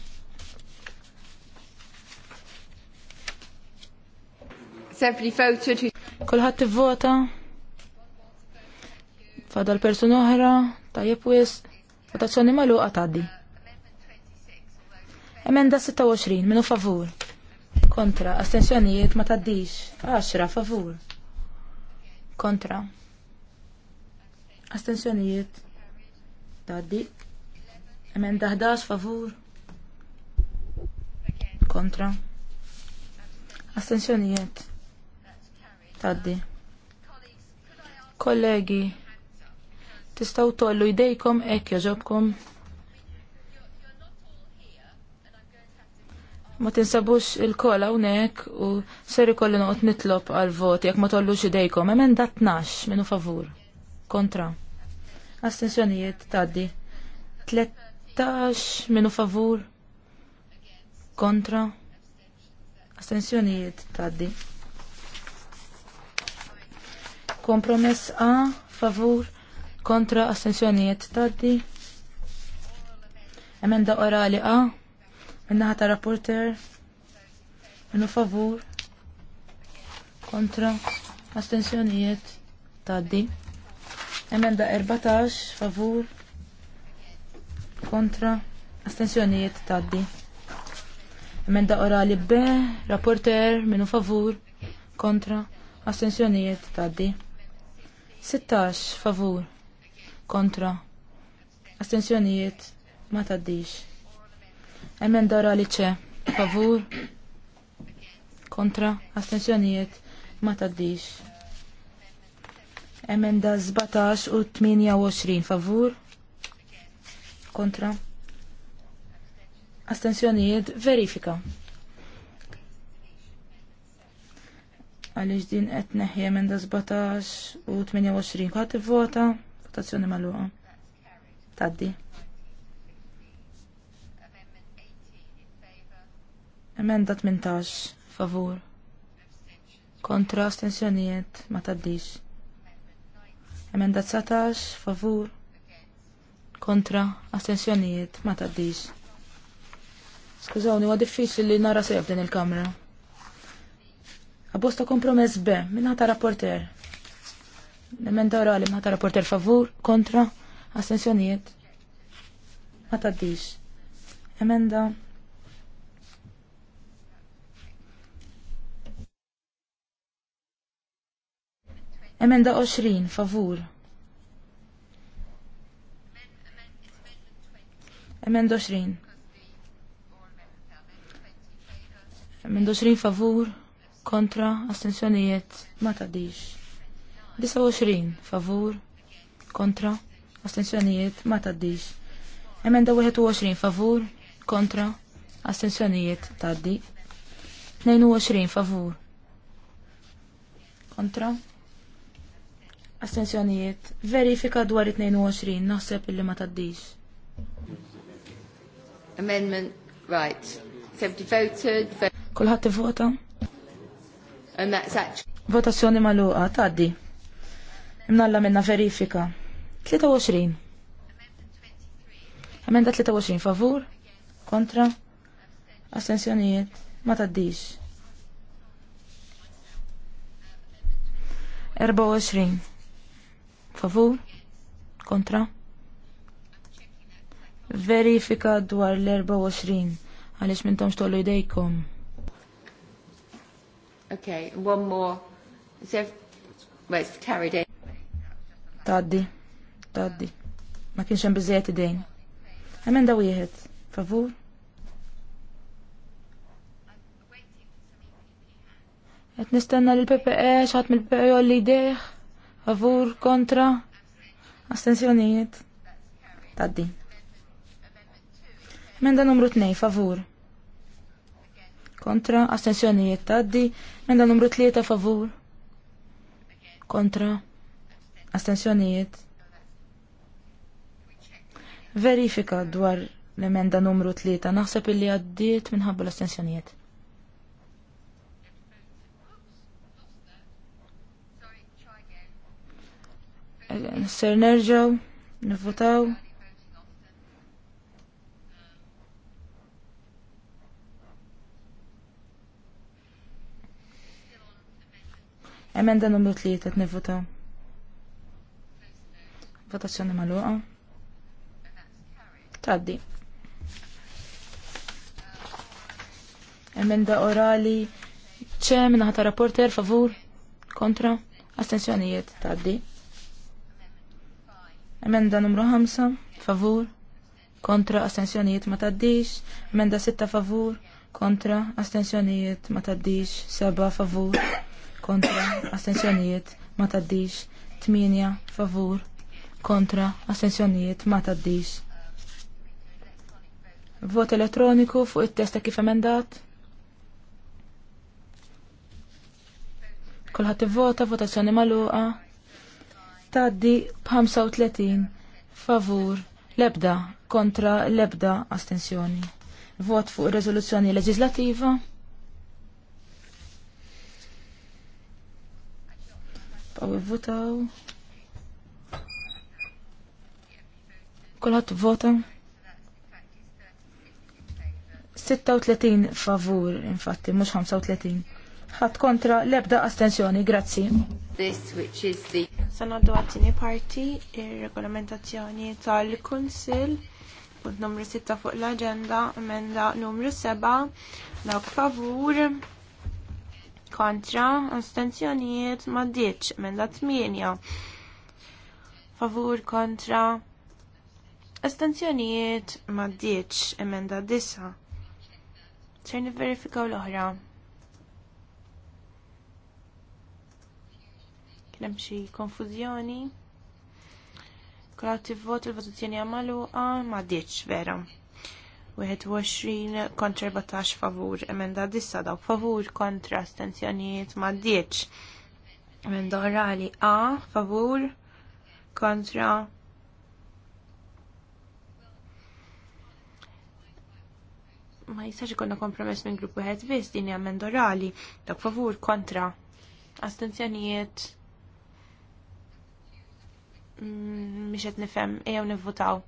C: Every voted Kulħadd tivvota. Fadal persuna oħra, tajjeb wis, votazzjoni magħluqa tgħaddi. Emenda 26, minu favur. Kontra, astensjonijiet ma taddix. 10 favur. Kontra. Astensjonijiet. Taddi. Emenda 11 favur. Kontra. Astensjonijiet. Taddi. Kollegi, tistaw tollu idejkom ek joġobkom. Ma tinsabux il-kola unek u seri kollu noqt nitlob għal-vot jek ma tollux idejkom. Emen dat nax minu favur. Kontra. Astensjonijiet taddi. 13 minu favur. Kontra. Astensjonijiet taddi. Kompromess A, favur, kontra astensjonijiet taddi. Emenda orali A, minna ħata rapporter, minnu favur, kontra astensjonijiet taddi. Emenda 14, favur, kontra astensjonijiet taddi. Emenda orali B, rapporter, minnu favur, kontra, astensjonijiet taddi. 16 favur kontra astensjonijiet ma taddix. Emenda li ċe favur kontra astensjonijiet ma taddix. Emenda 17 u 28 favur kontra astensjonijiet verifika. għaliex din qed neħja minn 17 u 28 ħadd ivvota votazzjoni magħluqa. Taddi. Emenda 18 favur. Kontra astensjonijiet ma taddix. Emenda 19 favur. Kontra astensjonijiet ma taddix. Skużawni, huwa diffiċli li nara sejf din il-kamra. Abbosta kompromess B, minnata rapporter. Emenda orali, minnata rapporter favur, kontra, astensjonijiet. Ma taddix. Emenda. Emenda 20, favur. Emenda 20. Emenda 20, favur kontra astensjonijiet ma tadix. 29 favur kontra astensjonijiet ma tadix. Emenda 21 favur kontra astensjonijiet taddi. 22 favur kontra astensjonijiet verifika dwar 22 naħseb illi ma taddix.
A: Amendment right. 70 voted.
C: Kulħadd vota
A: Eh, and that's
C: Votazzjoni maluqa, taddi. Imnalla minna verifika. 23. Amenda 23, favur? Kontra? Astensjonijiet? Ma taddix. 24. Favur? Kontra? Verifika dwar l-24. Għalix tomx tollu idejkom.
A: Okay, one more. Is there... Well, it's carried in.
C: Taddi, taddi. Ma kienx hemm biżejjed idejn. Emenda wieħed. Favur? Et nistenna li l-PPE xaħat mill-PPE li deħ, favur, kontra, astensjonijiet. Taddi. Menda numru 2, favur kontra, astensjonijiet taddi, emenda numru 3 favur, kontra, astensjonijiet. Verifika dwar l-emenda numru 3, naħseb illi għaddiet minħabba l-astensjonijiet. Ser nerġaw, nivvotaw. Emenda numru 3 qed nivvota. Votazzjoni magħluqa. Taddi. Emenda orali ċem minnaħa rapporter favur kontra astensjonijiet taddi. Emenda numru 5 favur kontra astensjonijiet ma taddix. Emenda 6 favur kontra astensjonijiet ma taddix. 7 favur kontra astensjonijiet ma taddix 8 favur kontra astenzjonijiet ma taddix Vot elettroniku fuq it-testa kif emendat? Kulħadd ivvota votazzjoni magħluqa. Taddi b'35 favur lebda kontra lebda astenzjoni. Vot fuq ir rezoluzzjoni leġislativa. nibqaw votaw. Kulħadd vota. 36 favur, infatti, mhux 35. Ħadd kontra l-ebda astensjoni, grazzi.
A: This which is the Sanaddu għattini parti ir-regolamentazzjoni tal-Kunsill punt numru 6 fuq l-agenda, emenda numru 7, dawk favur, kontra astenzjonijiet ma ditx emenda 8 favur kontra astenzjonijiet ma ditx emenda 9 ser nivverifikaw l-oħra kien hemm xi konfużjoni kulħadd vot il-votazzjoni għamaluqa ma ditx vera. 21 kontra 14 favur, emenda dissa daw favur kontra astenzjonijiet ma' 10. Emenda orali A favur kontra ma jistax ikonna kompromess minn grupp wieħed biss din hija emenda orali dak favur kontra astenzjonijiet Miex mm, qed nifhem ejjew nivvutaw.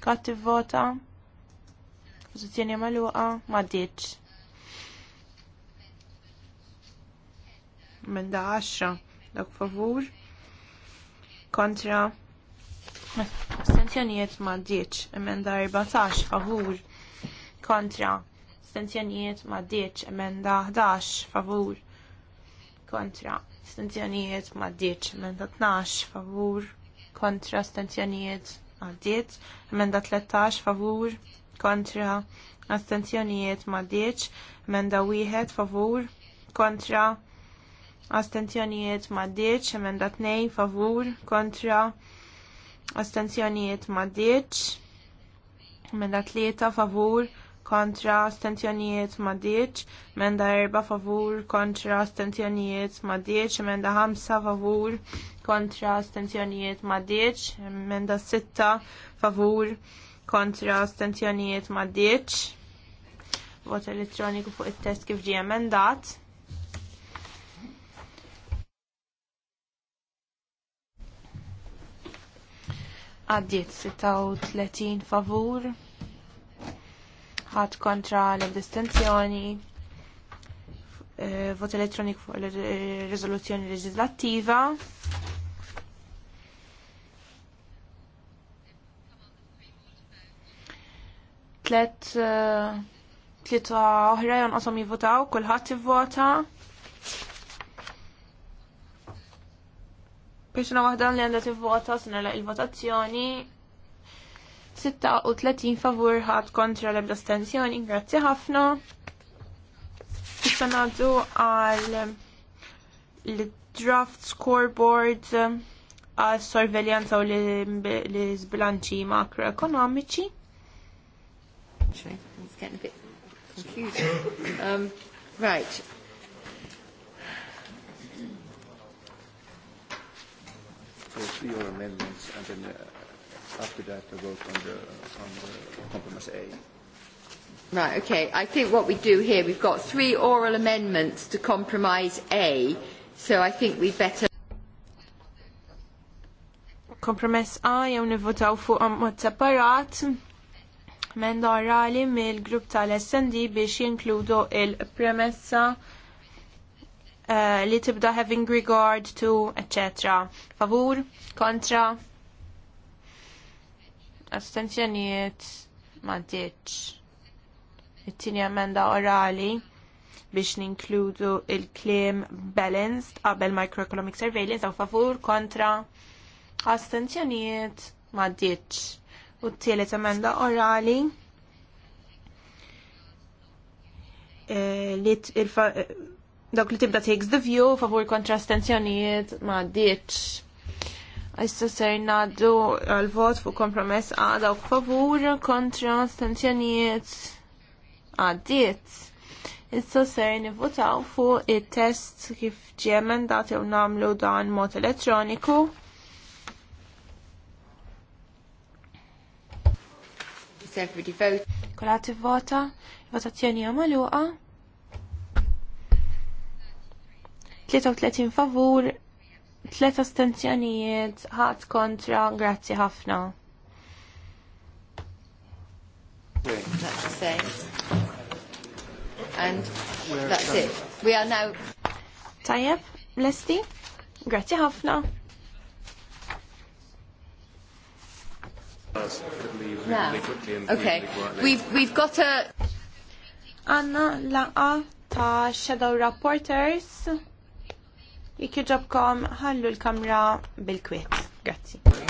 A: Kat tivvota. Pożizzjoni magħluqa m'għaddietx. Emenda 10 dak favur kontra astenzjonijiet m'għaddietx. Emenda 14 favur kontra astenzjonijiet m'għaddietx. Emenda 11 favur kontra astenzjonijiet m'għaddietx. Emenda 12 favur kontra astenzjonijiet għaddiet, emenda 13 favur kontra astenzjonijiet ma ddiċ, emenda 1 favur kontra astenzjonijiet ma ddiċ, emenda 2 favur kontra astenzjonijiet ma ddiċ, emenda 3 favur kontra astenzjonijiet ma diċ, emenda erba favur kontra astenzjonijiet ma diċ, emenda ħamsa favur kontra astenzjonijiet ma diċ, emenda sitta favur kontra astenzjonijiet ma diċ. Vot elettroniku fuq it-test kif ġie emendat. Għaddiet 36 favur ħadd kontra l-abdistenzjoni, eh, vot elettronik fuq ir eh, riżoluzzjoni leġislattiva. Tlet eh, tlieta oħra jonqosom jivvotaw, kulħadd ivvota. Persuna waħda li għandha tivvota, s il-votazzjoni, 36 favur ħad kontra l-ebda grazzi ħafna. Issa għal l-draft scoreboard eh, għal sorveljanza u l-sbilanċi makroekonomiċi.
B: Um, right.
A: So three amendments and then
C: uh, after that to vote on the, on the compromise A.
A: Right, okay. I think what we do here, we've got three oral amendments to compromise A, so I think we better... Kompromess A jew nivvotaw fuq mod separat menda orali mill-grupp tal-SND biex jinkludu il-premessa Uh, li tibda having regard to, etc. Favur, kontra, astenzjonijiet ma ditx. It-tieni emenda orali biex ninkludu il-klim balanced qabel microeconomic surveillance għaw favur kontra astenzjonijiet ma ditx. U t-tielet emenda orali eh, li eh, dawk li tibda takes the view favur kontra astenzjonijiet ma ditx Issa ser naddu għal-vot fuq kompromess għada u favur kontra stanzjoniet għaddiet. Issa ser nivvotaw fuq il-test kif ġemen dati u namlu dan mod elettroniku. everybody Kolat vota, votazzjoni għamaluqa. 33 favur, Tlet astenzjonijiet ħat kontra grazzi ħafna.
B: And that's it. We
A: are now. Tajjeb, Lesti, grazzi ħafna.
B: okay, we've,
A: we've got a... Anna laqa ta' Shadow Reporters jekk ġobkom ħallu l-kamra bil-kwiet. Grazzi.